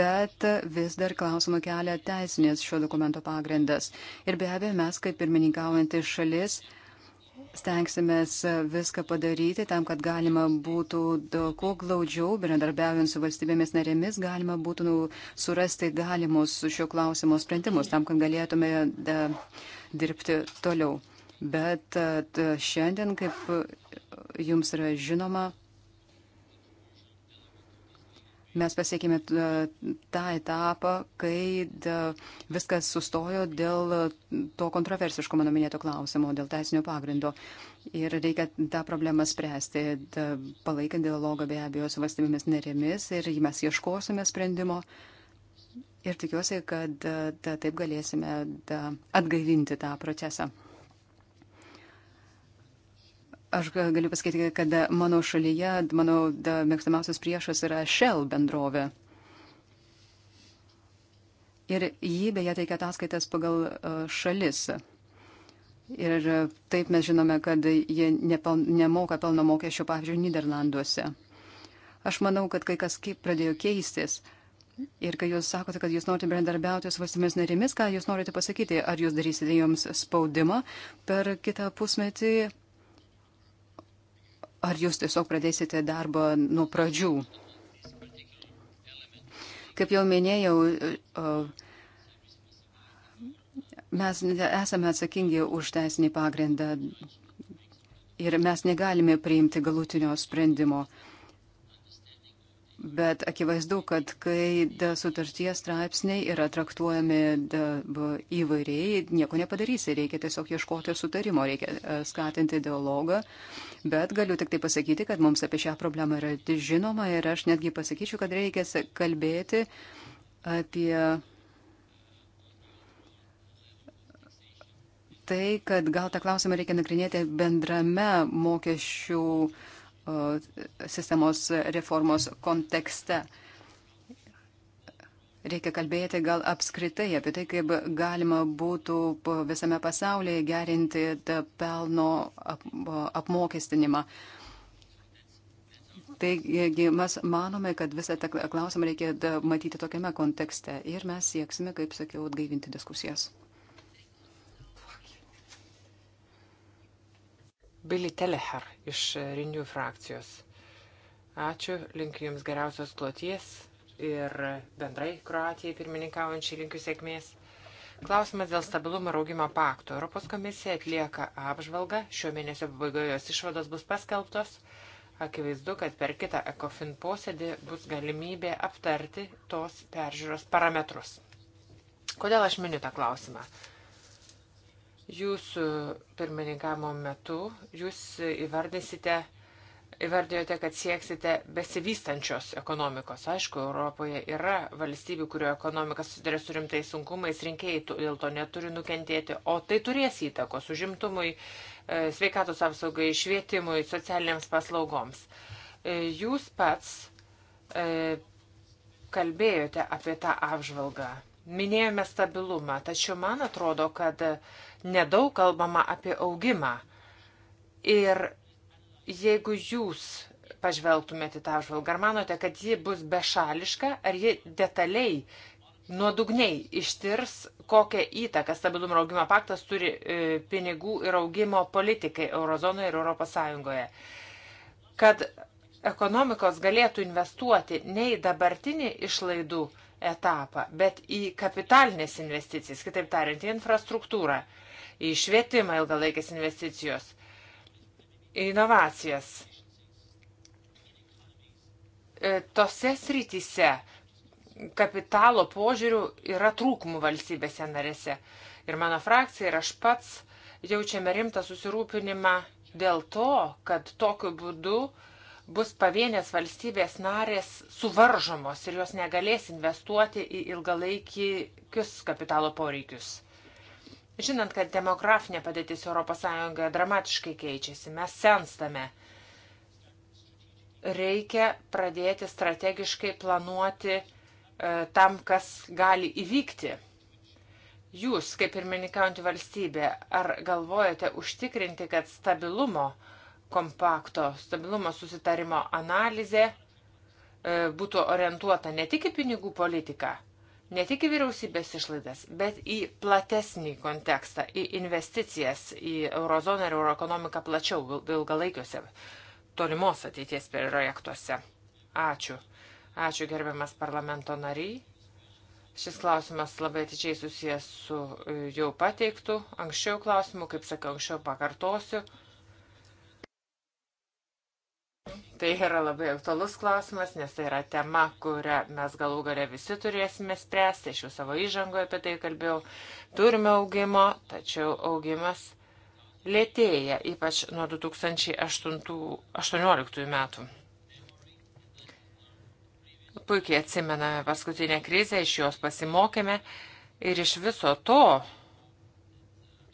bet vis dar klausimą kelia teisinės šio dokumento pagrindas. Ir be abejo, mes kaip pirmininkaujantis šalis stengsimės viską padaryti tam, kad galima būtų kuo glaudžiau, bendradarbiaujant su valstybėmis narėmis, galima būtų nu, surasti galimus šio klausimo sprendimus, tam, kad galėtume da, dirbti toliau. Bet da, šiandien, kaip jums yra žinoma, mes pasiekėme e, tą etapą, kai e, viskas sustojo dėl to kontroversiško mano minėto klausimo, dėl teisinio pagrindo. Ir reikia tą problemą spręsti, palaikant dialogą be abejo su valstybėmis narėmis ir mes ieškosime sprendimo. Ir tikiuosi, kad da, e, taip galėsime da, atgaivinti tą procesą. Aš galiu pasakyti, kad mano šalyje, mano da, mėgstamiausias priešas yra Shell bendrovė. Ir jį beje teikia ataskaitas pagal e, šalis. Ir taip mes žinome, kad jie nepel, nemoka pelno mokesčio, pavyzdžiui, Niderlanduose. Aš manau, kad kai kas pradėjo keistis. Ir kai jūs sakote, kad jūs norite bendarbiauti su valstybės narėmis, ką jūs norite pasakyti? Ar jūs darysite joms spaudimą per kitą pusmetį ar jūs tiesiog pradėsite darbą nuo pradžių. Kaip jau minėjau, e, e, mes esame atsakingi už teisinį pagrindą ir mes negalime priimti galutinio sprendimo. Bet akivaizdu, kad kai sutarties straipsniai yra traktuojami da, įvairiai, nieko nepadarysi, reikia tiesiog ieškoti sutarimo, reikia e, skatinti dialogą. Bet galiu tik tai pasakyti, kad mums apie šią problemą yra žinoma ir aš netgi pasakyčiau, kad reikia kalbėti apie tai, kad gal tą klausimą reikia nagrinėti bendrame mokesčių sistemos reformos kontekste. Reikia kalbėti gal apskritai apie tai, kaip galima būtų visame pasaulyje gerinti pelno apmokestinimą. Taigi mes manome, kad visą tą klausimą reikia matyti tokiame kontekste ir mes sieksime, kaip sakiau, atgaivinti diskusijas. Billy Teleher iš Rinių frakcijos. Ačiū, linkiu Jums geriausios kloties ir bendrai Kroatijai pirmininkaujančiai linkiu sėkmės. Klausimas dėl stabilumo ir augimo pakto. Europos komisija atlieka apžvalgą, šio mėnesio pabaigoje jos išvados bus paskelbtos. Akivaizdu, kad per kitą ECOFIN posėdį bus galimybė aptarti tos peržiūros parametrus. Kodėl aš miniu tą klausimą? Jūsų pirmininkamo metu jūs įvardysite įvardėjote, kad sieksite besivystančios ekonomikos. Aišku, Europoje yra valstybių, kurio ekonomika susiduria su rimtais sunkumais, rinkėjai dėl to neturi nukentėti, o tai turės įtakos užimtumui, e, sveikatos apsaugai, švietimui, socialiniams paslaugoms. E, jūs pats e, kalbėjote apie tą apžvalgą. Minėjome stabilumą, tačiau man atrodo, kad uh, Nedaug kalbama apie augimą. Ir jeigu jūs pažvelgtumėte tą žvalgą, ar manote, kad ji bus bešališka, ar ji detaliai, nuodugniai ištirs, kokią įtaką stabilumo ir augimo paktas turi e, pinigų ir augimo politikai Eurozonoje ir ES. Kad ekonomikos galėtų investuoti ne į dabartinį išlaidų etapą, bet į kapitalinės investicijas, kitaip tariant, į infrastruktūrą į švietimą ilgalaikės investicijos, inovacijas. E, tose srityse kapitalo požiūrių yra trūkumų valstybėse narėse. Ir mano frakcija ir aš pats jaučiame rimtą susirūpinimą dėl to, kad tokiu būdu bus pavienės valstybės narės suvaržomos ir jos negalės investuoti į ilgalaikius kapitalo poreikius. Žinant, kad demografinė padėtis ES dramatiškai keičiasi, mes senstame. Reikia pradėti strategiškai planuoti e, tam, kas gali įvykti. Jūs, kaip ir minikaujantį valstybę, ar galvojate užtikrinti, kad stabilumo kompakto, stabilumo susitarimo analizė e, būtų orientuota ne tik į pinigų politiką, ne tik į vyriausybės išlaidas, bet į platesnį kontekstą, į investicijas, į eurozoną ir euroekonomiką plačiau, ilgalaikiuose, tolimos ateities projektuose. Ačiū. Ačiū gerbiamas parlamento nariai. Šis klausimas labai atidžiai susijęs su e, jau pateiktu anksčiau klausimu, kaip sakiau, anksčiau pakartosiu. Tai yra labai aktualus klausimas, nes tai yra tema, kurią mes galų galę visi turėsime spręsti. Aš jau savo įžangoje apie tai kalbėjau. Turime augimo, tačiau augimas lėtėja, ypač nuo 2018 metų. Puikiai atsimename paskutinę krizę, iš jos pasimokėme ir iš viso to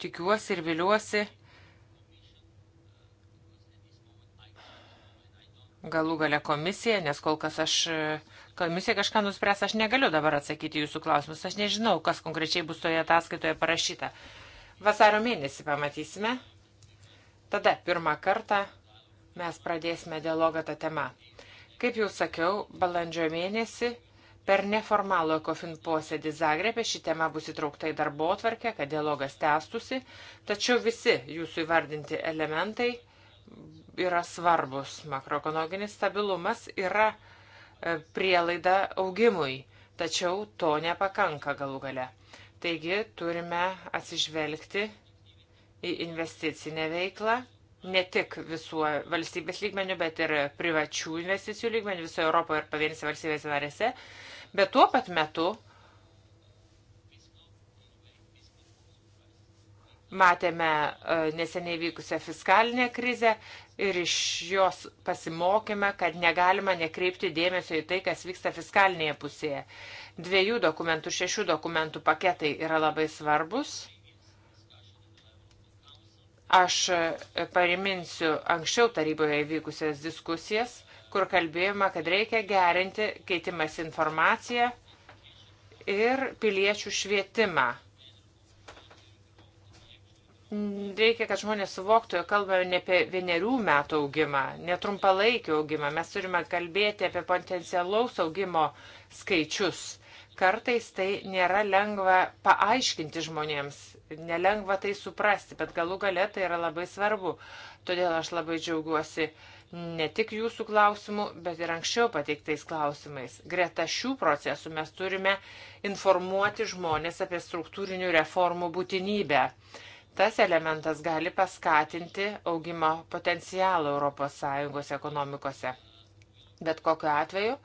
tikiuosi ir viliuosi, galų gale komisija, nes kol kas aš, e, komisija kažką nuspręs, aš negaliu dabar atsakyti jūsų klausimus, aš nežinau, kas konkrečiai bus toje ataskaitoje parašyta. Vasaro mėnesį pamatysime. Tada pirmą kartą mes pradėsime dialogą tą temą. Kaip jau sakiau, balandžio mėnesį per neformalų ECOFIN posėdį Zagrebė ši tema bus įtraukta į darbo atvarkę, kad dialogas tęstusi, tačiau visi jūsų įvardinti elementai yra svarbus. Makroekonominis stabilumas yra e, prielaida augimui, tačiau to nepakanka galų gale. Taigi turime atsižvelgti į investicinę veiklą, ne tik visų valstybės lygmenių, bet ir privačių investicijų lygmenių visoje Europoje ir pavienėse valstybėse narėse, bet tuo pat metu Matėme e, neseniai vykusią fiskalinę krizę ir iš jos pasimokėme, kad negalima nekreipti dėmesio į tai, kas vyksta fiskalinėje pusėje. Dviejų dokumentų, šešių dokumentų paketai yra labai svarbus. Aš e, pariminsiu anksčiau taryboje vykusias diskusijas, kur kalbėjome, kad reikia gerinti keitimas informaciją ir piliečių švietimą Reikia, kad žmonės suvoktų, jog kalbame ne apie vienerių metų augimą, netrumpalaikį augimą. Mes turime kalbėti apie potencialaus augimo skaičius. Kartais tai nėra lengva paaiškinti žmonėms, nelengva tai suprasti, bet galų gale tai yra labai svarbu. Todėl aš labai džiaugiuosi ne tik jūsų klausimų, bet ir anksčiau pateiktais klausimais. Greta šių procesų mes turime informuoti žmonės apie struktūrinių reformų būtinybę. Tas elementas gali paskatinti augimo potencialą ES ekonomikose. Bet kokiu atveju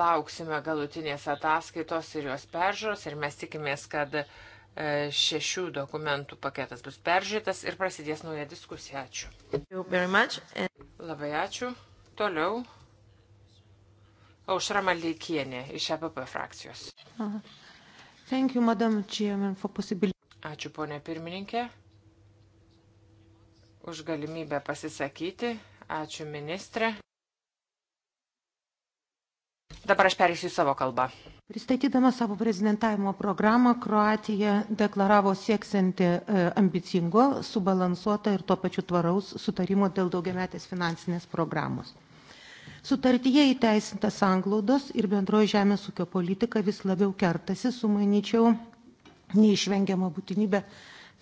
lauksime galutinės ataskaitos ir jos peržiūros ir mes tikimės, kad e, šešių dokumentų paketas bus peržiūrėtas ir prasidės nauja diskusija. Ačiū. Labai ačiū. Toliau. Aušra Maldeikienė iš EPP frakcijos. Aha. Thank you, Madam Chairman, for possibility. Ačiū, ponė pirmininkė, už galimybę pasisakyti. Ačiū, ministrė. Dabar aš perėsiu savo kalbą. Pristatydama savo prezidentavimo programą, Kroatija deklaravo sieksianti e, ambicingo, subalansuoto ir tuo pačiu tvaraus sutarimo dėl daugiametės finansinės programos sutartyje įteisinta sanglaudos ir bendroji žemės ūkio politika vis labiau kertasi su, manyčiau, neišvengiama būtinybė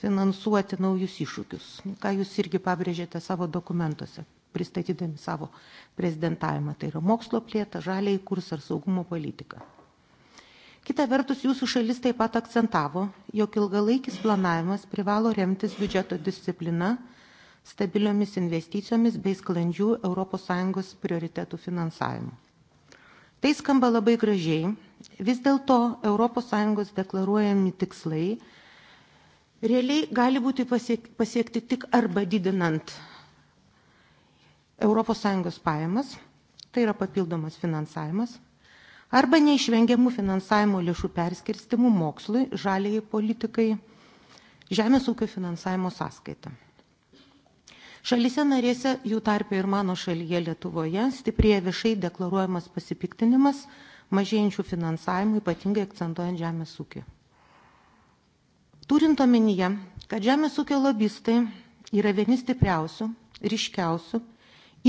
finansuoti naujus iššūkius, ką jūs irgi pabrėžėte savo dokumentuose, pristatydami savo prezidentavimą, tai yra mokslo plėtą, žaliai kursą ar saugumo politiką. Kita vertus, jūsų šalis taip pat akcentavo, jog ilgalaikis planavimas privalo remtis biudžeto disciplina stabiliomis investicijomis bei sklandžių ES prioritetų finansavimu. Tai skamba labai gražiai, vis dėlto ES deklaruojami tikslai realiai gali būti pasiekti tik arba didinant ES pajamas, tai yra papildomas finansavimas, arba neišvengiamų finansavimo lėšų perskirstimų mokslui, žaliai politikai, žemės ūkio finansavimo sąskaitą šalyse narėse jų tarpe ir mano šalyje lietuvoje stiprėja viešai deklaruojamas pasipiktinimas mažėjančiu finansavimu ypatingai akcentuojant žemės ūkį turint omenyje kad žemės ūkio lobistai yra vieni stipriausių ryškiausių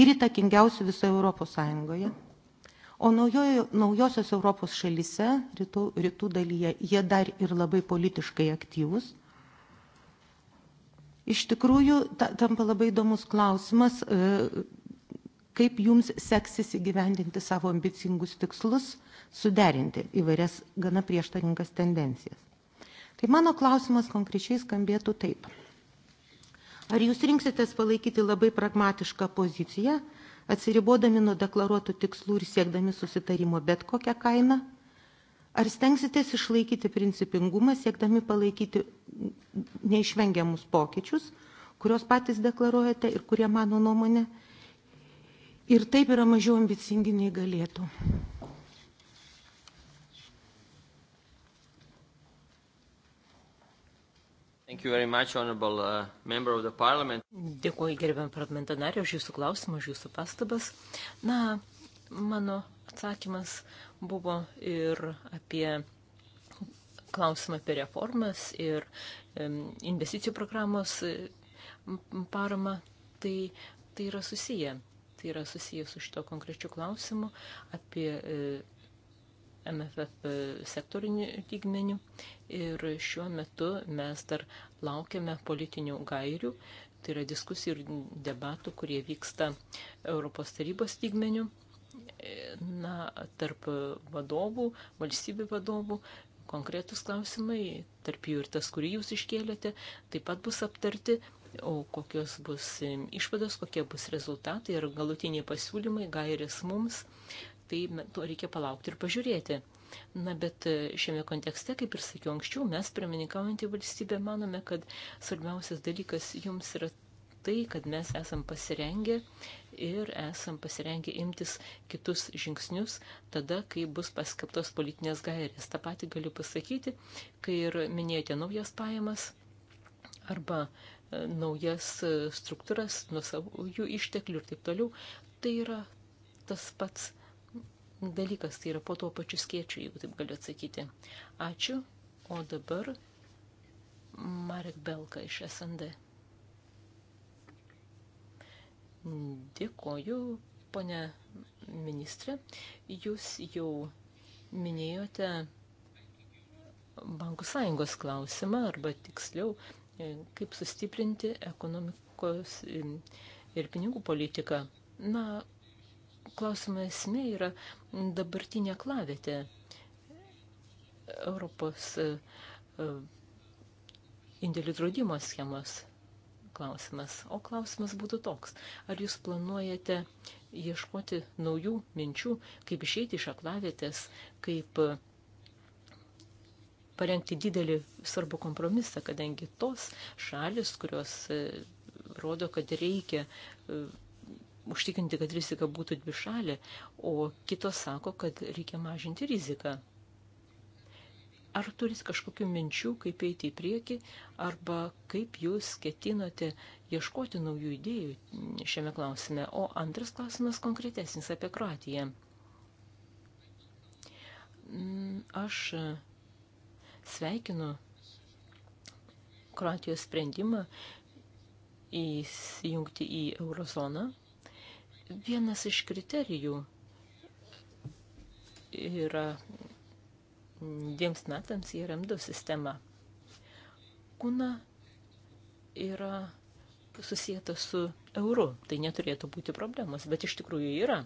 ir įtakingiausių visoje europos sąjungoje o naujojo, naujosios europos šalyse rytų, rytų dalyje jie dar ir labai politiškai aktyvūs Iš tikrųjų, ta, tampa labai įdomus klausimas, e, kaip jums seksis įgyvendinti savo ambicingus tikslus, suderinti įvairias gana prieštaringas tendencijas. Tai mano klausimas konkrečiai skambėtų taip. Ar jūs rinksitės palaikyti labai pragmatišką poziciją, atsiribodami nuo deklaruotų tikslų ir siekdami susitarimo bet kokią kainą, Ar stengsitės išlaikyti principingumą, siekdami palaikyti neišvengiamus pokyčius, kuriuos patys deklaruojate ir kurie mano nuomonė ir taip yra mažiau ambicingi nei galėtų? Thank you very much, honorable uh, member of the parliament. Dėkuoju gerbiam parlamento nariu už jūsų klausimą, už jūsų pastabas. Na, mano atsakymas Buvo ir apie klausimą apie reformas ir investicijų programos e, paramą. Tai, tai yra susiję. Tai yra susiję su šito konkrečiu klausimu apie e, MFF sektorinių lygmenių ir šiuo metu mes dar laukiame politinių gairių, tai yra diskusijų ir debatų, kurie vyksta Europos tarybos lygmenių na, tarp vadovų, valstybių vadovų, konkretus klausimai, tarp jų ir tas, kurį jūs iškėlėte, taip pat bus aptarti, o kokios bus išvados, kokie bus rezultatai ir galutiniai pasiūlymai, gairės mums, tai to reikia palaukti ir pažiūrėti. Na, bet e, šiame kontekste, kaip ir sakiau anksčiau, mes, pirmininkaujantį valstybę, manome, kad svarbiausias dalykas jums yra tai, kad mes esam pasirengę ir esam pasirengę imtis kitus žingsnius tada, kai bus paskaptos politinės gairės. Ta pati galiu pasakyti, kai ir minėjote naujas pajamas arba e, naujas e, struktūras nuo savųjų išteklių ir taip toliau, tai yra tas pats dalykas, tai yra po to pačiu skiečiu, jeigu taip galiu atsakyti. Ačiū, o dabar Marek Belka iš SND. Dėkoju, ponė ministrė. Jūs jau minėjote bankų sąjungos klausimą, arba tiksliau, e, kaip sustiprinti ekonomikos e, ir pinigų politiką. Na, klausimo esmė yra dabartinė klavėte Europos e, indėlių draudimo schemas klausimas. O klausimas būtų toks, ar jūs planuojate ieškoti naujų minčių, kaip išeiti iš aklavietės, kaip e, parengti didelį svarbų kompromisą, kadangi tos šalis, kurios e, rodo, kad reikia e, užtikrinti, kad rizika būtų dvišalė, o kitos sako, kad reikia mažinti riziką. Ar turit kažkokių minčių, kaip eiti į priekį, arba kaip jūs ketinote ieškoti naujų idėjų šiame klausime? O antras klausimas konkretesnis apie Kroatiją. Mm, aš e, sveikinu Kroatijos sprendimą įsijungti į eurozoną. Vienas iš kriterijų yra dviems metams į RMD sistemą. Kuna yra susijęta su euru, tai neturėtų būti problemos, bet iš tikrųjų yra,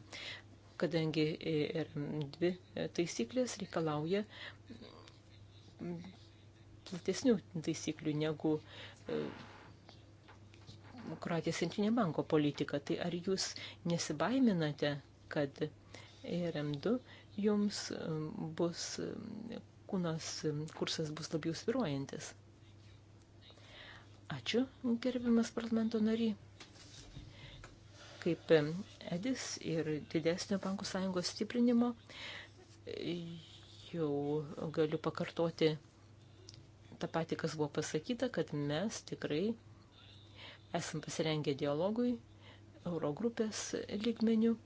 kadangi RM2 taisyklės reikalauja platesnių taisyklių negu e, Kroatijos centrinė banko politika. Tai ar jūs nesibaiminate, kad RM2 jums bus kūnas, kursas bus labiau sviruojantis. Ačiū, gerbiamas parlamento nary. Kaip Edis ir didesnio bankų sąjungos stiprinimo, jau galiu pakartoti tą patį, kas buvo pasakyta, kad mes tikrai esam pasirengę dialogui Eurogrupės lygmenių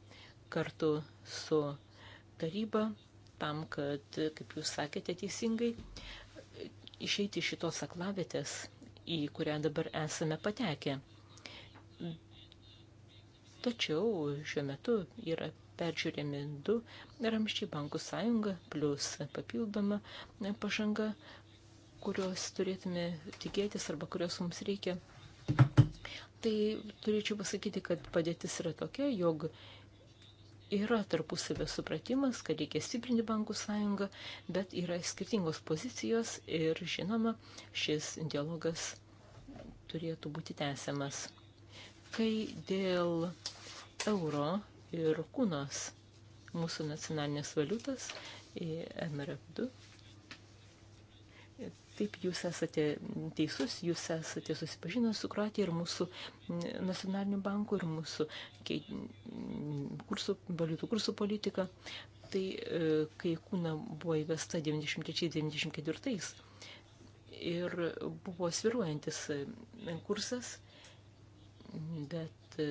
kartu su taryba tam, kad, kaip jūs sakėte teisingai, išeiti iš šitos aklavėtės, į kurią dabar esame patekę. Tačiau šiuo metu yra peržiūrėmi du ramščiai bankų sąjunga plus papildoma pažanga, kurios turėtume tikėtis arba kurios mums reikia. Tai turėčiau pasakyti, kad padėtis yra tokia, jog yra tarpusavio supratimas, kad reikia stiprinti bankų sąjungą, bet yra skirtingos pozicijos ir, žinoma, šis dialogas turėtų būti tęsiamas. Kai dėl euro ir kūnos mūsų nacionalinės valiutas MRF2 Taip, jūs esate teisus, jūs esate susipažinę su Kroatija ir mūsų nacionaliniu banku, ir mūsų kursų, valiutų kursų politika. Tai e, kai kūna buvo įvesta 93-94 ir buvo sviruojantis e, kursas, bet e,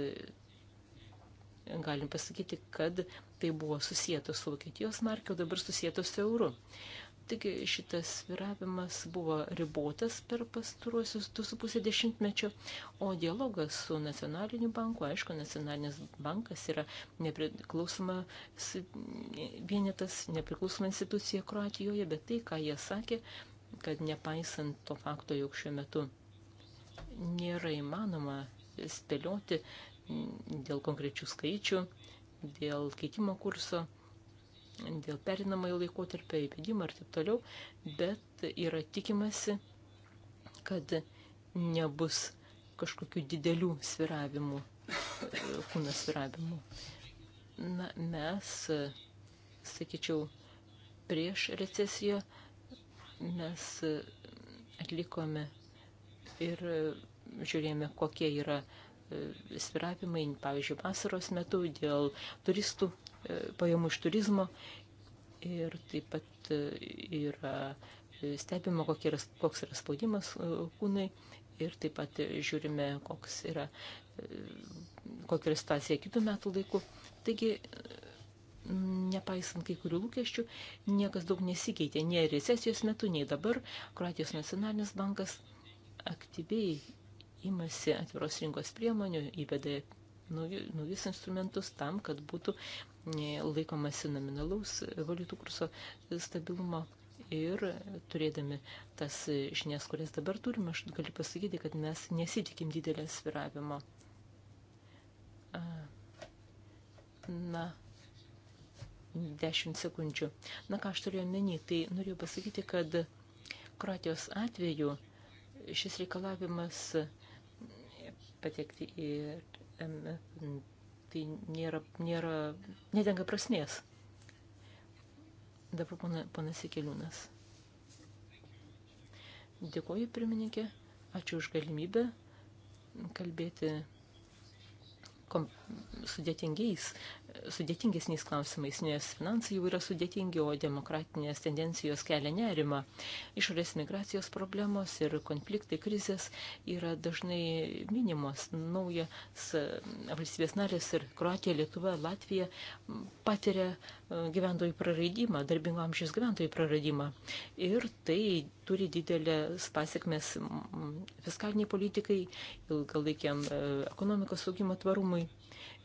galim pasakyti, kad tai buvo susijęta su Vokietijos markė, o dabar susijęta su euru. Taigi šitas sviravimas buvo ribotas per pastaruosius 2,5 dešimtmečio, o dialogas su nacionaliniu banku, aišku, nacionalinis bankas yra nepriklausomas vienetas, nepriklausoma institucija Kroatijoje, bet tai, ką jie sakė, kad nepaisant to fakto, jog šiuo metu nėra įmanoma spėlioti dėl konkrečių skaičių, dėl keitimo kurso dėl perinamai laikotarpio įvedimo ir taip toliau, bet yra tikimasi, kad nebus kažkokių didelių sviravimų, kūno sviravimų. Na, mes, sakyčiau, prieš recesiją mes atlikome ir žiūrėjome, kokie yra sviravimai, pavyzdžiui, vasaros metu dėl turistų pajamų iš turizmo ir taip pat yra stebima, yra, koks yra spaudimas e, kūnai ir taip pat žiūrime, koks yra, e, kokia yra situacija kitų metų laikų. Taigi, nepaisant kai kurių lūkesčių, niekas daug nesikeitė, nei recesijos metu, nei dabar. Kroatijos nacionalinis bankas aktyviai imasi atviros rinkos priemonių, įveda naujus instrumentus tam, kad būtų laikomasi nominalaus valiutų kurso stabilumo ir turėdami tas žinias, kurias dabar turime, aš galiu pasakyti, kad mes nesitikim didelę sviravimo. Na, 10 sekundžių. Na, ką aš turėjau menį, tai norėjau pasakyti, kad Kroatijos atveju šis reikalavimas patekti į tai nėra, nėra netenka prasmės. Dabar pana, panas Ikeliūnas. Dėkoju, pirmininkė, ačiū už galimybę kalbėti kom, sudėtingiais sudėtingesniais klausimais, nes finansai jau yra sudėtingi, o demokratinės tendencijos kelia nerima. Išorės migracijos problemos ir konfliktai, krizės yra dažnai minimos. Naujas valstybės narės ir Kroatija, Lietuva, Latvija patiria e, gyventojų praradimą, darbingo amžiaus gyventojų praradimą. Ir tai turi didelės pasiekmes fiskaliniai politikai, ilgalaikiam e, ekonomikos augimo tvarumui.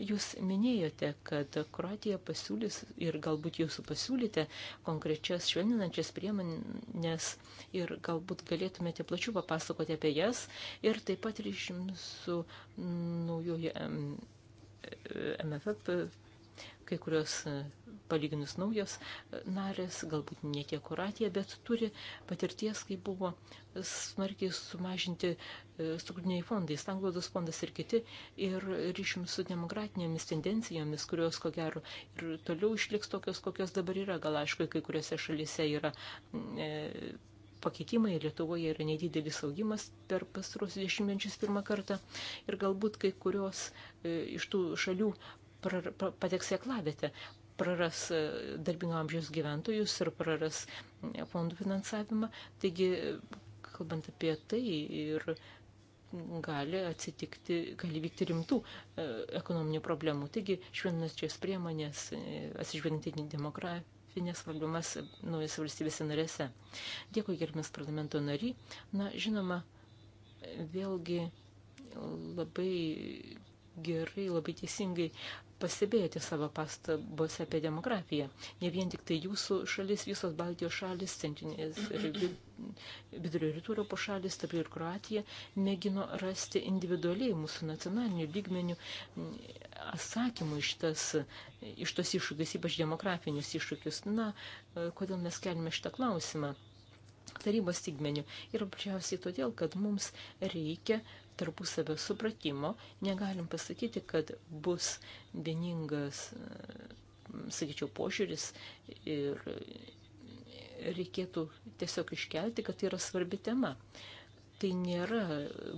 Jūs minėjote, kad Kroatija pasiūlys ir galbūt jūsų pasiūlyte konkrečias švelninančias priemonės ir galbūt galėtumėte plačiau papasakoti apie jas ir taip pat ryšim su naujoje MFF Kai kurios e, palyginus naujos e, narės, galbūt ne tiek kuratija, bet turi patirties, kai buvo smarkiai sumažinti e, struktūriniai fondai, stanglaudos fondas ir kiti, ir ryšim su demokratinėmis tendencijomis, kurios ko gero ir toliau išliks tokios, kokios dabar yra. Gal aišku, kai kuriuose šalyse yra. Mm, e, pakeitimai Lietuvoje yra nedidelis augimas per pastarosius dešimtmečius pirmą kartą ir galbūt kai kurios e, iš tų šalių pateks į aklavėtę, praras e, darbingo amžiaus gyventojus ir praras e, fondų finansavimą. Taigi, kalbant apie tai ir gali atsitikti, gali vykti rimtų e, ekonominių problemų. Taigi, švelnus čia priemonės, atsižvelgiant į demografiją valstybinės valdymas naujose valstybėse narėse. Dėkui, gerbimas parlamento nary. Na, žinoma, vėlgi labai gerai, labai teisingai pasibėjote savo pastabose apie demografiją. Ne vien tik tai jūsų šalis, visos Baltijos šalis, centrinės ir vidurio rytų Europos šalis, taip ir Kroatija, mėgino rasti individualiai mūsų nacionalinių lygmenių atsakymų iš, tas, iš tos iššūkis, ypač demografinius iššūkius. Na, e, kodėl mes kelime šitą klausimą? tarybos stigmenių. Ir apčiausiai todėl, kad mums reikia tarpusavio supratimo, negalim pasakyti, kad bus vieningas, e, sakyčiau, požiūris ir reikėtų tiesiog iškelti, kad tai yra svarbi tema. Tai nėra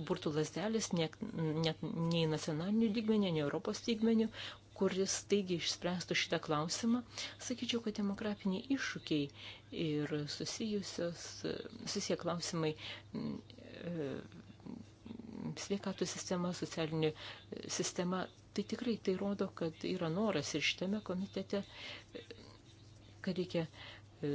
burtų lasdelis, net, net nei nacionalinių lygmenių, nei Europos lygmenių, kuris taigi išspręstų šitą klausimą, sakyčiau, kad demografiniai iššūkiai ir susijusios, susiję klausimai e, sveikatų sistema, socialinė sistema, tai tikrai tai rodo, kad yra noras ir šitame komitete, kad reikia e,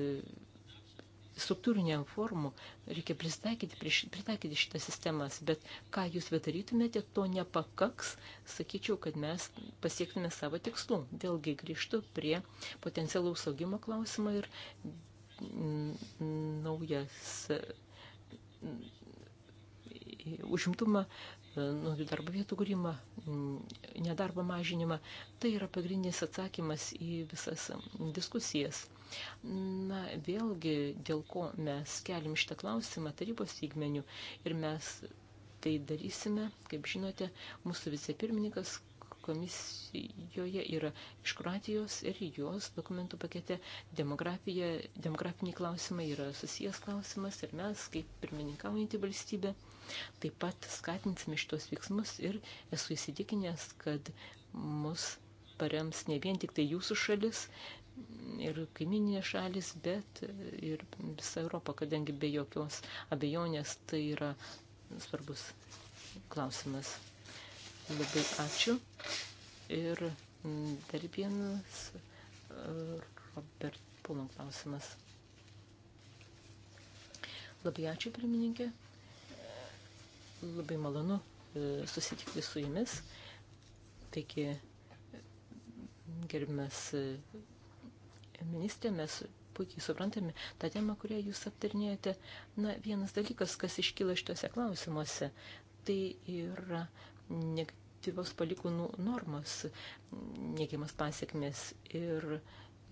struktūriniam formų, reikia pristaikyti, pritaikyti šitas sistemas, bet ką jūs bedarytumėte, to nepakaks, sakyčiau, kad mes pasiektume savo tikslų. Vėlgi grįžtu prie potencialaus augimo klausimą ir naujas užimtumą, e, naujų darbo vietų kūrimą, nedarbo mažinimą. Tai yra pagrindinis atsakymas į visas diskusijas. Na, vėlgi, dėl ko mes keliam šitą klausimą tarybos lygmenių ir mes tai darysime, kaip žinote, mūsų vicepirmininkas komisijoje yra iš Kroatijos ir jos dokumentų pakete demografija, demografiniai klausimai yra susijęs klausimas ir mes, kaip pirmininkaujantį valstybę, Taip pat skatinsime šitos veiksmus ir esu įsitikinęs, kad mus parems ne vien tik tai jūsų šalis ir kaiminės šalis, bet ir visa Europa, kadangi be jokios abejonės tai yra svarbus klausimas. Labai ačiū. Ir dar vienas e, Robert Pulon klausimas. Labai ačiū, pirmininkė labai malonu e, susitikti su jumis. Taigi, gerbimas e, ministrė, mes puikiai suprantame tą temą, kurią jūs aptarnėjate. Na, vienas dalykas, kas iškyla šituose klausimuose, tai yra negatyvios palikūnų normos, neigiamas pasiekmes ir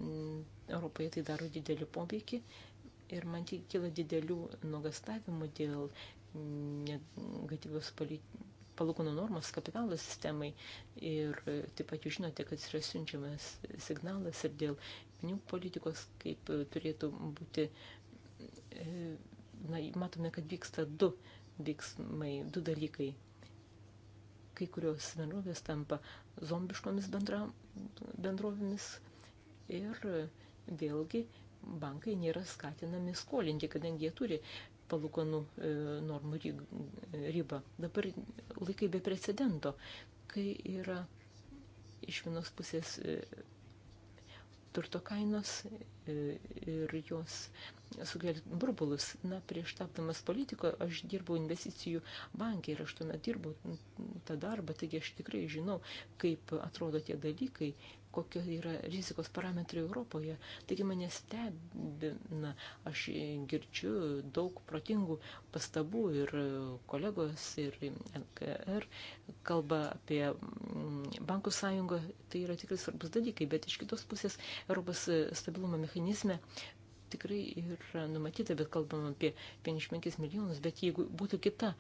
Europoje tai daro didelį poveikį ir man kyla didelių nuogastavimų dėl negatyvios palūkanų normos kapitalo sistemai. Ir taip pat jūs žinote, kad yra siunčiamas signalas ir dėl pinigų politikos, kaip turėtų būti. E, na, matome, kad vyksta du veiksmai, du dalykai. Kai kurios bendrovės tampa zombiškomis bendra, bendrovėmis ir vėlgi bankai nėra skatinami skolinti, kadangi jie turi palūkanų e, normų ribą. Dabar laikai be precedento, kai yra iš vienos pusės e, turto kainos e, ir jos sukelia burbulus. Na, prieš tapdamas politiko aš dirbau investicijų bankė ir aš tuomet dirbau tą darbą, taigi aš tikrai žinau, kaip atrodo tie dalykai kokio yra rizikos parametrai Europoje. Taigi mane stebina, aš girčiu daug protingų pastabų ir kolegos ir NKR kalba apie mm, bankų sąjungą, tai yra tikrai svarbus dalykai, bet iš kitos pusės Europos stabilumo mechanizme tikrai yra numatyta, bet kalbam apie 55 milijonus, bet jeigu būtų kita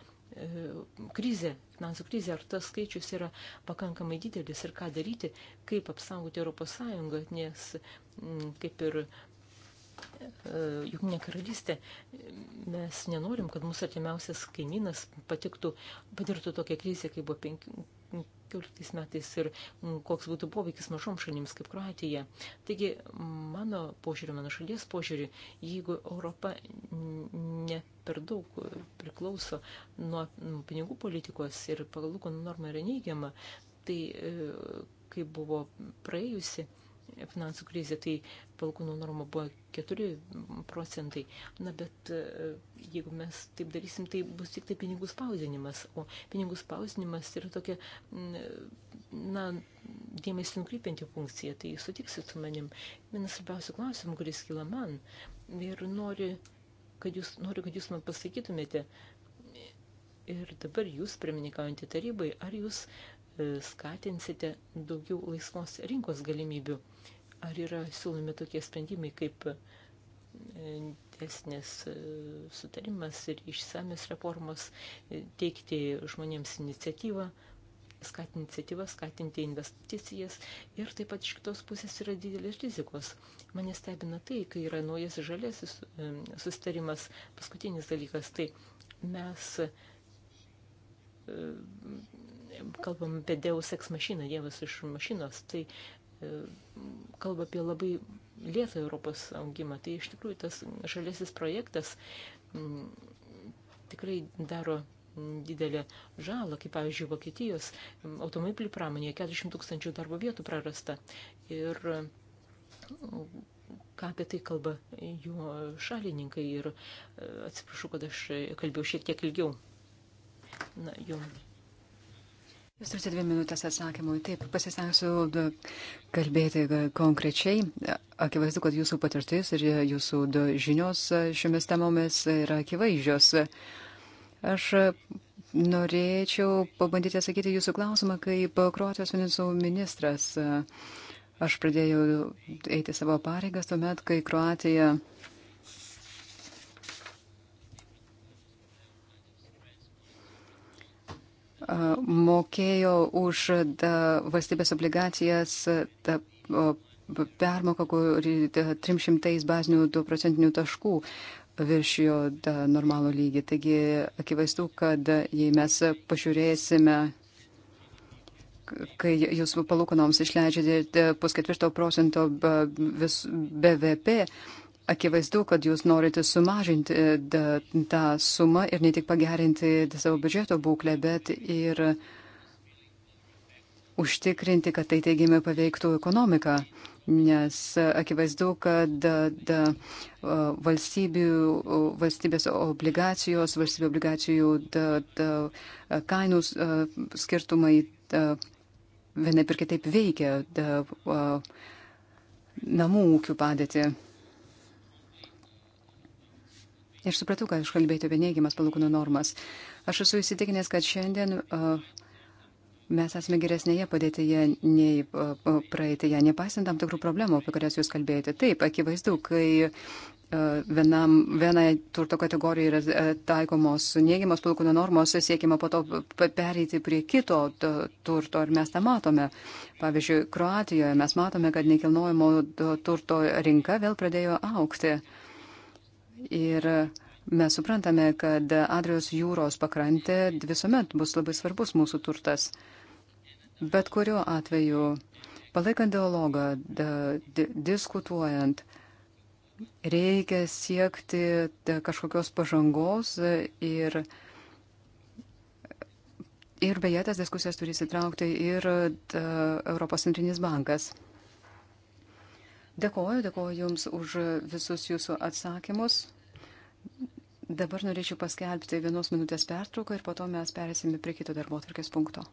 krizė, finansų krizė, ar tas skaičius yra pakankamai didelis ir ką daryti, kaip apsaugoti Europos Sąjungą, nes mm, kaip ir E, Junktinė karalystė, mes nenorim, kad mūsų artimiausias kaimynas patiktų, patirtų tokią krizę, kaip buvo 15 metais ir koks būtų poveikis mažom šalims kaip Kroatija. Taigi, mano požiūriu, mano šalies požiūriu, jeigu Europa ne per daug priklauso nuo pinigų politikos ir palūkanų norma yra neigiama, tai e, kaip buvo praėjusi finansų krizė, tai palūkanų norma buvo 4 procentai. Na, bet e, jeigu mes taip darysim, tai bus tik tai pinigų spausdinimas. O pinigų spausdinimas yra tokia, na, dėmesį nukreipianti funkcija. Tai sutiksit su manim. Vienas svarbiausių klausimų, kuris kyla man. Ir nori, kad jūs, noriu, kad jūs man pasakytumėte. Ir dabar jūs, pirmininkaujantį tarybai, ar jūs E, skatinsite daugiau laisvos rinkos galimybių? Ar yra siūlomi tokie sprendimai kaip tesnės e, e, sutarimas ir išsamios reformos, teikti žmonėms iniciatyvą, skatinti iniciatyvą, skatinti investicijas ir taip pat iš kitos pusės yra didelės rizikos. Mane stebina tai, kai yra naujas žalėsis sustarimas, paskutinis dalykas, tai mes kalbam apie Deus Ex mašiną, Dievas iš mašinos, tai e, kalba apie labai lietą Europos augimą. Tai iš tikrųjų tas žalėsis projektas m, mm, tikrai daro didelę žalą, kaip pavyzdžiui, Vokietijos mm, automobilių pramonėje 40 tūkstančių darbo vietų prarasta. Ir mm, ką apie tai kalba jų šalininkai ir e, atsiprašau, kad aš kalbėjau šiek tiek ilgiau. Na, jums Jūs turite dvi minutės atsakymui. Taip, pasistengsiu kalbėti e, konkrečiai. Akivaizdu, kad jūsų patirtis ir e, jūsų žinios e, šiomis temomis yra akivaizdžios. Aš norėčiau pabandyti atsakyti jūsų klausimą kaip Kroatijos finansų ministras. Aš pradėjau eiti savo pareigas tuomet, kai Kroatija mokėjo už da, valstybės obligacijas da, permoką, kur 300 bazinių 2 procentinių taškų viršijo normalų lygį. Taigi akivaizdu, kad jei mes pažiūrėsime, kai jūs palūkanoms išleidžiate pusketvirto procento vis BVP, Akivaizdu, kad jūs norite sumažinti e, tą sumą ir ne tik pagerinti savo biudžeto būklę, bet ir užtikrinti, kad tai teigiamai paveiktų ekonomiką. Nes akivaizdu, kad da, da, valstybės obligacijos, valstybių obligacijų da, da, kainų e, skirtumai da, vienaip ir kitaip veikia da, namų ūkių padėtį. Aš supratau, kad aš kalbėjau apie neigiamas palūkanų normas. Aš esu įsitikinęs, kad šiandien uh, mes esame geresnėje padėtėje nei uh, praeitėje, nepaisant tam tikrų problemų, apie kurias jūs kalbėjote. Taip, akivaizdu, kai vienam, vienai turto kategorijai yra taikomos neigiamos palūkanų normos, siekima po to pereiti prie kito turto ir mes tą matome. Pavyzdžiui, Kroatijoje mes matome, kad nekilnojamo turto rinka vėl pradėjo aukti. Uh, Ir mes suprantame, kad Adrijos jūros pakrantė visuomet bus labai svarbus mūsų turtas. Bet kuriuo atveju, palaikant dialogą, diskutuojant, reikia siekti kažkokios pažangos ir, ir beje, tas diskusijas turi įsitraukti ir Europos centrinis bankas. Dėkoju, dėkoju Jums už visus Jūsų atsakymus. Dabar norėčiau paskelbti vienos minutės pertrauką ir po to mes perėsime prie kito darbo atvarkės punkto.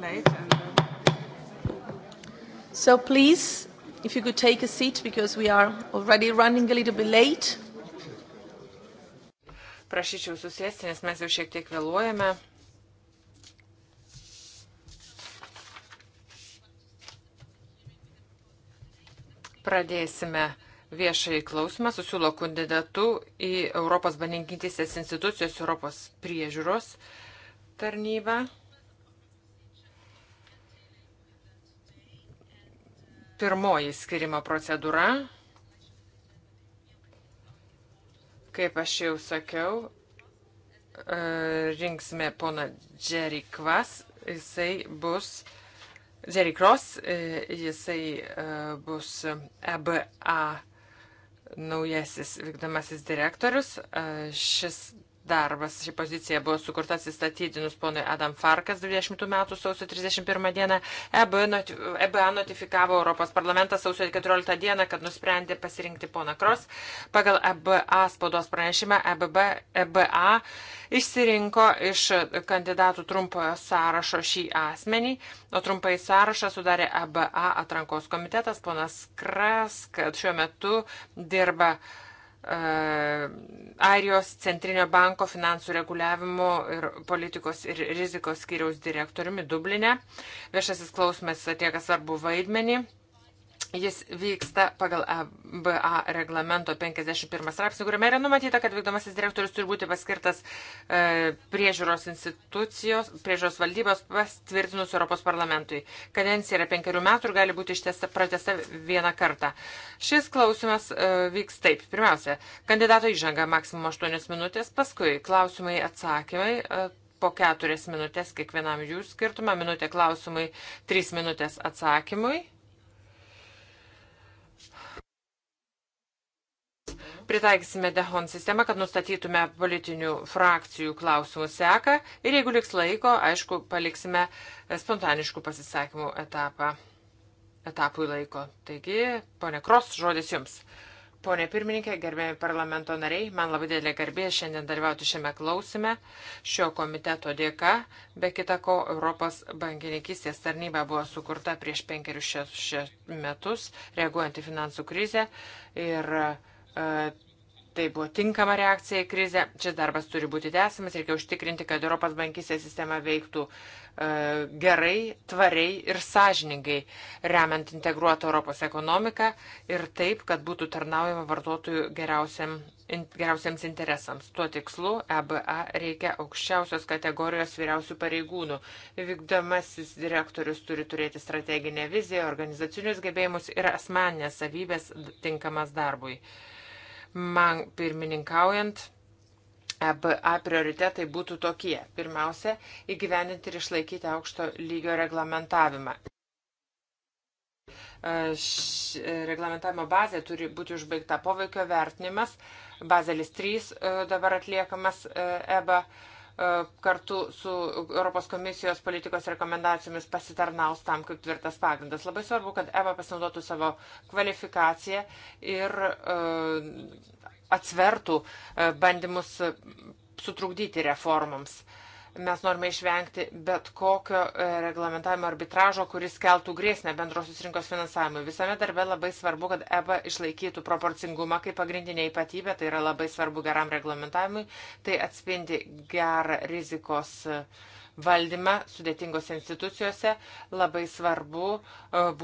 late. And, uh... So please, if you could take a seat because we are already running a little bit late. Prašyčiau susėsti, nes mes jau šiek tiek vėluojame. Pradėsime viešai klausimą, susiūlo kandidatų į Europos baninkintisės institucijos Europos priežiūros tarnybą. Pirmoji skirimo procedūra. Kaip aš jau sakiau, e, rinksime poną Jerry Kvass. Jisai bus Jerry Cross, e, jisai e, bus EBA naujasis vykdomasis direktorius. Šis darbas. Ši pozicija buvo sukurta atsistatydinus ponui Adam Farkas 20 metų sausio 31 dieną. EBA e notifikavo Europos parlamentas sausio 14 dieną, kad nusprendė pasirinkti poną Kros. Pagal EBA spaudos pranešimą EBA, e EBA išsirinko iš kandidatų trumpojo sąrašo šį asmenį, o trumpai sąrašą sudarė EBA atrankos komitetas. Ponas Kras, kad šiuo metu dirba uh, E, Airijos centrinio banko finansų reguliavimo ir politikos ir rizikos skyriaus direktoriumi Dublinė. Viešasis klausimas atlieka svarbu vaidmenį. Jis vyksta pagal ABA reglamento 51 straipsnį, kuriame yra numatyta, kad vykdomasis direktorius turi būti paskirtas e, priežiūros institucijos, priežiūros valdybos pastvirtinus Europos parlamentui. Kadencija yra penkerių metų ir gali būti ištesta pratesta vieną kartą. Šis klausimas e, vyks taip. Pirmiausia, kandidato įžanga maksimum 8 minutės, paskui klausimai atsakymai. E, po keturias minutės kiekvienam jų skirtumą, minutė klausimui, trys minutės atsakymui pritaikysime Dehon sistemą, kad nustatytume politinių frakcijų klausimų seką ir jeigu liks laiko, aišku, paliksime spontaniškų pasisakymų etapą, etapui laiko. Taigi, ponė Kros, žodis jums. Pone pirmininkė, gerbėjami parlamento nariai, man labai didelė garbė šiandien dalyvauti šiame klausime. Šio komiteto dėka, be kita ko, Europos bankininkystės tarnyba buvo sukurta prieš penkerius metus, reaguojant į finansų krizę. Ir uh, E, tai buvo tinkama reakcija į krizę. Šis darbas turi būti tęsiamas. Reikia užtikrinti, kad Europos bankysė sistema veiktų e, gerai, tvariai ir sąžiningai, remiant integruotą Europos ekonomiką ir taip, kad būtų tarnaujama vartotojų geriausiam, in, geriausiams interesams. Tuo tikslu EBA reikia aukščiausios kategorijos vyriausių pareigūnų. Vykdomasis direktorius turi turėti strateginę viziją, organizacinius gebėjimus ir asmeninės savybės tinkamas darbui man pirmininkaujant EBA prioritetai būtų tokie. Pirmiausia, įgyveninti ir išlaikyti aukšto lygio reglamentavimą. E, Š, reglamentavimo bazė turi būti užbaigta poveikio vertinimas. Bazelis 3 e, dabar atliekamas EBA e E, kartu su Europos komisijos politikos rekomendacijomis pasitarnaus tam kaip tvirtas pagrindas. Labai svarbu, kad EBA pasinaudotų savo kvalifikaciją ir e, atsvertų e, bandymus sutrukdyti reformams. Mes norime išvengti bet kokio e, reglamentavimo arbitražo, kuris keltų grėsmę bendrosios rinkos finansavimui. Visame darbe labai svarbu, kad EBA išlaikytų proporcingumą kaip pagrindinė ypatybė, tai yra labai svarbu geram reglamentavimui, tai atspindi gerą rizikos e, valdymą sudėtingose institucijose, labai svarbu e,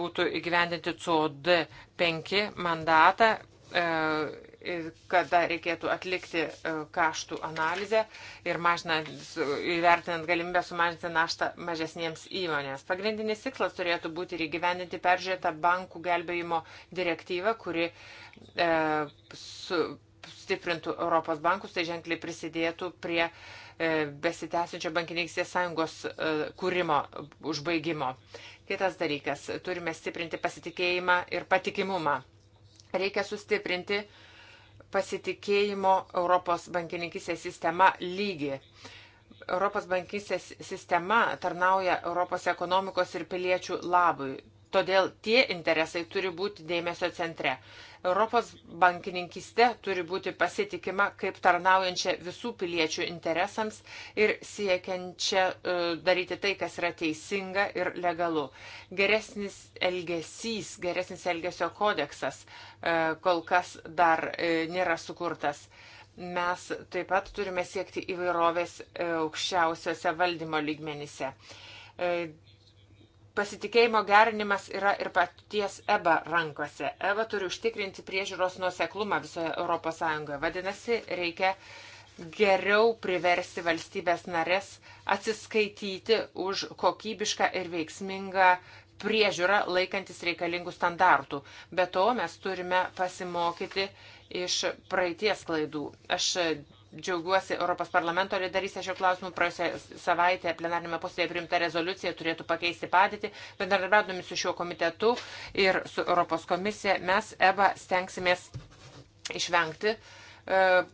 būtų įgyvendinti COD5 mandatą kada reikėtų atlikti e, kaštų analizę ir mažinant, įvertinant galimybę sumažinti naštą mažesniems įmonės. Pagrindinis tikslas turėtų būti ir įgyvendinti peržiūrėtą bankų gelbėjimo direktyvą, kuri e, su, stiprintų Europos bankus, tai ženkliai prisidėtų prie e, besitęsinčio bankininkystės sąjungos e, kūrimo užbaigimo. Kitas dalykas, turime stiprinti pasitikėjimą ir patikimumą. Reikia sustiprinti uh, pasitikėjimo Europos bankininkysės sistema lygį. Europos bankysės sistema tarnauja Europos ekonomikos ir piliečių labui. Todėl tie interesai turi būti dėmesio centre. Europos bankininkiste turi būti pasitikima kaip tarnaujančia visų piliečių interesams ir siekiančia uh, daryti tai, kas yra teisinga ir legalu. Geresnis elgesys, geresnis elgesio kodeksas uh, kol kas dar uh, nėra sukurtas. Mes taip pat turime siekti įvairovės aukščiausiose valdymo lygmenyse pasitikėjimo gerinimas yra ir paties EBA rankose. EBA turi užtikrinti priežiūros nuoseklumą visoje ES. Vadinasi, reikia geriau priversti valstybės narės atsiskaityti už kokybišką ir veiksmingą priežiūrą laikantis reikalingų standartų. Be to mes turime pasimokyti iš praeities klaidų. Aš džiaugiuosi Europos parlamento lyderystė šio klausimu. Praėjusią savaitę plenarinėme posėdėje priimta rezoliucija turėtų pakeisti padėtį. Bendradarbiaudami su šiuo komitetu ir su Europos komisija mes EBA stengsimės išvengti e,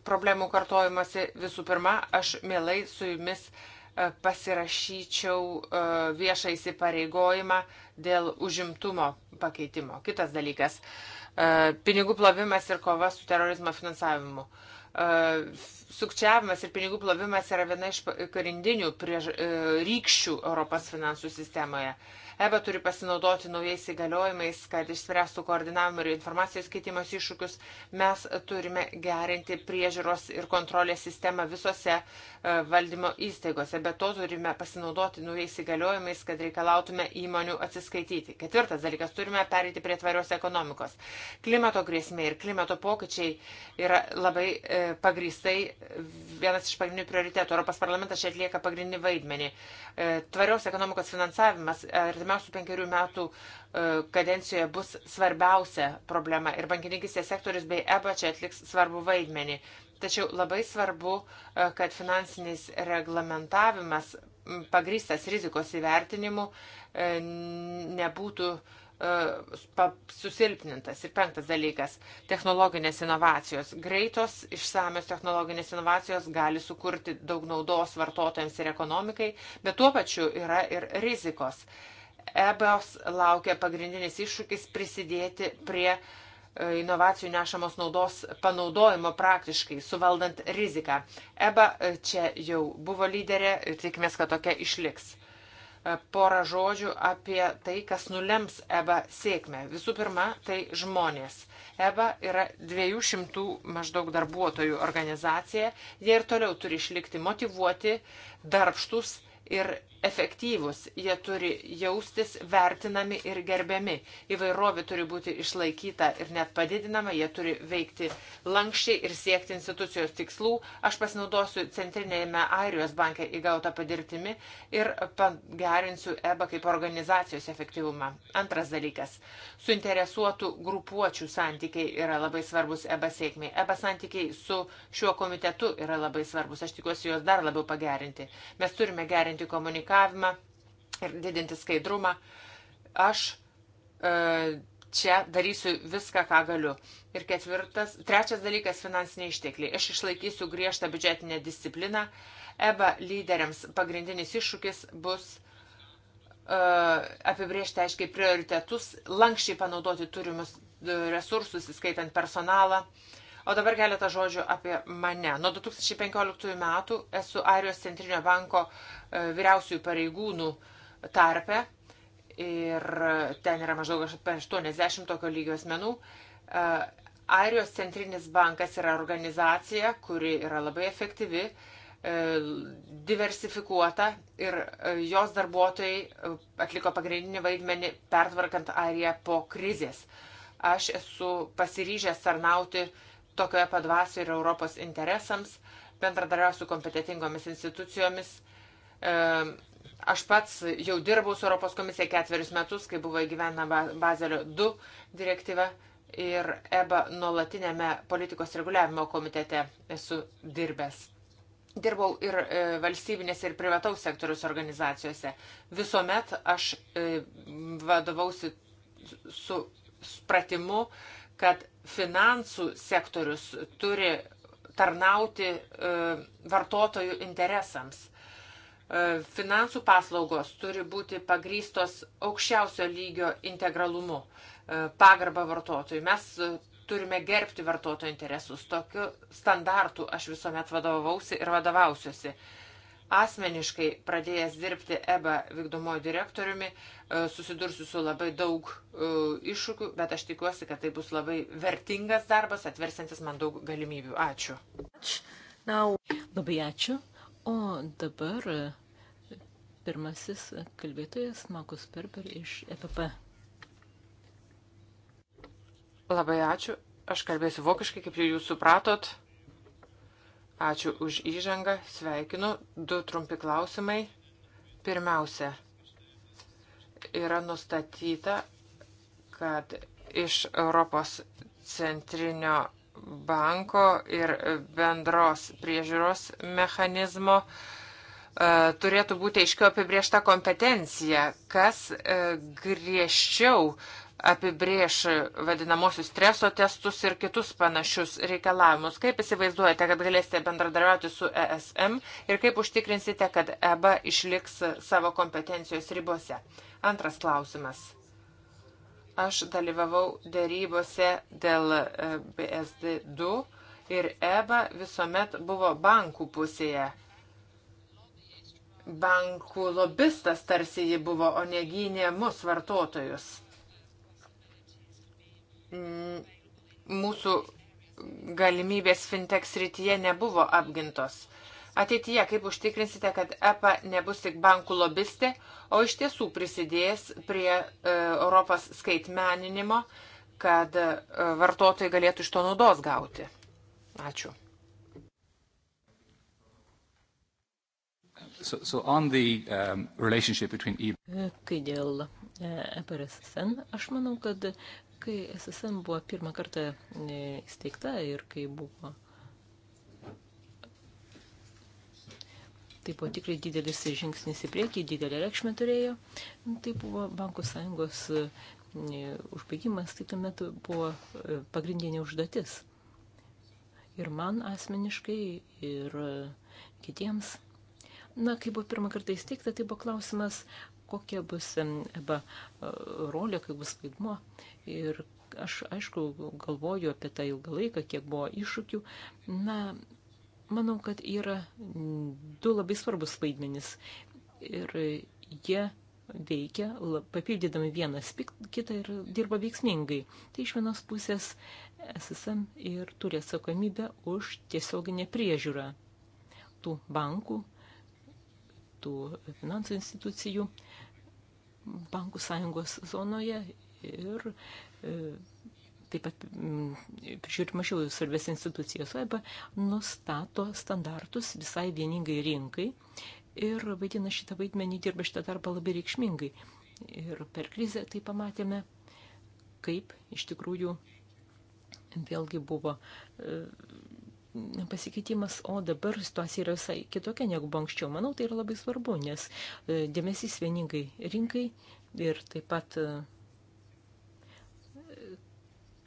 problemų kartojimasi. Visų pirma, aš mielai su jumis e, pasirašyčiau e, viešą įsipareigojimą dėl užimtumo pakeitimo. Kitas dalykas e, - pinigų plovimas ir kova su terorizmo finansavimu. Sukčiavimas ir pinigų plovimas yra viena iš karindinių priež, e, rykščių Europos finansų sistemoje. Uh, EBA turi pasinaudoti naujais įgaliojimais, kad išspręstų koordinavimo ir informacijos keitimas iššūkius. Mes turime gerinti priežiūros ir kontrolės sistemą visose e, valdymo įstaigose. Be to turime pasinaudoti naujais įgaliojimais, kad reikalautume įmonių atsiskaityti. Ketvirtas dalykas - turime perėti prie tvarios ekonomikos. Klimato grėsmė ir klimato pokyčiai yra labai e, pagristai vienas iš pagrindinių prioritetų. Europos parlamentas čia atlieka pagrindinį vaidmenį. E, tvarios ekonomikos finansavimas artimiausiu artimiausių penkerių metų e, kadencijoje bus svarbiausia problema ir bankininkistės sektorius bei EBA čia atliks svarbu vaidmenį. Tačiau labai svarbu, e, kad finansinis reglamentavimas pagrįstas rizikos įvertinimu e, nebūtų susilpnintas. Ir penktas dalykas - technologinės inovacijos. Greitos, išsamios technologinės inovacijos gali sukurti daug naudos vartotojams ir ekonomikai, bet tuo pačiu yra ir rizikos. EBOS laukia pagrindinis iššūkis prisidėti prie e, inovacijų nešamos naudos panaudojimo praktiškai, suvaldant riziką. EBA e, čia jau buvo lyderė ir tikimės, kad tokia išliks. E, porą žodžių apie tai, kas nulems EBA sėkmę. Visų pirma, tai žmonės. EBA yra 200 maždaug darbuotojų organizacija. Jie ir toliau turi išlikti motivuoti, darbštus ir efektyvūs. Jie turi jaustis vertinami ir gerbiami. Įvairovė turi būti išlaikyta ir net padidinama. Jie turi veikti lankščiai ir siekti institucijos tikslų. Aš pasinaudosiu Centrinėme Airijos banke įgautą padirtimi ir pagerinsiu EBA kaip organizacijos efektyvumą. Antras dalykas. Suinteresuotų grupuočių santykiai yra labai svarbus EBA sėkmiai. EBA santykiai su šiuo komitetu yra labai svarbus. Aš tikiuosi juos dar labiau pagerinti. Mes turime gerinti gerinti komunikavimą ir didinti skaidrumą. Aš e, čia darysiu viską, ką galiu. Ir ketvirtas, trečias dalykas - finansiniai ištekliai. Aš išlaikysiu griežtą biudžetinę discipliną. EBA lyderiams pagrindinis iššūkis bus uh, apibriežti aiškiai prioritetus, lankščiai panaudoti turimus e, resursus, įskaitant personalą. O dabar keletą žodžių apie mane. Nuo 2015 metų esu Airijos centrinio banko E, vyriausiųjų pareigūnų tarpe ir ten yra maždaug apie 80 tokio lygio asmenų. E, Airijos centrinis bankas yra organizacija, kuri yra labai efektyvi, e, diversifikuota ir jos darbuotojai atliko pagrindinį vaidmenį pertvarkant Airiją po krizės. Aš esu pasiryžęs tarnauti tokioje padvasio ir Europos interesams, bendradarbiausiu kompetitingomis institucijomis Aš pats jau dirbau su Europos komisija ketverius metus, kai buvo įgyvena Bazelio 2 direktyva ir EBA nuolatinėme politikos reguliavimo komitete esu dirbęs. Dirbau ir e, valstybinėse, ir privataus sektoriaus organizacijose. Visuomet aš e, vadovausi su supratimu, kad finansų sektorius turi tarnauti e, vartotojų interesams. E, finansų paslaugos turi būti pagrystos aukščiausio lygio integralumu, e, pagarba vartotojui. Mes e, turime gerbti vartotojo interesus. Tokiu standartu aš visuomet vadovausi ir vadovausiuosi. Asmeniškai pradėjęs dirbti EBA vykdomojo direktoriumi, susidursiu su labai daug iššūkių, bet aš tikiuosi, kad tai bus labai vertingas darbas, atversantis man daug galimybių. Ačiū. Now. Labai ačiū. O dabar Pirmasis kalbėtojas Markus Perper iš EPP. Labai ačiū. Aš kalbėsiu vokiškai, kaip jūs supratot. Ačiū už įžangą. Sveikinu. Du trumpi klausimai. Pirmiausia, yra nustatyta, kad iš Europos centrinio banko ir bendros priežiūros mechanizmo uh, E, turėtų būti aiškiau apibriešta kompetencija, kas e, griežčiau apibrieš vadinamosius streso testus ir kitus panašius reikalavimus. Kaip įsivaizduojate, kad galėsite bendradarbiauti su ESM ir kaip užtikrinsite, kad EBA išliks savo kompetencijos ribose? Antras klausimas. Aš dalyvavau dėrybose dėl e, BSD2 ir EBA visuomet buvo bankų pusėje bankų lobistas tarsi ji buvo, o negynė mus vartotojus. Mūsų galimybės fintech srityje nebuvo apgintos. Ateityje, kaip užtikrinsite, kad EPA nebus tik bankų lobistė, o iš tiesų prisidės prie e, Europos skaitmeninimo, kad e, vartotojai galėtų iš to naudos gauti? Ačiū. So, so on the um, relationship between EBA. E, kai dėl EPRSSN, e aš manau, kad kai SSN buvo pirmą kartą e, įsteigta ir kai buvo. Tai buvo tikrai didelis žingsnis į priekį, didelį reikšmę turėjo. Tai buvo Bankų sąjungos užbaigimas, tai tuomet buvo pagrindinė užduotis. Ir man asmeniškai, ir kitiems Na, kai buvo pirmą kartą įsteigta, tai buvo klausimas, kokia bus EBA e, rolė, kaip bus vaidmo. Ir aš, aišku, galvoju apie tą ilgą laiką, kiek buvo iššūkių. Na, manau, kad yra du labai svarbus vaidmenys. Ir jie veikia, papildydami vienas kitą ir dirba veiksmingai. Tai iš vienos pusės SSM ir turi atsakomybę už tiesioginę priežiūrą tų bankų, kitų finansų institucijų bankų sąjungos zonoje ir e, taip pat prižiūri mažiau svarbės institucijos arba nustato standartus visai vieningai rinkai ir vaidina šitą vaidmenį, dirba šitą darbą labai reikšmingai. Ir per krizę tai pamatėme, kaip iš tikrųjų vėlgi buvo e, pasikeitimas, o dabar situacija yra visai kitokia negu anksčiau. Manau, tai yra labai svarbu, nes e, dėmesys vieningai rinkai ir taip pat e,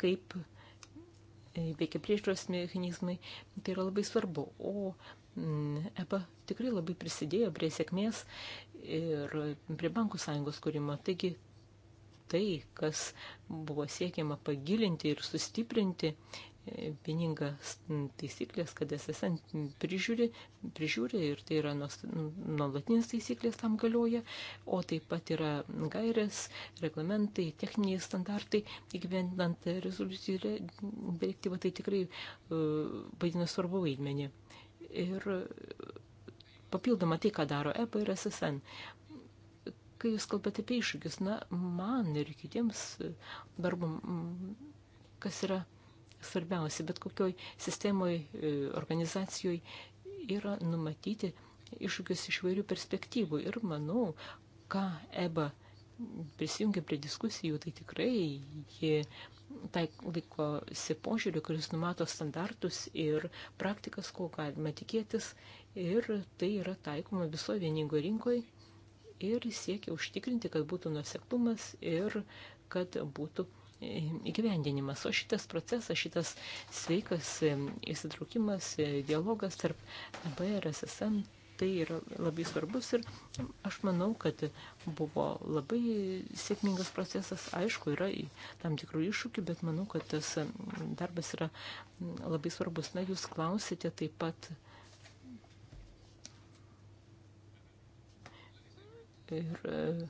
kaip e, veikia priežiūros mechanizmai, tai yra labai svarbu. O EPA tikrai labai prisidėjo prie sėkmės ir prie bankų sąjungos kūrimo. Taigi tai, kas buvo siekiama pagilinti ir sustiprinti, vieningas taisyklės, kad SSN prižiūri, prižiūri ir tai yra nuolatinis taisyklės tam galioja, o taip pat yra gairės, reglamentai, techniniai standartai, įgyvendinant rezoliucijų direktyvą, tai tikrai e, vaidina svarbu vaidmenį. Ir papildoma tai, ką daro EPA ir SSN kai jūs kalbate apie iššūkius, na, man ir kitiems darbam, kas yra svarbiausia, bet kokioj sistemoje, organizacijoje yra numatyti iššūkius iš vairių perspektyvų. Ir manau, ką EBA prisijungia prie diskusijų, tai tikrai jie tai laikosi požiūriu, kuris numato standartus ir praktikas, ko galima tikėtis. Ir tai yra taikoma viso vieningo rinkoje ir siekia užtikrinti, kad būtų nuseklumas ir kad būtų uh, įgyvendinimas. O šitas procesas, šitas sveikas įsitraukimas, e, dialogas tarp ABR, SSM, tai yra labai svarbus ir aš manau, kad buvo labai sėkmingas procesas. Aišku, yra tam tikrų iššūkių, bet manau, kad tas darbas yra labai svarbus. Na, jūs klausite taip pat. Ir e,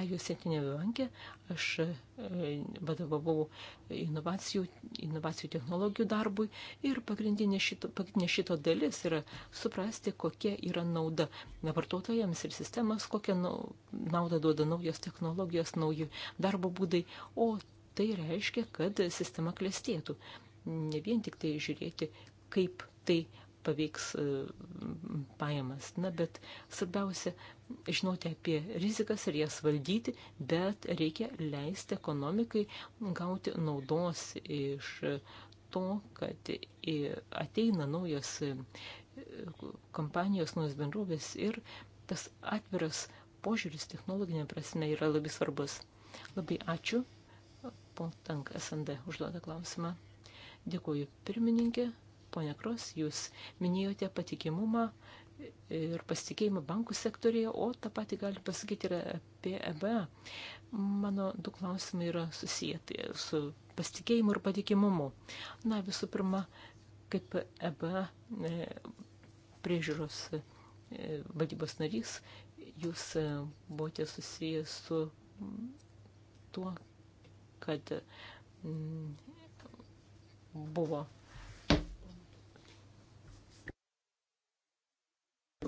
Ajus Etinėme banke aš e, vadovavau inovacijų, inovacijų technologijų darbui ir pagrindinė šito, pagrindinė šito dalis yra suprasti, kokia yra nauda vartotojams ir sistemas, kokią naudą duoda naujos technologijos, nauji darbo būdai, o tai reiškia, kad sistema klestėtų. Ne vien tik tai žiūrėti, kaip tai paveiks e, pajamas. Na, bet svarbiausia žinoti apie rizikas ir jas valdyti, bet reikia leisti ekonomikai gauti naudos iš to, kad ateina naujos e, kompanijos, naujos bendrovės ir tas atviras požiūris technologinė prasme yra labai svarbus. Labai ačiū. Pontank SND užduoda klausimą. Dėkuoju pirmininkė. Pone Kros, jūs minėjote patikimumą ir pasitikėjimą bankų sektorėje, o tą patį gali pasakyti ir apie EBA. Mano du klausimai yra susiję tai su pasitikėjimu ir patikimumu. Na, visų pirma, kaip EBA e, priežiūros e, valdybos narys, jūs e, buvote susijęs su tuo, kad buvo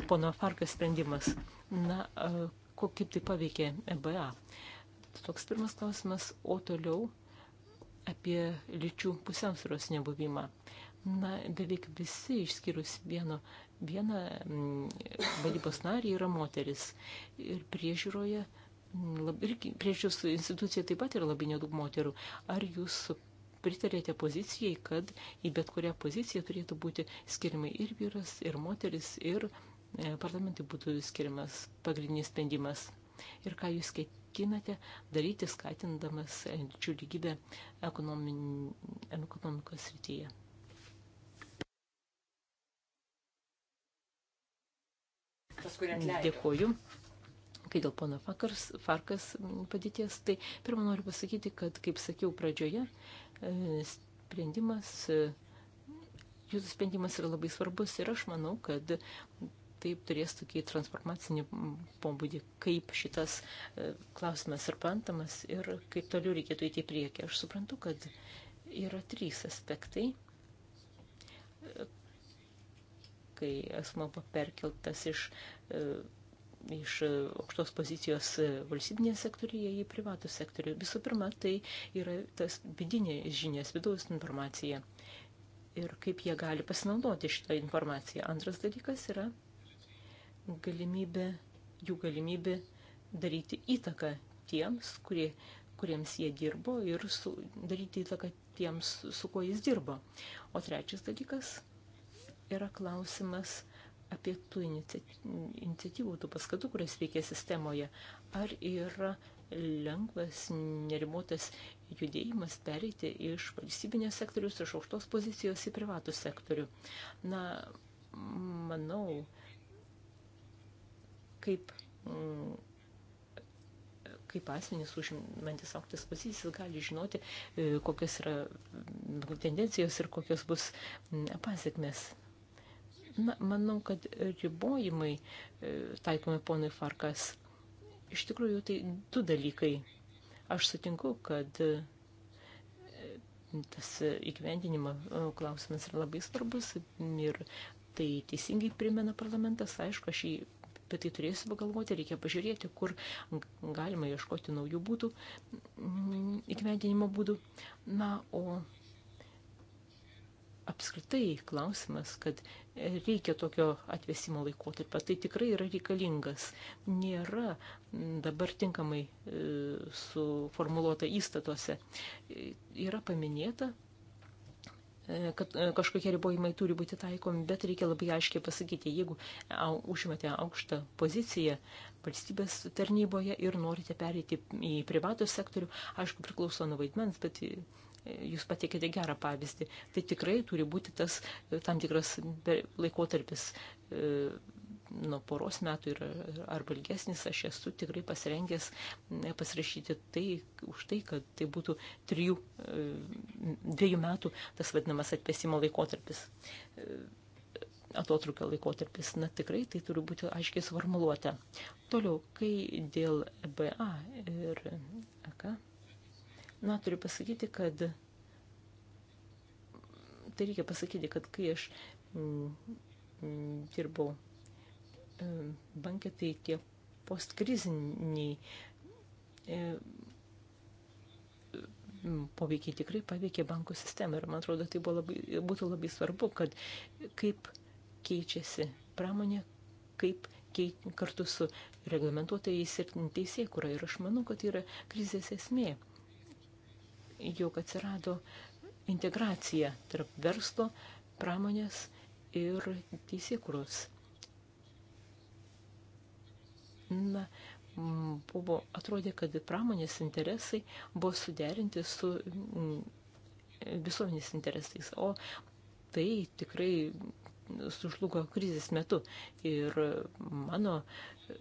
pono Farkas sprendimas. Na, kaip tai paveikė EBA? Toks pirmas klausimas, o toliau apie lyčių pusiausvėros nebuvimą. Na, beveik visi išskyrus vieno, vieną valdybos narį yra moteris. Ir priežiūroje, lab, ir priežiūros institucija taip pat yra labai nedaug moterų. Ar jūs pritarėte pozicijai, kad į bet kurią poziciją turėtų būti skiriamai ir vyras, ir moteris, ir E, parlamentui būtų skiriamas pagrindinis sprendimas. Ir ką jūs ketinate daryti, skatindamas lyčių lygybę ekonomikos srityje? Dėkuoju kai dėl pono Fakars, Farkas padėties, tai pirmą noriu pasakyti, kad, kaip sakiau pradžioje, e, sprendimas, e, jūsų sprendimas yra labai svarbus ir aš manau, kad taip turės tokį transformacinį pobūdį, kaip šitas e, klausimas suprantamas ir kaip toliau reikėtų įti į priekį. Aš suprantu, kad yra trys aspektai, e, kai asmo buvo perkeltas iš, e, iš aukštos pozicijos valstybinėje sektoriuje į privatų sektorių. Visų pirma, tai yra tas vidinės žinias, vidaus informacija ir kaip jie gali pasinaudoti šitą informaciją. Antras dalykas yra galimybė, jų galimybė daryti įtaką tiems, kurie, kuriems jie dirbo ir su, daryti įtaką tiems, su kuo jis dirbo. O trečias dalykas yra klausimas apie tų iniciatyvų, tų paskatų, kurias reikia sistemoje. Ar yra lengvas, nerimuotas judėjimas pereiti iš valstybinės sektorius, iš aukštos pozicijos į privatų sektorių. Na, manau, kaip, mm, kaip asmenys užimantis auktas pozicijas gali žinoti, e, kokios yra mm, tendencijos ir kokios bus mm, pasiekmes. Na, manau, kad ribojimai e, taikomi ponui Farkas. Iš tikrųjų, tai du dalykai. Aš sutinku, kad e, tas įgyvendinimo klausimas yra labai svarbus ir tai teisingai primena parlamentas, aišku, aš jį apie tai turėsime galvoti, reikia pažiūrėti, kur galima ieškoti naujų būdų, mm, įgyvendinimo būdų. Na, o apskritai klausimas, kad reikia tokio atvesimo laikotarpio, tai tikrai yra reikalingas. Nėra mm, dabar tinkamai e, suformuoluota įstatuose. E, yra paminėta E, kad e, kažkokie ribojimai turi būti taikomi, bet reikia labai aiškiai pasakyti, jeigu užimate aukštą poziciją valstybės tarnyboje ir norite pereiti į privatų sektorių, aišku, priklauso nuo vaidmens, bet e, jūs patikėte gerą pavyzdį, tai tikrai turi būti tas tam tikras laikotarpis nuo poros metų ir, arba ilgesnis, aš esu tikrai pasirengęs pasirašyti tai už tai, kad tai būtų trijų, e, dviejų metų tas vadinamas atpėsimo laikotarpis e, atotrukio laikotarpis, na tikrai tai turi būti aiškiai suformuluota. Toliau, kai dėl BA ir AK, e na turiu pasakyti, kad tai reikia pasakyti, kad kai aš dirbau E, bankai tai tie postkriziniai e, poveikiai tikrai paveikė bankų sistemą ir man atrodo tai buvo labai, būtų labai svarbu, kad kaip keičiasi pramonė, kaip keit, kartu su reglamentuotojais ir teisėjai, kur ir aš manau, kad tai yra krizės esmė, jog atsirado integracija tarp verslo, pramonės ir teisėkuros na, buvo, atrodė, kad pramonės interesai buvo suderinti su visuomenės interesais, o tai tikrai sužlugo krizės metu. Ir mano e,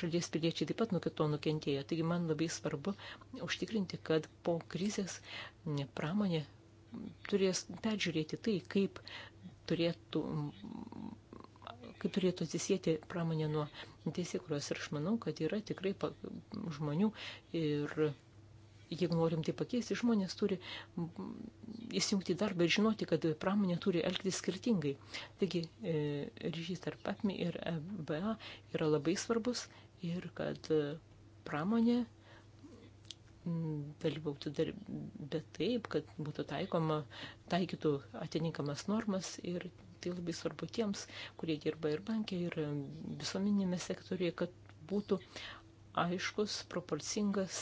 šalies piliečiai taip pat nuo kito nukentėjo. Taigi man labai svarbu užtikrinti, kad po krizės pramonė turės peržiūrėti tai, kaip turėtų kaip turėtų atsisėti pramonė nuo teisėkuros. Ir aš manau, kad yra tikrai žmonių ir jeigu norim tai pakeisti, žmonės turi įsijungti į darbą ir žinoti, kad pramonė turi elgtis skirtingai. Taigi e, ryšys tarp PAPMI ir EBA yra labai svarbus ir kad e, pramonė dalyvautų darbe taip, kad būtų taikoma, taikytų atitinkamas normas ir tai labai svarbu tiems, kurie dirba ir bankė, ir visuomenėme sektoriuje, kad būtų aiškus, proporcingas,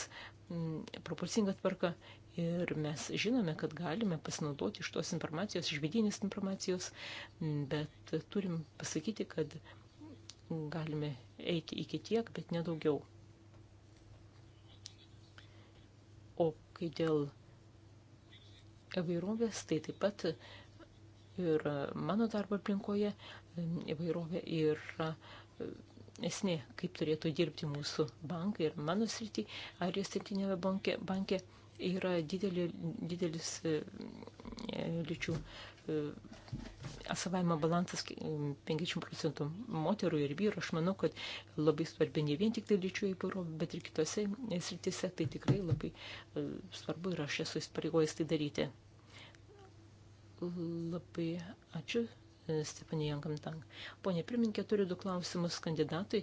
proporcinga tvarka. Ir mes žinome, kad galime pasinaudoti iš tos informacijos, iš vidinės informacijos, bet turim pasakyti, kad galime eiti iki tiek, bet nedaugiau. O kai dėl įvairovės, tai taip pat ir mano darbo aplinkoje įvairovė yra esmė, kaip turėtų dirbti mūsų bankai ir mano srity, ar jis centrinėme banke, banke yra didelė, didelis e, lyčių e, savaime balansas 50 e, procentų moterų ir vyrų. Aš manau, kad labai svarbi ne vien tik tai lyčių įvairovė, bet ir kitose srityse tai tikrai labai e, svarbu ir aš esu įsipareigojęs tai daryti. Labai ačiū, e, Stepanija Jankamtang. Pone pirminkė, turiu du klausimus kandidatui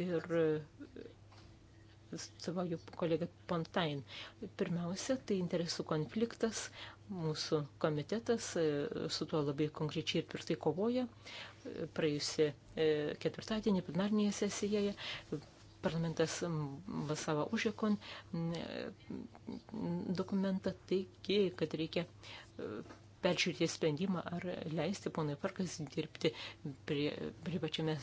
ir e, savo jų kolega Pontain. Pirmiausia, tai interesų konfliktas, mūsų komitetas e, su tuo labai konkrečiai ir tvirtai kovoja. Praėjusi ketvirtadienį plenarnėje sesijoje parlamentas balsavo už ekon mm, dokumentą, taigi, kad reikia peržiūrėti sprendimą, ar leisti ponui Parkas dirbti privačiame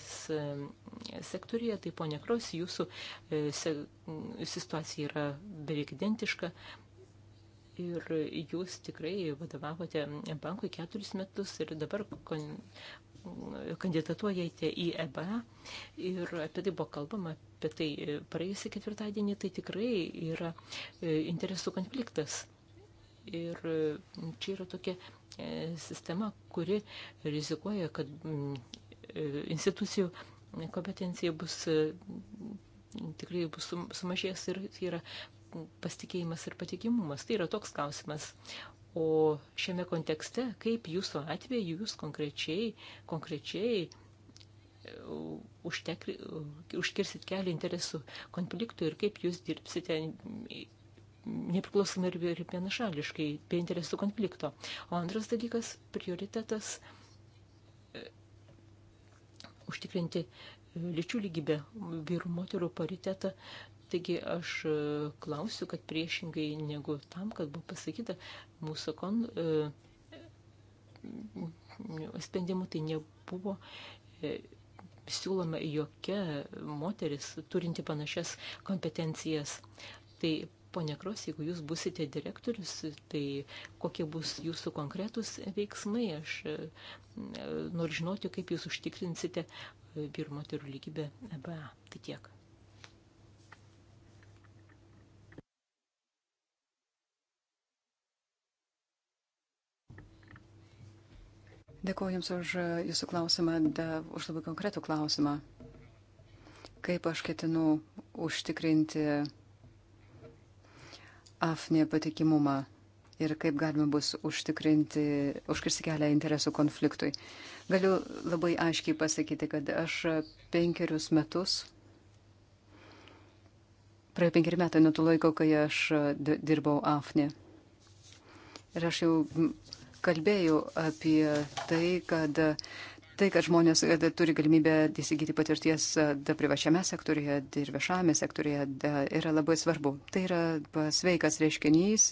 sektorija. Tai ponė Kraus, jūsų e, se, situacija yra beveik identiška. Ir jūs tikrai vadovavote bankui keturis metus ir dabar kon, kandidatuojate į EBA. Ir apie tai buvo kalbama, apie tai praėjusį ketvirtadienį, tai tikrai yra e, interesų konfliktas Ir mm, čia yra tokia e, sistema, kuri rizikuoja, kad mm, e, institucijų kompetencija bus e, mm, tikrai bus sumažės ir tai yra pasitikėjimas ir patikimumas. Tai yra toks klausimas. O šiame kontekste, kaip jūsų atveju jūs konkrečiai, konkrečiai užtekri, užkirsit kelią interesų konfliktų ir kaip jūs dirbsite nepriklausomai ir, ir vienašališkai, be interesų konflikto. O antras dalykas, prioritetas e, užtikrinti e, lyčių lygybę, vyrų moterų paritetą. Taigi aš e, klausiu, kad priešingai negu tam, kad buvo pasakyta mūsų kon e, sprendimu, tai nebuvo e, siūloma jokia moteris turinti panašias kompetencijas. Tai Pone Kros, jeigu jūs busite direktorius, tai kokie bus jūsų konkretus veiksmai? Aš e, noriu žinoti, kaip jūs užtikrinsite e, vyru moterų lygybę EBA. Tai tiek. Dėkuoju Jums už Jūsų klausimą, da, už labai konkretų klausimą. Kaip aš ketinu užtikrinti AFNE patikimumą ir kaip galima bus užtikrinti, užkirsti kelią interesų konfliktui. Galiu labai aiškiai pasakyti, kad aš penkerius metus, praėjo penkeri metai nuo to laiko, kai aš dirbau AFNE. Ir aš jau kalbėjau apie tai, kad uh, Tai, kad žmonės e, turi galimybę įsigyti patirties e, privačiame sektorėje ir viešame sektorėje, yra labai svarbu. Tai yra sveikas reiškinys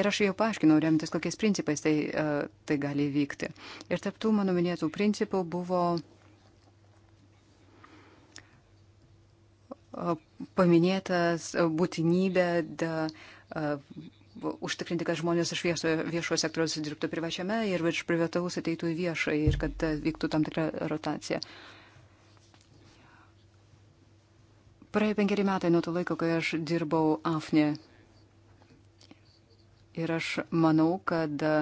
ir aš jau paaiškinau, remtis kokiais principais tai, e, tai gali vykti. Ir taptų mano minėtų principų buvo paminėtas būtinybė. Da, užtikrinti, kad žmonės iš viešo, viešo sektoriaus dirbtų privačiame ir iš privataus ateitų į viešą ir kad e, vyktų tam tikra rotacija. Praėjo penkeri metai nuo to laiko, kai aš dirbau AFNE. Ir aš manau, kad e,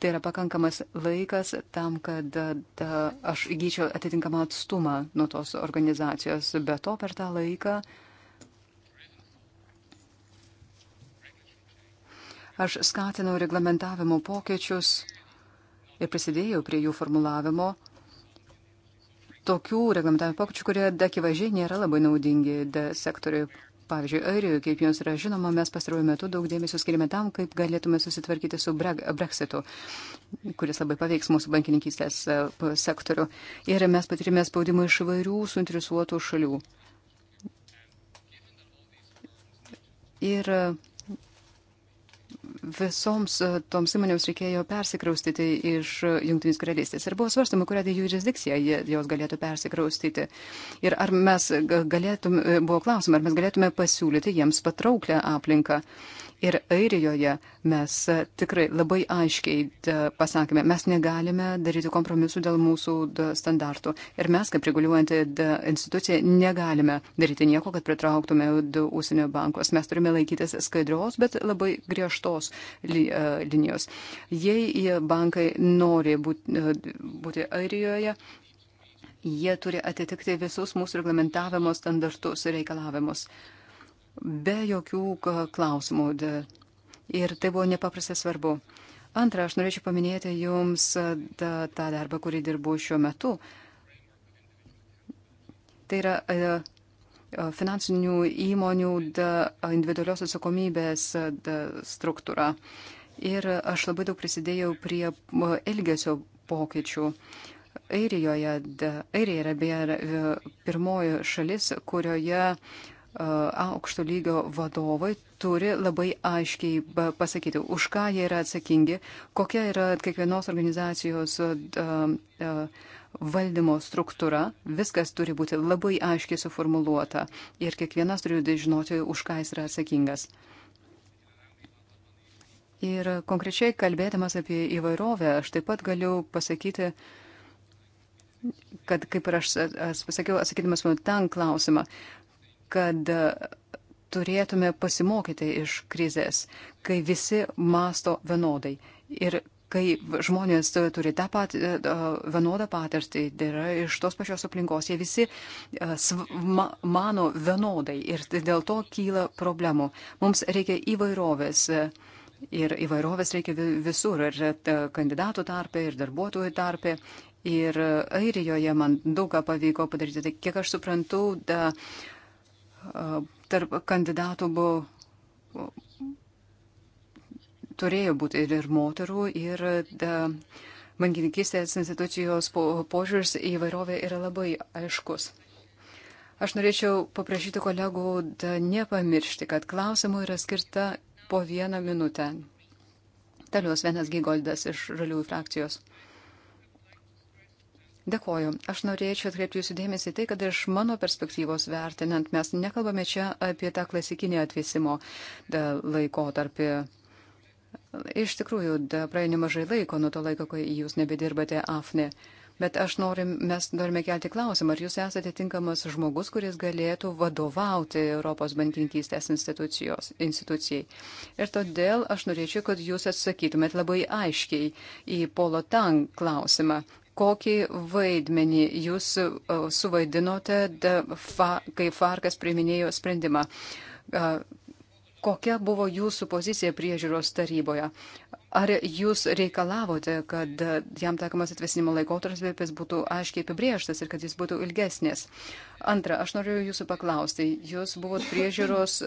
tai yra pakankamas laikas tam, kad e, da, aš įgyčiau atitinkamą atstumą nuo tos organizacijos. Be to per tą laiką uh, Aš skatinau reglamentavimo pokyčius ir prisidėjau prie jų formulavimo. Tokių reglamentavimo pokyčių, kurie akivaizdžiai nėra labai naudingi sektoriui. Pavyzdžiui, Airijoje, kaip jums yra žinoma, mes pastaruoju metu daug dėmesio skiriame tam, kaip galėtume susitvarkyti su Brexitu, kuris labai paveiks mūsų bankininkystės e, sektorių. Ir mes patirime spaudimą iš įvairių suinteresuotų šalių. Ir visoms e, toms įmonėms reikėjo persikraustyti iš Junktinės karalystės. Ir buvo svarstama, kurią jų tai jurisdikciją jos galėtų persikraustyti. Ir ar mes galėtume, buvo klausimas, ar mes galėtume pasiūlyti jiems patrauklę aplinką. Uh, Ir Airijoje mes e, tikrai labai aiškiai e, pasakėme, mes negalime daryti kompromisų dėl mūsų standartų. Ir mes, kaip reguliuojanti institucija, negalime daryti nieko, kad pritrauktume užsienio bankus. Mes turime laikytis skaidrios, bet labai griežtos li, uh, linijos. Jei bankai nori būti, uh, būti Airijoje, jie turi atitikti visus mūsų reglamentavimo standartus ir reikalavimus. Uh, be jokių klausimų. Ir tai buvo nepaprastai svarbu. Antra, aš norėčiau paminėti Jums da, tą darbą, kurį dirbu šiuo metu. Tai yra e, finansinių įmonių da, individualios atsakomybės da, struktūra. Ir aš labai daug prisidėjau prie elgesio pokyčių. Airijoje, da, Airija yra beje pirmoji šalis, kurioje uh, aukšto lygio vadovai turi labai aiškiai pasakyti, už ką jie yra atsakingi, kokia yra kiekvienos organizacijos valdymo struktūra. Viskas turi būti labai aiškiai suformuluota ir kiekvienas turi žinoti, už ką jis yra atsakingas. Ir konkrečiai kalbėdamas apie įvairovę, aš taip pat galiu pasakyti, kad kaip ir aš pasakiau, atsakydamas man ten klausimą, kad e, turėtume pasimokyti iš krizės, kai visi masto vienodai ir kai žmonės e, turi tą pat, e, vienodą patirtį, tai yra iš tos pačios aplinkos, jie visi mano vienodai ir dėl to kyla problemų. Mums reikia įvairovės. Ir įvairovės reikia visur, ir kandidatų tarpė, ir darbuotojų tarpė, Ir Airijoje man daug ką pavyko padaryti. Tai kiek aš suprantu, da, tarp kandidatų buvo, turėjo būti ir moterų, ir da, bankininkistės institucijos požiūris į vairovę yra labai aiškus. Aš norėčiau paprašyti kolegų da, nepamiršti, kad klausimų yra skirta po vieną minutę. Talios vienas Gygoldas iš Žaliųjų frakcijos. Dėkoju. Aš norėčiau atkreipti jūsų dėmesį tai, kad iš mano perspektyvos vertinant mes nekalbame čia apie tą klasikinį atvėsimo laikotarpį. Iš tikrųjų, praėjo nemažai laiko nuo to laiko, kai jūs nebedirbate AFNE. Bet aš norim, mes norime kelti klausimą, ar jūs esate tinkamas žmogus, kuris galėtų vadovauti Europos bankininkystės institucijai. Ir todėl aš norėčiau, kad jūs atsakytumėt labai aiškiai į Polo Tang klausimą kokį vaidmenį jūs e, suvaidinote, kai Farkas priminėjo sprendimą. E, kokia buvo jūsų pozicija priežiūros taryboje? Ar jūs reikalavote, kad jam takomas atvesinimo laikotarpis būtų aiškiai apibrieštas ir kad jis būtų ilgesnis? Antra, aš noriu jūsų paklausti. Jūs buvot priežiūros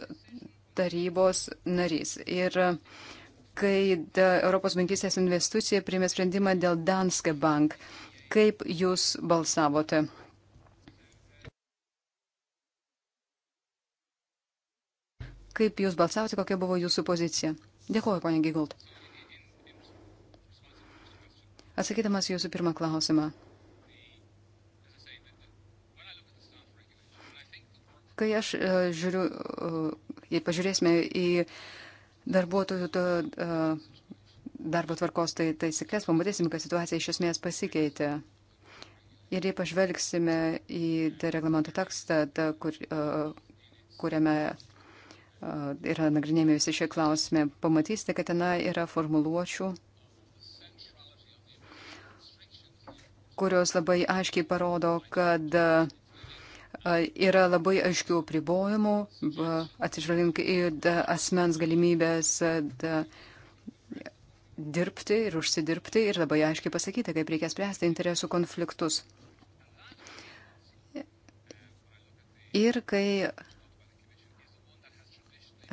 tarybos narys ir uh, kai Europos bankystės investicija priėmė sprendimą dėl Danske Bank. Kaip jūs balsavote? Kaip jūs balsavote, kokia buvo jūsų pozicija? Dėkuoju, ponė Gigult. Atsakydamas jūsų pirmą klausimą. Kai aš e, žiūriu, e, jei pažiūrėsime į uh, darbuotojų to, darbo tvarkos tai, taisyklės, pamatysime, kad situacija iš esmės pasikeitė. Ir jei pažvelgsime į reglamento tekstą, ta, kur, kuriame yra nagrinėjami visi šie klausimai, pamatysite, kad ten yra formuluočių, kurios labai aiškiai parodo, kad yra labai aiškių pribojimų, atsižvelgiant į asmens galimybės dirbti ir užsidirbti ir labai aiškiai pasakyti, kaip reikia spręsti interesų konfliktus. Ir kai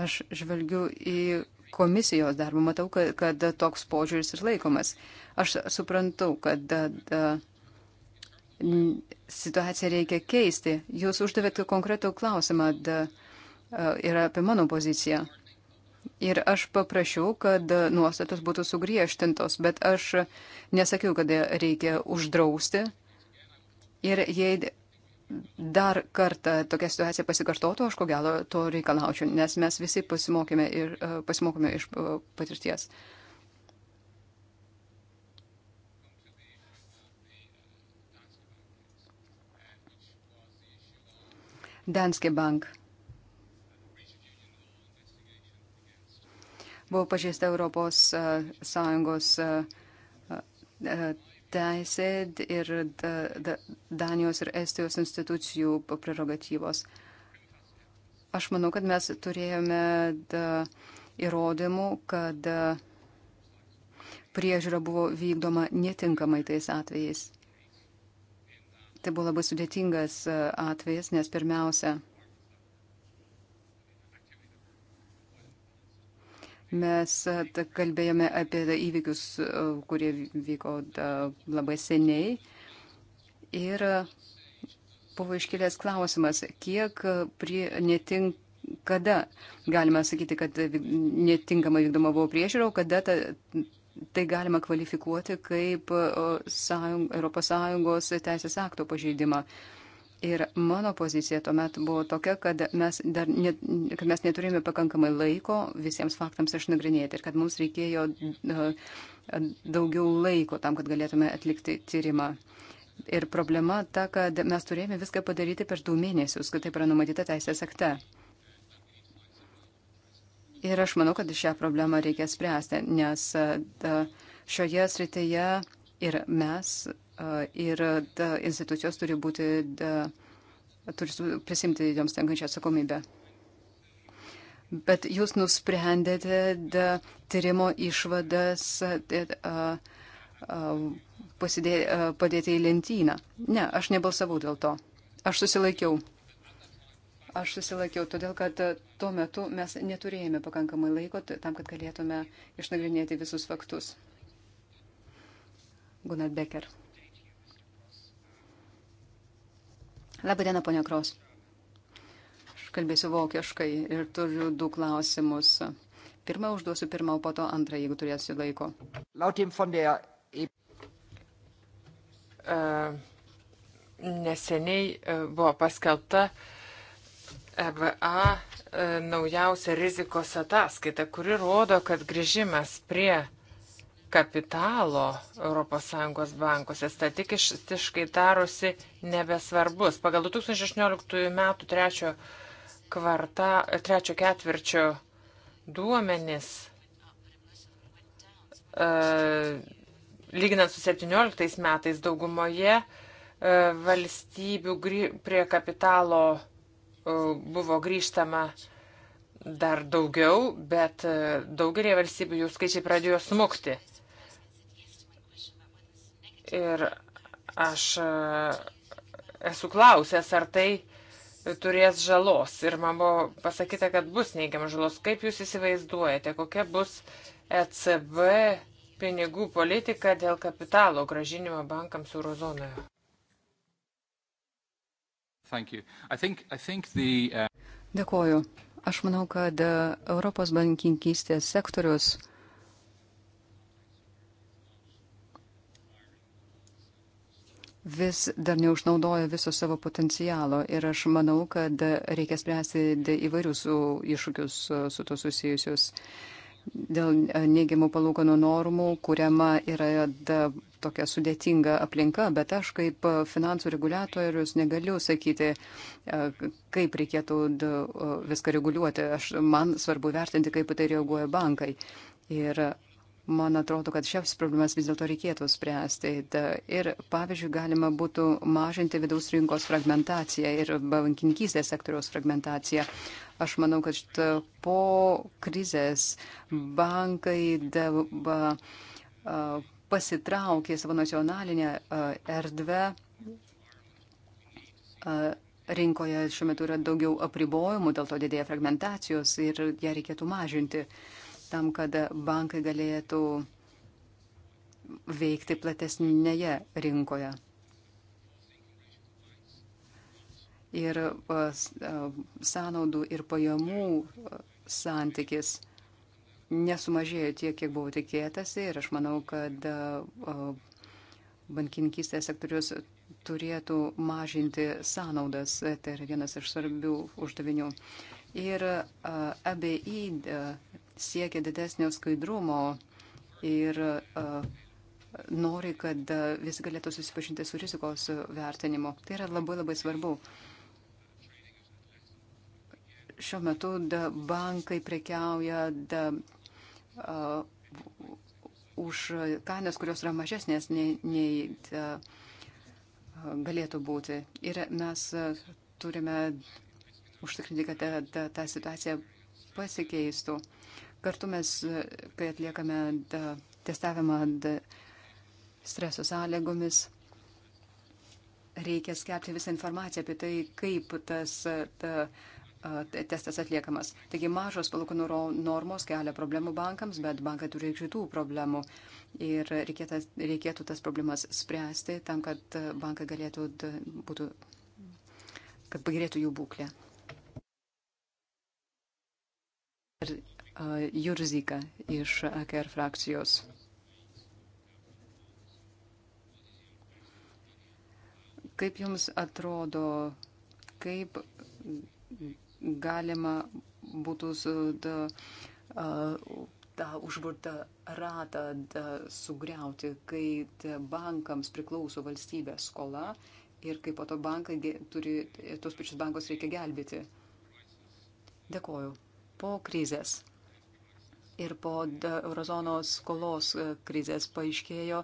aš žvelgiu į komisijos darbą, matau, kad, kad toks požiūris ir laikomas. Aš suprantu, kad da, da, situaciją reikia keisti. Jūs uždavėte konkretų klausimą da, ir apie mano poziciją. Ir aš paprašiau, kad nuostatos būtų sugriežtintos, bet aš nesakiau, kad reikia uždrausti. Ir jei dar kartą tokia situacija pasikartotų, aš ko gero to reikalaučiau, nes mes visi pasimokėme, ir, pasimokėme iš patirties. Uh, Danske Bank. Buvo pažįsta Europos e, Sąjungos e, e, teisė ir Danijos ir Estijos institucijų prerogatyvos. Aš manau, kad mes turėjome įrodymų, kad priežiūra buvo vykdoma netinkamai tais atvejais. Tai buvo labai sudėtingas e, atvejas, nes pirmiausia, Mes e, kalbėjome apie įvykius, e, kurie vyko labai seniai. Ir buvo iškilęs klausimas, kiek prie netink, kada galima sakyti, kad netinkama vykdoma buvo priežiūra, o kada ta, tai galima kvalifikuoti kaip ES teisės akto pažeidimą. Ir mano pozicija tuomet buvo tokia, kad mes, dar net, kad mes neturėjome pakankamai laiko visiems faktams išnagrinėti ir kad mums reikėjo daugiau laiko tam, kad galėtume atlikti tyrimą. Ir problema ta, kad mes turėjome viską padaryti per du mėnesius, kad taip yra numatyta teisės akte. Ir aš manau, kad šią problemą reikia spręsti, nes šioje srityje ir mes, ir institucijos turi būti, turi prisimti joms tenkančią atsakomybę. Bet jūs nusprendėte da, tyrimo išvadas da, a, a, pasidė, a, padėti į lentyną. Ne, aš nebalsavau dėl to. Aš susilaikiau aš susilakiau, todėl kad e, tuo metu mes neturėjome pakankamai laiko tam, kad galėtume išnagrinėti visus faktus. Gunnar Becker. Labadiena, ponia Kros. Aš kalbėsiu vokiškai ir turiu du klausimus. Pirmą užduosiu pirmą, o po to antrą, jeigu turėsiu laiko. Lautim von der... Uh, neseniai buvo paskelbta uh, EBA e, naujausią rizikos ataskaitą, kuri rodo, kad grįžimas prie kapitalo ES bankuose statistiškai darosi nebesvarbus. Pagal 2016 m. trečio, kvarta, trečio ketvirčio duomenis, e, lyginant su 2017 metais, daugumoje e, valstybių prie kapitalo E, buvo grįžtama dar daugiau, bet e, daugelį valstybių jų skaičiai pradėjo smukti. Ir aš e, esu klausęs, ar tai turės žalos. Ir man buvo pasakyta, kad bus neigiamas žalos. Kaip jūs įsivaizduojate, kokia bus ECB pinigų politika dėl kapitalo gražinimo bankams eurozonoje? I think, I think the, uh... Dėkoju. Aš manau, kad uh, Europos bankininkystės sektorius vis dar neužnaudoja viso savo potencialo ir aš manau, kad uh, reikia spręsti įvairius uh, iššūkius su to susijusius. Uh, dėl e, neigiamų palūkanų normų kuriama yra da, tokia sudėtinga aplinka, bet aš kaip e, finansų reguliatorius negaliu sakyti, e, kaip reikėtų da, viską reguliuoti. Aš, man svarbu vertinti, kaip tai reaguoja bankai. Ir Man atrodo, kad šias problemas vis dėlto reikėtų spręsti. Ir, pavyzdžiui, galima būtų mažinti vidaus rinkos fragmentaciją ir bankininkystės sektoriaus fragmentaciją. Aš manau, kad po krizės bankai daba, pasitraukė savo nacionalinę erdvę. Rinkoje šiuo metu yra daugiau apribojimų, dėl to didėja fragmentacijos ir ją reikėtų mažinti. Uh, tam, kad bankai galėtų veikti platesnėje rinkoje. Ir e, e, sąnaudų ir pajamų e, santykis nesumažėjo tiek, kiek buvo tikėtasi ir aš manau, kad bankininkystės sektorius turėtų mažinti sąnaudas. Tai yra vienas iš svarbių uždavinių. Ir ABI siekia didesnio skaidrumo ir uh, nori, kad visi galėtų susipažinti su rizikos vertinimu. Tai yra labai labai svarbu. Šiuo metu da, bankai prekiauja da, uh, už kainas, kurios yra mažesnės nei, nei da, galėtų būti. Ir mes turime užtikrinti, kad ta, ta, ta situacija pasikeistų. Uh, Kartu mes, e, kai atliekame da, testavimą da, streso sąlygomis, reikia skelbti visą informaciją apie tai, kaip tas e, ta, testas atliekamas. Taigi mažos palūkanų normos kelia problemų bankams, bet bankai turi ir kitų problemų. Ir reikėtų, reikėtų tas problemas spręsti tam, kad e, bankai galėtų būtų, kad pagerėtų jų būklė. Ir Jurzika iš AKR frakcijos. Kaip Jums atrodo, kaip galima būtų tą užburtą ratą da, sugriauti, kai da, bankams priklauso valstybės skola ir kaip po to bankai turi, tos pačius bankus reikia gelbėti. Dėkoju. Po krizės ir po eurozonos skolos e, krizės paaiškėjo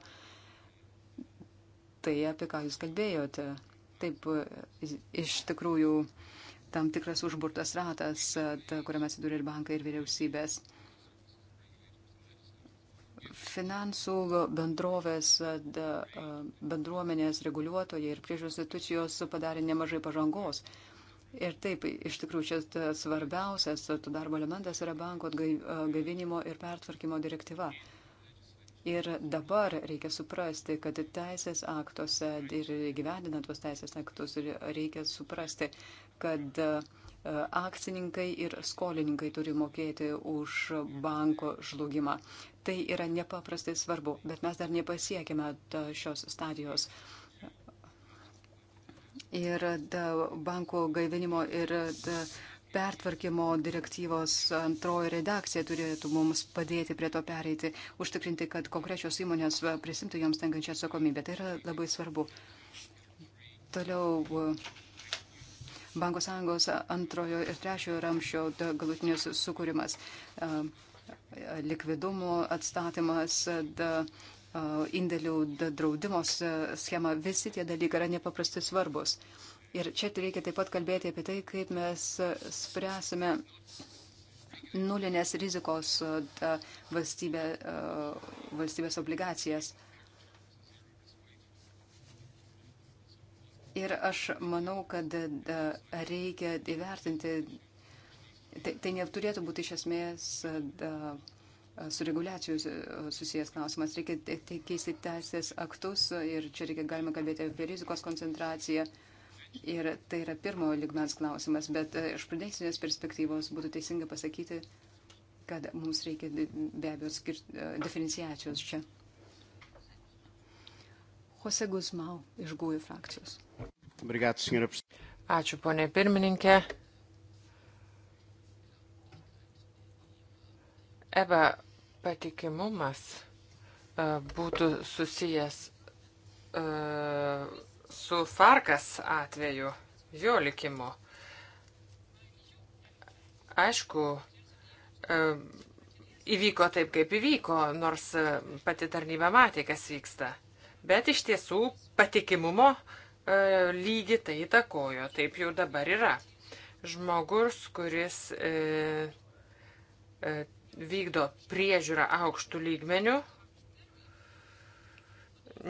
tai, apie ką jūs kalbėjote. Taip, e, iš tikrųjų, tam tikras užburtas ratas, e, kuriame atsidūrė ir bankai, ir vyriausybės. Finansų bendrovės, bendruomenės reguliuotojai ir priežiūros institucijos padarė nemažai pažangos, Ir taip, iš tikrųjų, čia svarbiausias to darbo elementas yra banko gavinimo ir pertvarkymo direktyva. Ir dabar reikia suprasti, kad teisės aktuose ir gyvendinant tuos teisės aktus reikia suprasti, kad akcininkai ir skolininkai turi mokėti už banko žlugimą. Tai yra nepaprastai svarbu, bet mes dar nepasiekime šios stadijos. Uh, ir banko gaivinimo ir pertvarkymo direktyvos antroji redakcija turėtų mums padėti prie to pereiti, užtikrinti, kad konkrečios įmonės prisimtų joms tenkančią atsakomybę. Tai yra labai svarbu. Toliau Bankų sąjungos antrojo ir trečiojo ramščio galutinis sukūrimas likvidumo atstatymas, da, indėlių draudimo schema, visi tie dalykai yra nepaprastai svarbus. Ir čia reikia taip pat kalbėti apie tai, kaip mes spręsime nulinės rizikos valstybė, valstybės obligacijas. Ir aš manau, kad reikia įvertinti, tai, tai neturėtų būti iš esmės. Da, E, su reguliacijos e, susijęs klausimas. Reikia keisti teisės aktus ir čia reikia galima kalbėti apie rizikos koncentraciją. Ir tai yra pirmojo ligmens klausimas, bet e, iš prudensinės perspektyvos būtų teisinga pasakyti, kad mums reikia be abejo skirti diferenciacijos čia. Jose Guzmau iš Gūjų frakcijos. Ačiū, ponė pirmininkė. EBA patikimumas e, būtų susijęs e, su Farkas atveju, jo likimu. Aišku, e, įvyko taip, kaip įvyko, nors pati tarnyba matė, kas vyksta. Bet iš tiesų patikimumo lygį tai įtakojo, taip jau dabar yra. Žmogus, kuris vykdo priežiūrą aukštų lygmenių,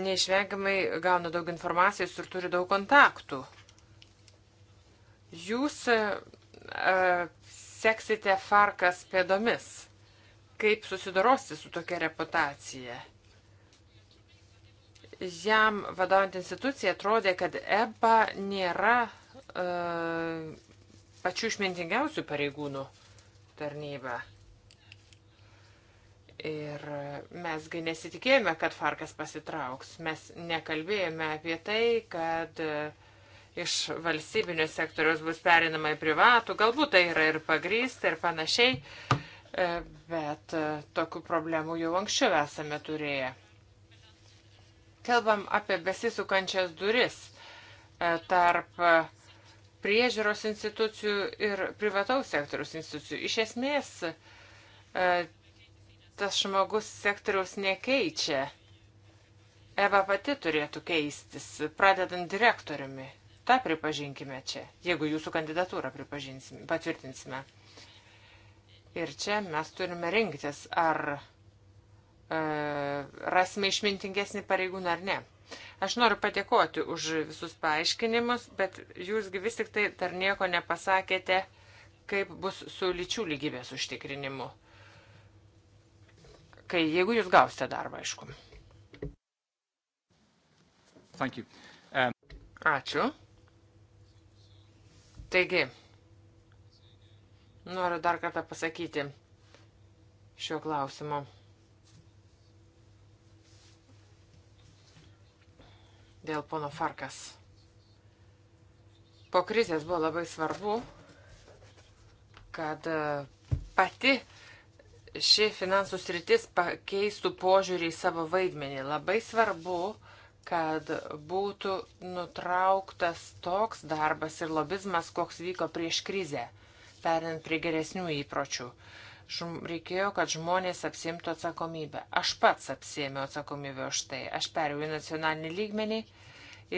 neišvengiamai gauna daug informacijos ir turi daug kontaktų. Jūs uh, seksite farkas pėdomis. Kaip susidorosi su tokia reputacija? Jam vadovaujant institucija atrodė, kad EBA nėra uh, pačių išmintingiausių pareigūnų tarnyba. Ir mesgi nesitikėjome, kad Farkas pasitrauks. Mes nekalbėjome apie tai, kad e, iš valstybinio sektoriaus bus perinama į privatų. Galbūt tai yra ir pagrįsta ir panašiai, e, bet e, tokių problemų jau anksčiau esame turėję. Kalbam apie besisukančias duris tarp priežiūros institucijų ir privataus sektoriaus institucijų. Iš esmės, tas žmogus sektoriaus nekeičia. Eva pati turėtų keistis, pradedant direktoriumi. Ta pripažinkime čia, jeigu jūsų kandidatūrą patvirtinsime. Ir čia mes turime rinktis, ar e, rasime išmintingesnį pareigūną ar ne. Aš noriu padėkoti už visus paaiškinimus, bet jūsgi vis tik tai dar nieko nepasakėte, kaip bus su lyčių lygybės užtikrinimu kai jeigu jūs gausite darbą, aišku. Um... Ačiū. Taigi, noriu dar kartą pasakyti šio klausimo. Dėl pono Farkas. Po krizės buvo labai svarbu, kad e, pati ši finansų sritis pakeistų požiūrį į savo vaidmenį. Labai svarbu, kad būtų nutrauktas toks darbas ir lobizmas, koks vyko prieš krizę, perinant prie geresnių įpročių. Reikėjo, kad žmonės apsimtų atsakomybę. Aš pats apsėmiau atsakomybę už tai. Aš perėjau į nacionalinį lygmenį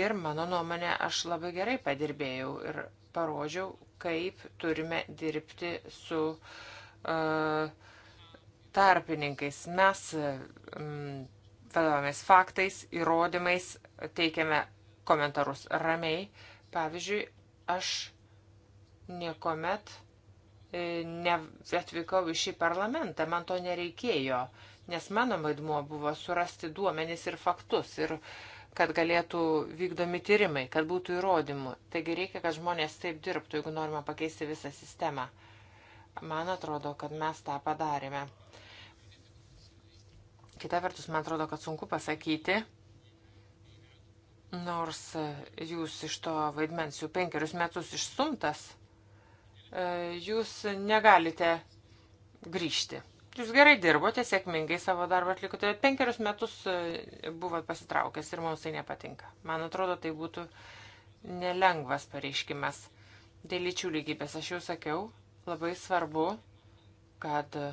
ir, mano nuomonė, aš labai gerai padirbėjau ir parodžiau, kaip turime dirbti su uh, tarpininkais. Mes mm, vadovomės faktais, įrodymais, teikiame komentarus ramiai. Pavyzdžiui, aš niekuomet e, neatvykau į šį parlamentą, man to nereikėjo, nes mano vaidmuo buvo surasti duomenis ir faktus ir kad galėtų vykdomi tyrimai, kad būtų įrodymų. Taigi reikia, kad žmonės taip dirbtų, jeigu norima pakeisti visą sistemą. Man atrodo, kad mes tą padarėme. Kita vertus, man atrodo, kad sunku pasakyti, nors jūs iš to vaidmens jau penkerius metus išsumtas, e, jūs negalite grįžti. Jūs gerai dirbote, sėkmingai savo darbą atlikote, bet penkerius metus e, buvot pasitraukęs ir mums tai nepatinka. Man atrodo, tai būtų nelengvas pareiškimas. Dėl lyčių lygybės aš jau sakiau, labai svarbu, kad uh,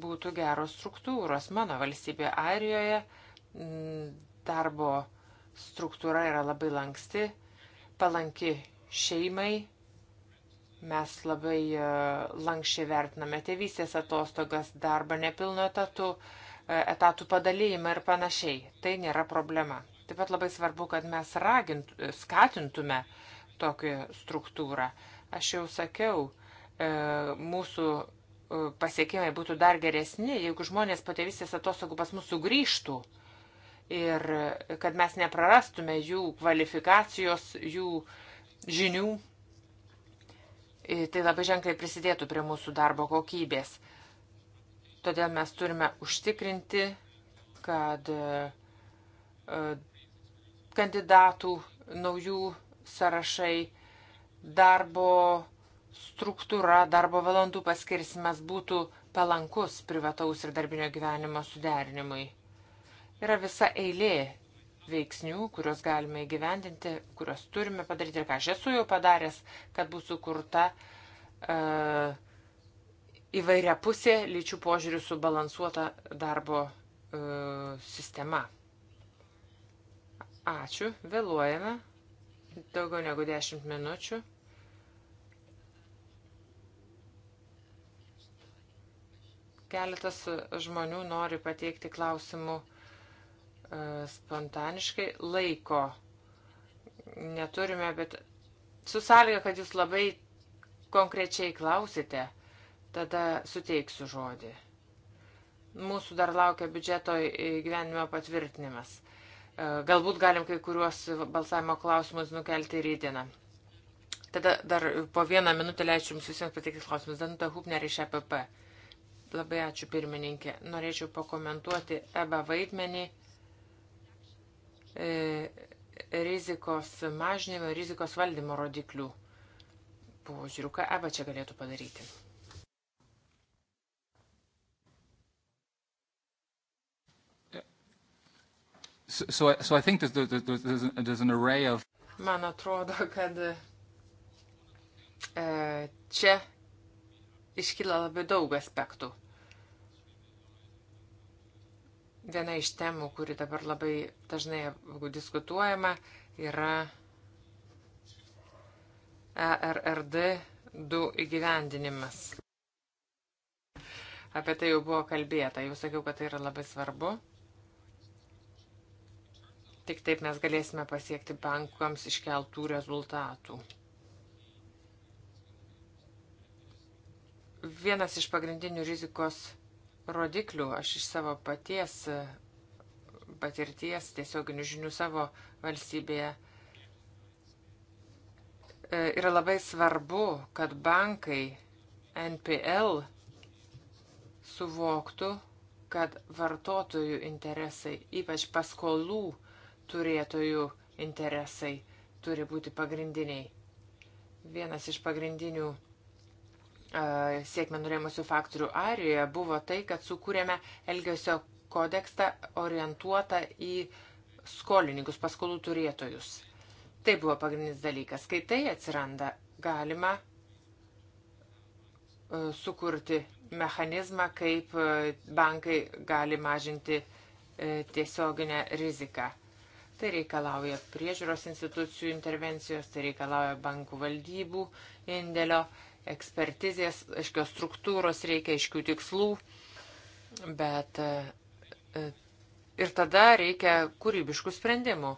būtų geros struktūros. Mano valstybė Airijoje mm, darbo struktūra yra labai lanksti, palanki šeimai. Mes labai e, lankščiai vertiname tėvystės atostogas, darbą nepilno etatų, e, etatų padalymą ir panašiai. Tai nėra problema. Taip pat labai svarbu, kad mes ragint, skatintume tokią struktūrą. Aš jau sakiau, e, mūsų pasiekimai būtų dar geresni, jeigu žmonės po tėvystės atostogų pas mus sugrįžtų ir kad mes neprarastume jų kvalifikacijos, jų žinių. Tai labai ženkliai prisidėtų prie mūsų darbo kokybės. Todėl mes turime užtikrinti, kad e, kandidatų naujų sąrašai darbo struktūra, darbo valandų paskirsimas būtų palankus privataus ir darbinio gyvenimo suderinimui. Yra visa eilė veiksnių, kuriuos galime įgyvendinti, kuriuos turime padaryti ir ką aš esu jau padaręs, kad būtų sukurta uh, įvairia pusė lyčių požiūrių subalansuota darbo uh, sistema. Ačiū, vėluojame daugiau negu 10 minučių. Keletas žmonių nori pateikti klausimų e, spontaniškai. Laiko neturime, bet su sąlyga, kad jūs labai konkrečiai klausite, tada suteiksiu žodį. Mūsų dar laukia biudžeto gyvenimo patvirtinimas. E, galbūt galim kai kuriuos balsavimo klausimus nukelti rydieną. Tada dar po vieną minutę leisiu jums visiems pateikti klausimus. Danuta Hupner iš EPP. Labai ačiū pirmininkė. Norėčiau pakomentuoti EBA vaidmenį e, rizikos mažinimo ir rizikos valdymo rodiklių požiūrių, ką EBA čia galėtų padaryti. So, so I think there's, there's, there's, there's an array of... Man atrodo, kad e, čia iškyla labai daug aspektų. Viena iš temų, kuri dabar labai dažnai diskutuojama, yra ERRD 2 įgyvendinimas. Apie tai jau buvo kalbėta, jau sakiau, kad tai yra labai svarbu. Tik taip mes galėsime pasiekti bankams iškeltų rezultatų. Vienas iš pagrindinių rizikos rodiklių aš iš savo paties e, patirties tiesioginių žinių savo valstybėje. E, yra labai svarbu, kad bankai NPL suvoktų, kad vartotojų interesai, ypač paskolų turėtojų interesai, turi būti pagrindiniai. Vienas iš pagrindinių sėkmę norėjimusių faktorių Airijoje buvo tai, kad sukūrėme Elgesio kodeksą orientuotą į skolininkus, paskolų turėtojus. Tai buvo pagrindinis dalykas. Kai tai atsiranda, galima sukurti mechanizmą, kaip bankai gali mažinti e, tiesioginę riziką. Tai reikalauja priežiūros institucijų intervencijos, tai reikalauja bankų valdybų indėlio ekspertizės, aiškios struktūros, reikia aiškių tikslų, bet e, ir tada reikia kūrybiškų sprendimų.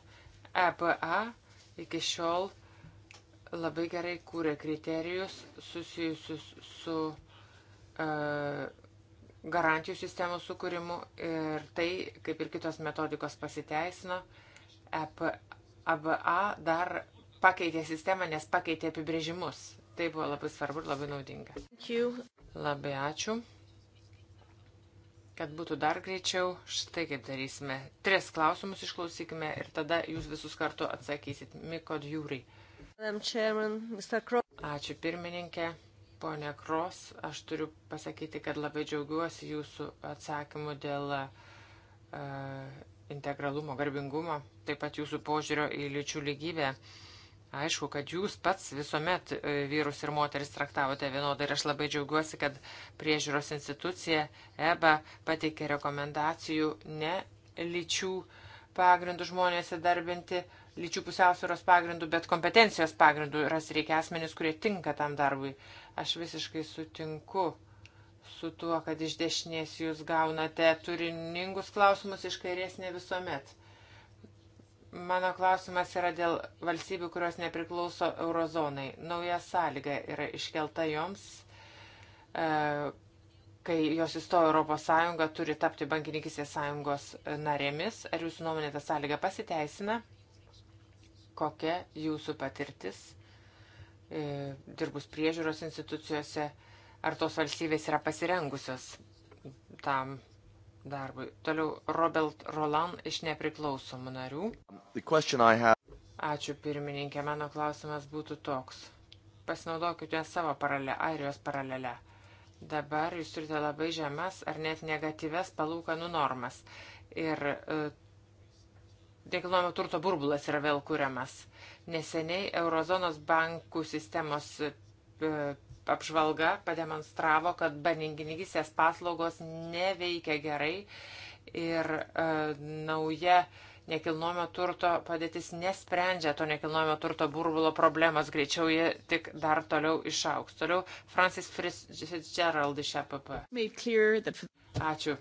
EPA iki šiol labai gerai kūrė kriterijus susijusius su e, garantijų sistemos sukūrimu ir tai, kaip ir kitos metodikos pasiteisino, EPA dar pakeitė sistemą, nes pakeitė apibrėžimus Tai buvo labai svarbu ir labai naudinga. Labai ačiū. Kad būtų dar greičiau, štai kaip darysime. Tris klausimus išklausykime ir tada jūs visus kartu atsakysit. Miko Djūrai. Ačiū pirmininkė. Pone Kros, aš turiu pasakyti, kad labai džiaugiuosi jūsų atsakymu dėl uh, integralumo, garbingumo, taip pat jūsų požiūrio į lyčių lygybę. Uh, Aišku, kad jūs pats visuomet e, vyrus ir moteris traktavote vienodai ir aš labai džiaugiuosi, kad priežiūros institucija EBA pateikė rekomendacijų ne lyčių pagrindų žmonės įdarbinti, lyčių pusiausvėros pagrindų, bet kompetencijos pagrindų ras reikia asmenys, kurie tinka tam darbui. Aš visiškai sutinku su tuo, kad iš dešinės jūs gaunate turiningus klausimus, iš kairės ne visuomet. Mano klausimas yra dėl valstybių, kurios nepriklauso eurozonai. Nauja sąlyga yra iškelta joms, e, kai jos įstojo Europos Sąjunga, turi tapti bankininkistės sąjungos narėmis. Ar jūsų nuomonė ta sąlyga pasiteisina? Kokia jūsų patirtis e, dirbus priežiūros institucijose? Ar tos valstybės yra pasirengusios tam darbui. Toliau Robert Roland iš nepriklausomų narių. Have... Ačiū pirmininkė, mano klausimas būtų toks. Pasinaudokite savo paralelę, Airijos paralelę. Dabar jūs turite labai žemas ar net negatyves palūkanų normas. Ir e, nekilnojamo turto burbulas yra vėl kuriamas. Neseniai Eurozonos bankų sistemos e, apžvalga pademonstravo, kad baningininkistės paslaugos neveikia gerai ir uh, nauja nekilnojamo turto padėtis nesprendžia to nekilnojamo turto burbulo problemos, greičiau jie tik dar toliau išauks. Toliau Francis Fitzgerald iš EPP. Ačiū.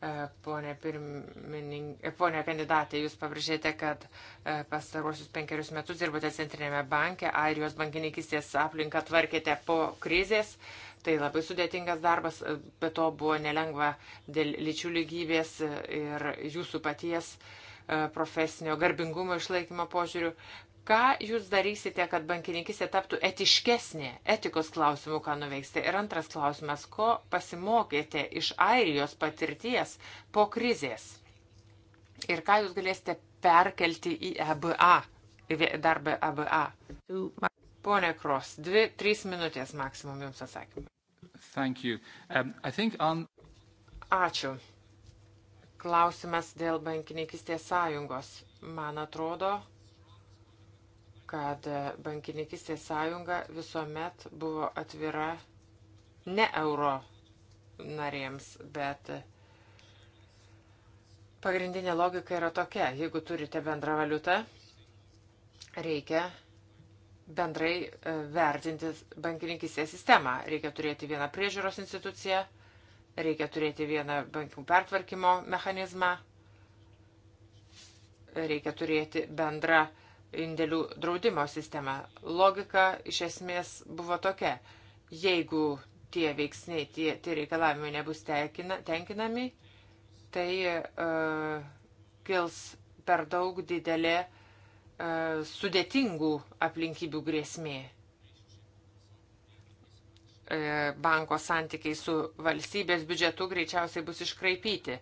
E, pone, e, Pone kandidatė, jūs pabrėžėte, kad e, pastaruosius penkerius metus dirbote Centrinėme banke, Airijos bankininkistės aplinką tvarkėte po krizės. Tai labai sudėtingas darbas, bet to buvo nelengva dėl lyčių lygybės ir jūsų paties profesinio garbingumo išlaikymo požiūrių. Ką jūs darysite, kad bankininkistė taptų etiškesnė, etikos klausimų, ką nuveiksite? Ir antras klausimas, ko pasimokėte iš Airijos patirties po krizės? Ir ką jūs galėsite perkelti į EBA, darbą EBA? Pone Kros, dvi, trys minutės maksimum jums atsakymą. Um, on... Ačiū. Klausimas dėl bankininkistės sąjungos. Man atrodo, kad bankininkistės sąjunga visuomet buvo atvira ne euro narėms, bet pagrindinė logika yra tokia, jeigu turite bendrą valiutą, reikia bendrai e, vertinti bankininkistės sistemą. Reikia turėti vieną priežiūros instituciją, reikia turėti vieną bankų pertvarkymo mechanizmą, reikia turėti bendrą uh, indėlių draudimo sistemą. Logika iš esmės buvo tokia. Jeigu tie veiksniai, tie, tie reikalavimai nebus tenkina, tenkinami, tai uh, kils per daug didelė uh, sudėtingų aplinkybių grėsmė. Uh, banko santykiai su valstybės biudžetu greičiausiai bus iškraipyti.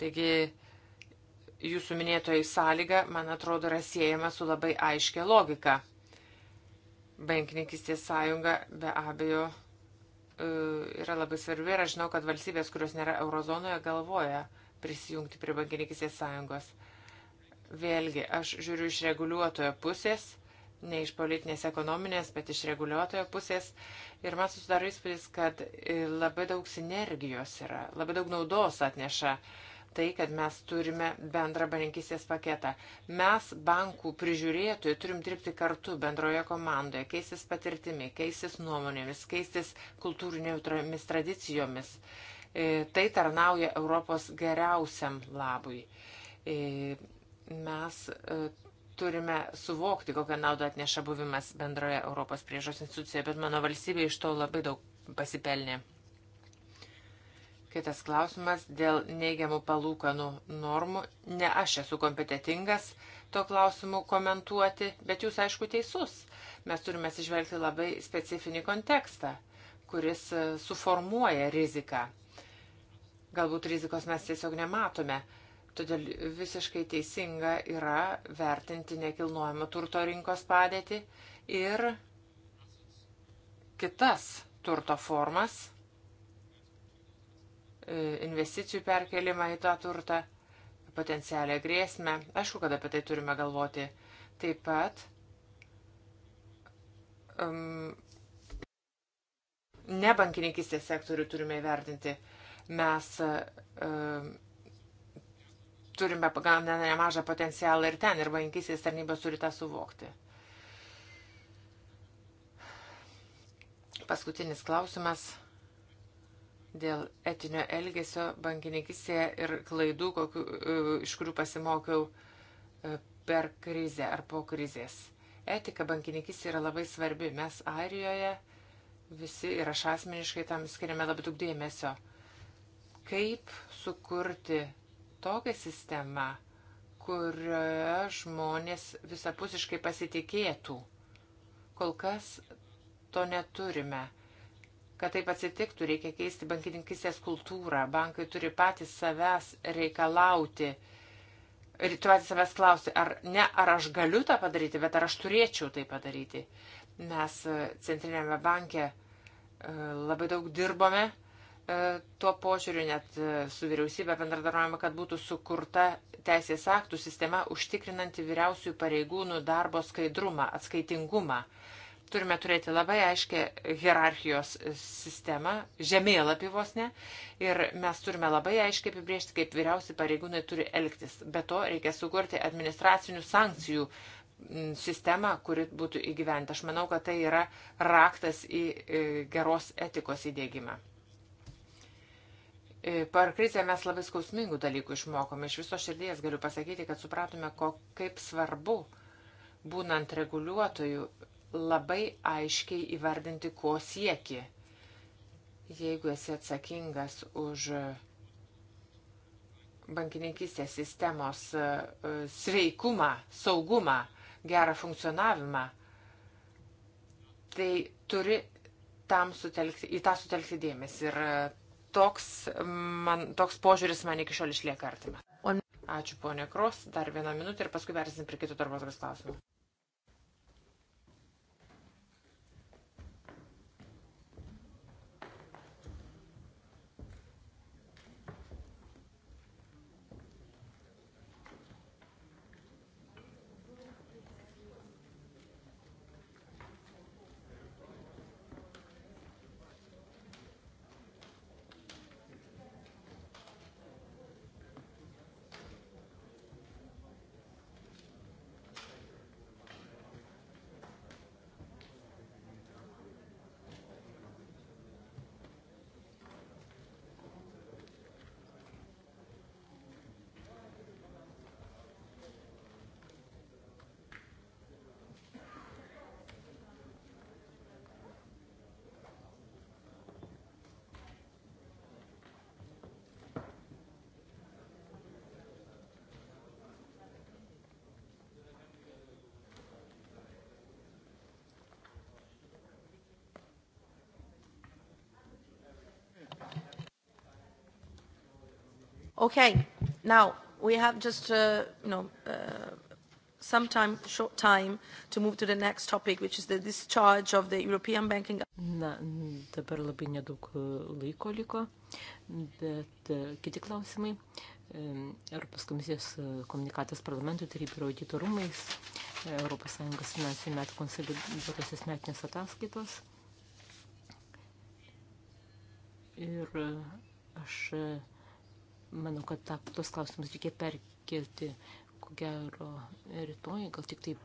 Taigi uh, jūsų minėtoji sąlyga, man atrodo, yra siejama su labai aiškia logika. Bankininkistės sąjunga be abejo e, yra labai svarbi ir aš žinau, kad valstybės, kurios nėra eurozonoje, galvoja prisijungti prie bankininkistės sąjungos. Vėlgi, aš žiūriu iš reguliuotojo pusės, ne iš politinės ekonominės, bet iš reguliuotojo pusės ir man susidaro įspūdis, kad e, labai daug sinergijos yra, labai daug naudos atneša uh, tai, kad mes turime bendrą bankysės paketą. Mes, bankų prižiūrėtojai, turim dirbti kartu bendroje komandoje, keistis patirtimi, keistis nuomonėmis, keistis kultūrinėmis tradicijomis. E, tai tarnauja Europos geriausiam labui. E, mes e, turime suvokti, kokią naudą atneša buvimas bendroje Europos priežos institucijoje, bet mano valstybė iš to labai daug pasipelnė. Kitas klausimas dėl neigiamų palūkanų normų. Ne aš esu kompetitingas to klausimu komentuoti, bet jūs aišku teisus. Mes turime atsižvelgti labai specifinį kontekstą, kuris e, suformuoja riziką. Galbūt rizikos mes tiesiog nematome, Todėl visiškai teisinga yra vertinti nekilnojamo turto rinkos padėtį ir kitas turto formas, investicijų perkelimą į tą turtą, potencialią grėsmę. Aišku, kad apie tai turime galvoti. Taip pat um, nebankininkistės sektorių turime įvertinti. Mes um, turime gan nemažą potencialą ir ten, ir bankininkistės tarnybos turi tą suvokti. Paskutinis klausimas dėl etinio elgesio bankininkistėje ir klaidų, kokiu, e, iš kurių pasimokiau e, per krizę ar po krizės. Etika bankininkistėje yra labai svarbi. Mes Airijoje visi ir aš asmeniškai tam skiriame labai daug dėmesio. Kaip sukurti tokią sistemą, kurioje žmonės visapusiškai pasitikėtų. Kol kas to neturime Kad taip atsitiktų, reikia keisti bankininkistės kultūrą. Bankai turi patys savęs reikalauti. Ir tu patys savęs klausti, ar ne, ar aš galiu tą padaryti, bet ar aš turėčiau tai padaryti. Mes e, centrinėme banke e, labai daug dirbome e, tuo požiūriu, net su vyriausybė bendradarbiavome, kad būtų sukurta teisės aktų sistema užtikrinanti vyriausiųjų pareigūnų darbo skaidrumą, atskaitingumą. Uh, Turime turėti labai aiškę hierarchijos sistemą, žemėlapį vos ne, ir mes turime labai aiškiai apibriežti, kaip vyriausi pareigūnai turi elgtis. Be to reikia sukurti administracinių sankcijų sistemą, kuri būtų įgyventa. Aš manau, kad tai yra raktas į e, geros etikos įdėgymą. E, per krizę mes labai skausmingų dalykų išmokome. Iš viso širdies galiu pasakyti, kad supratome, ko, kaip svarbu, būnant reguliuotojų, labai aiškiai įvardinti, ko sieki. Jeigu esi atsakingas už bankininkystės sistemos e, e, sveikumą, saugumą, gerą funkcionavimą, tai turi tam sutelkti, į tą sutelkti dėmesį. Ir e, toks, man, toks požiūris man iki šiol išlieka artima. Ačiū, ponė Kros. Dar vieną minutę ir paskui versim prie kitų darbos klausimų. Okay, now we have just, uh, you know, uh, some time, short time to move to the next topic, which is the discharge of the European Banking. Na, dabar labai nedaug uh, laiko liko, bet uh, kiti klausimai. Um, Europos komisijos uh, komunikatas parlamentui, tarybai ir auditorumais, Europos Sąjungos finansinių metų konsoliduotosios metinės ataskaitos. Ir aš Manau, kad ta, tos klausimus reikia perkelti, ko gero, rytoj, gal tik taip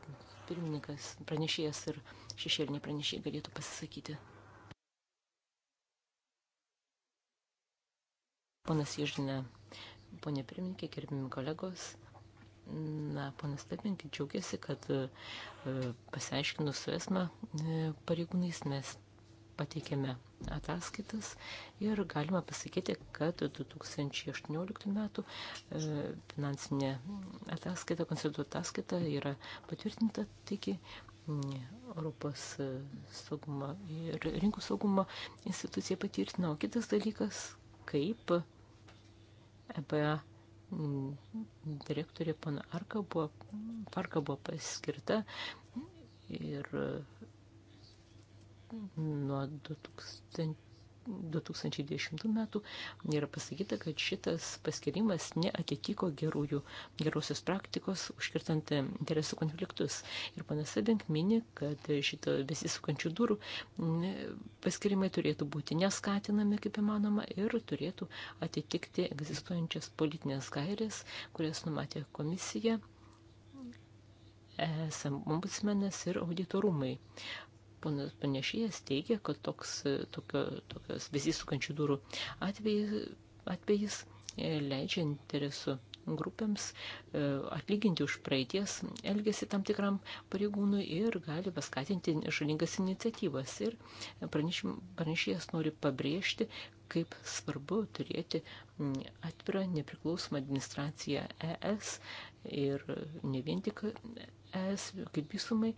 pirmininkas, pranešėjas ir šešėliniai pranešėjai galėtų pasisakyti. Ponas Ježinė, ponė pirmininkė, gerbimi kolegos. Na, ponas Lepinkė džiaugiasi, kad e, pasiaiškinus su esmą e, pareigūnais mes pateikėme ataskaitas ir galima pasakyti, kad 2018 metų e, finansinė ataskaita, konstitutų ataskaita yra patvirtinta, taigi Europos e, saugumo ir rinkų saugumo institucija patvirtino. O kitas dalykas, kaip EBA direktorė pana Arka buvo, Parka buvo paskirta ir nuo 2000. 2010 metų yra pasakyta, kad šitas paskirimas neatitiko gerųjų, gerosios praktikos, užkirtant interesų konfliktus. Ir panas Adink mini, kad šito besisukančių durų paskirimai turėtų būti neskatinami, kaip įmanoma, ir turėtų atitikti egzistuojančias politinės gairės, kurias numatė komisija. ESM ombudsmenas ir auditorumai ponas panešėjas teigia, kad toks, tokio, tokios besisukančių durų atvejis, atvejis e, leidžia interesų grupėms e, atlyginti už praeities elgesį tam tikram pareigūnui ir gali paskatinti žalingas iniciatyvas. Ir pranešėjas nori pabrėžti, kaip svarbu turėti atvirą nepriklausomą administraciją ES ir ne vien tik ES kaip visumai,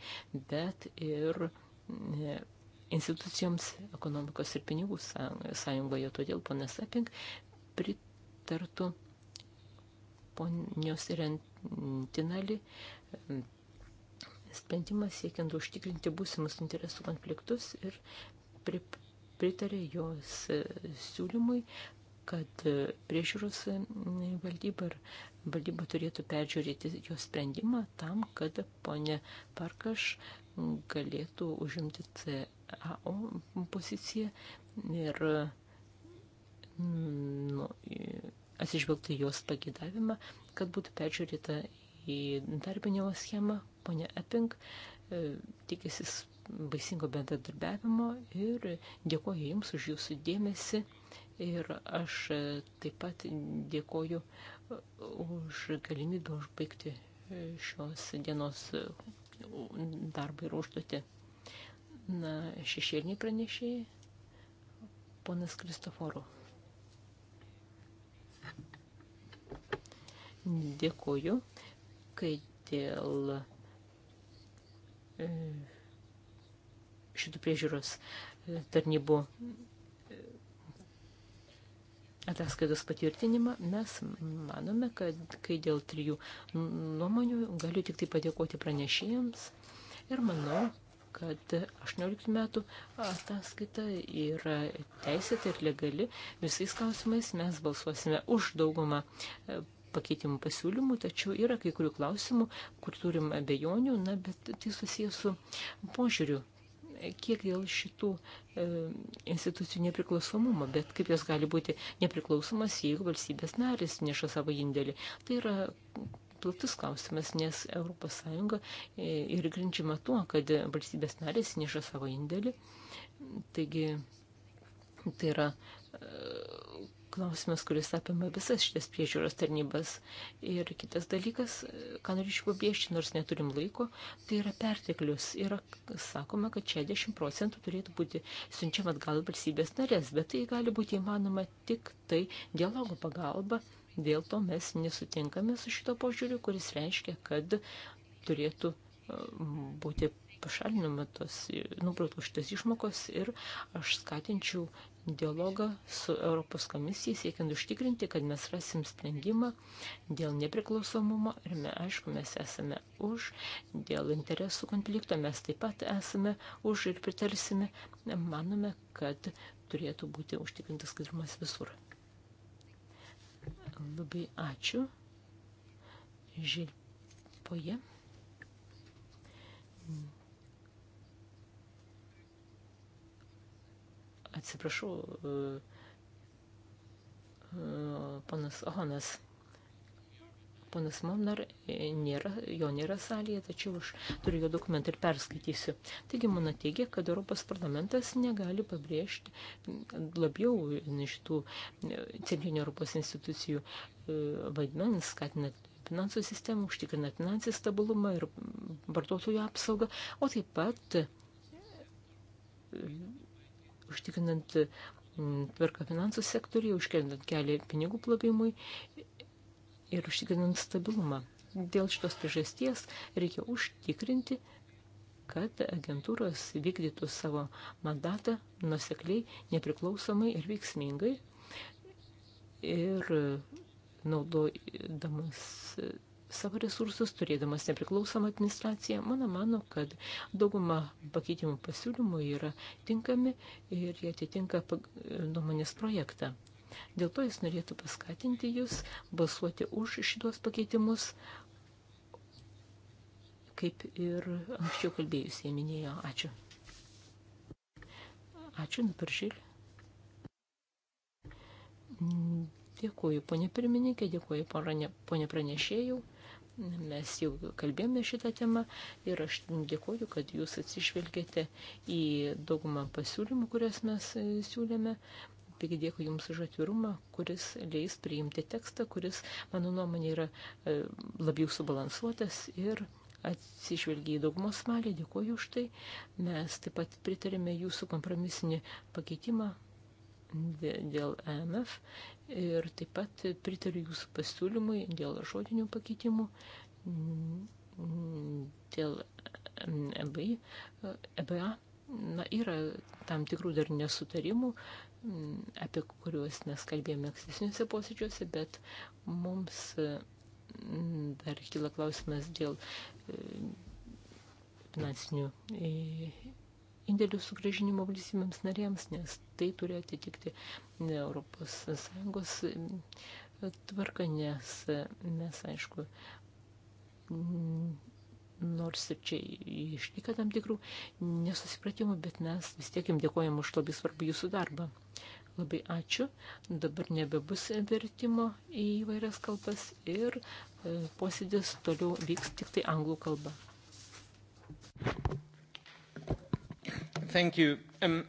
bet ir E, institucijoms ekonomikos ir pinigų sąjungoje. Todėl ponas Apink pritartų ponios Rentinali e, sprendimas siekiant užtikrinti būsimus interesų konfliktus ir pritarė jos e, siūlymui, kad priežiūros valdyba ir valdyba turėtų peržiūrėti jo sprendimą tam, kad ponė Parkaš galėtų užimti CAO poziciją ir nu, atsižvelgti jos pagėdavimą, kad būtų peržiūrėta į darbinimo schemą. Pone Epink e, tikėsi baisingo bendradarbiavimo ir dėkoju Jums už Jūsų dėmesį. Ir aš e, taip pat dėkoju e, už galimybę užbaigti šios dienos darbą ir užduotį. Na, šešėliniai pranešėjai, ponas Kristoforų. Dėkuoju, kai dėl e, šitų priežiūros tarnybų ataskaitos patvirtinimą, mes manome, kad kai dėl trijų nuomonių galiu tik tai padėkoti pranešėjams ir manau, kad 18 metų ataskaita yra teisėta ir legali. Visais klausimais mes balsuosime už daugumą e, pakeitimų pasiūlymų, tačiau yra kai kurių klausimų, kur turim abejonių, na, bet tai susijęs su požiūriu kiek dėl šitų e, institucijų nepriklausomumo, bet kaip jos gali būti nepriklausomas, jeigu valstybės narys neša savo indėlį. Tai yra platus klausimas, nes ES ir e, grindžiama tuo, kad valstybės narės neša savo indėlį. Taigi, tai yra e, klausimas, kuris apima visas šitas priežiūros tarnybas. Ir kitas dalykas, ką norėčiau pabrėžti, nors neturim laiko, tai yra perteklius. Yra sakoma, kad 60 procentų turėtų būti siunčiam atgal valstybės narės, bet tai gali būti įmanoma tik tai dialogo pagalba. Dėl to mes nesutinkame su šito požiūriu, kuris reiškia, kad turėtų e, būti pašalinama tos nubrauktos šitas išmokos ir aš skatinčiau dialogą su Europos komisija, siekiant užtikrinti, kad mes rasim sprendimą dėl nepriklausomumo ir, me, aišku, mes esame už, dėl interesų konflikto mes taip pat esame už ir pritarsime, manome, kad turėtų būti užtikrintas skaidrumas visur. Labai ačiū. Žilpoje. Mm. Atsiprašau, e, e, panas Honas. Panas Momnar nėra, jo nėra salėje, tačiau aš turiu jo dokumentą ir perskaitysiu. Taigi, mano teigia, kad Europos parlamentas negali pabrėžti labiau šitų e, centrinio Europos institucijų vaidmens, skatinant finansų sistemą, užtikrina finansį stabilumą ir vartotojų apsaugą, o taip pat užtikrinant mm, tvarką finansų sektoriuje, užkendant kelią pinigų plovimui ir užtikrinant stabilumą. Dėl šitos priežasties reikia užtikrinti, kad agentūros vykdytų savo mandatą nusekliai, nepriklausomai ir veiksmingai ir naudodamas savo resursus, turėdamas nepriklausomą administraciją, mano mano, kad dauguma pakeitimų pasiūlymų yra tinkami ir jie atitinka nuomonės projektą. Dėl to jis norėtų paskatinti jūs balsuoti už šitos pakeitimus, kaip ir anksčiau kalbėjusiai minėjo. Ačiū. Ačiū, nuparžėlė. Dėkuoju, ponė pirmininkė, dėkuoju, ponė pranešėjų. Mes jau kalbėjome šitą temą ir aš dėkoju, kad jūs atsižvelgėte į daugumą pasiūlymų, kurias mes e, siūlėme. Taigi dėkui Jums už atvirumą, kuris leis priimti tekstą, kuris, mano nuomonė, yra e, labiau subalansuotas ir atsižvelgiai į daugumos malį. Dėkoju už tai. Mes taip pat pritarėme Jūsų kompromisinį pakeitimą dėl EMF Ir taip pat pritariu jūsų pasiūlymui dėl žodinių pakeitimų, dėl EBA. EBA na, yra tam tikrų dar nesutarimų, apie kuriuos mes kalbėjome ankstesniuose posėdžiuose, bet mums dar kyla klausimas dėl e, finansinių e, indėlių sugražinimo valstybėms narėms, nes tai turi atitikti ES e, tvarką, nes e, mes, aišku, nors ir čia išlieka tam tikrų nesusipratimų, bet mes vis tiek jums dėkojam už labai svarbu jūsų darbą. Labai ačiū. Dabar nebebus vertimo į įvairias kalbas ir e, posėdis toliau vyks tik tai anglų kalba. Thank you. Um,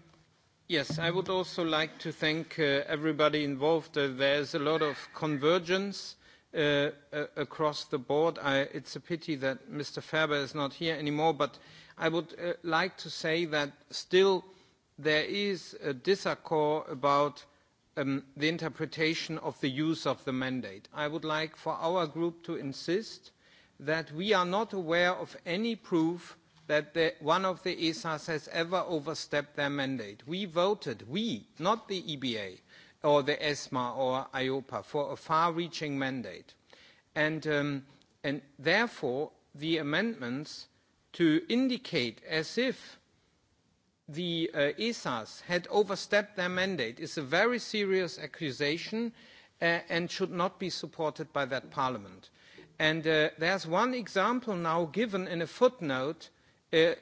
yes, I would also like to thank uh, everybody involved. Uh, there's a lot of convergence uh, uh, across the board. I, it's a pity that Mr. Ferber is not here anymore, but I would uh, like to say that still there is a disaccord about um, the interpretation of the use of the mandate. I would like for our group to insist that we are not aware of any proof that the, one of the ESAs has ever overstepped their mandate. We voted, we, not the EBA or the ESMA or IOPA, for a far-reaching mandate. And, um, and therefore, the amendments to indicate as if the uh, ESAs had overstepped their mandate is a very serious accusation uh, and should not be supported by that parliament. And uh, there's one example now given in a footnote uh, uh,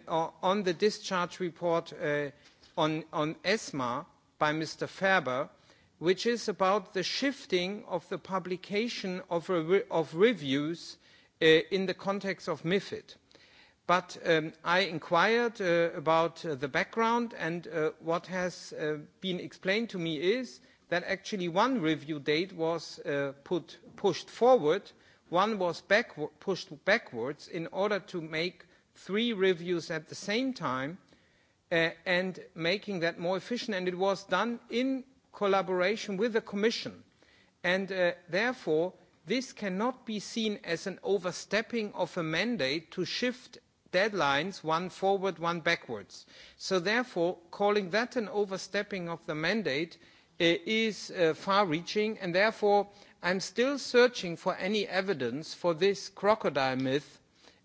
on the discharge report uh, on, on ESMA by Mr. Ferber, which is about the shifting of the publication of, re of reviews uh, in the context of MIFID. But um, I inquired uh, about uh, the background, and uh, what has uh, been explained to me is that actually one review date was uh, put, pushed forward, one was back, pushed backwards in order to make three reviews at the same time uh, and making that more efficient. And it was done in collaboration with the Commission. And uh, therefore, this cannot be seen as an overstepping of a mandate to shift deadlines, one forward, one backwards. So therefore, calling that an overstepping of the mandate uh, is uh, far-reaching, and therefore I'm still searching for any evidence for this crocodile myth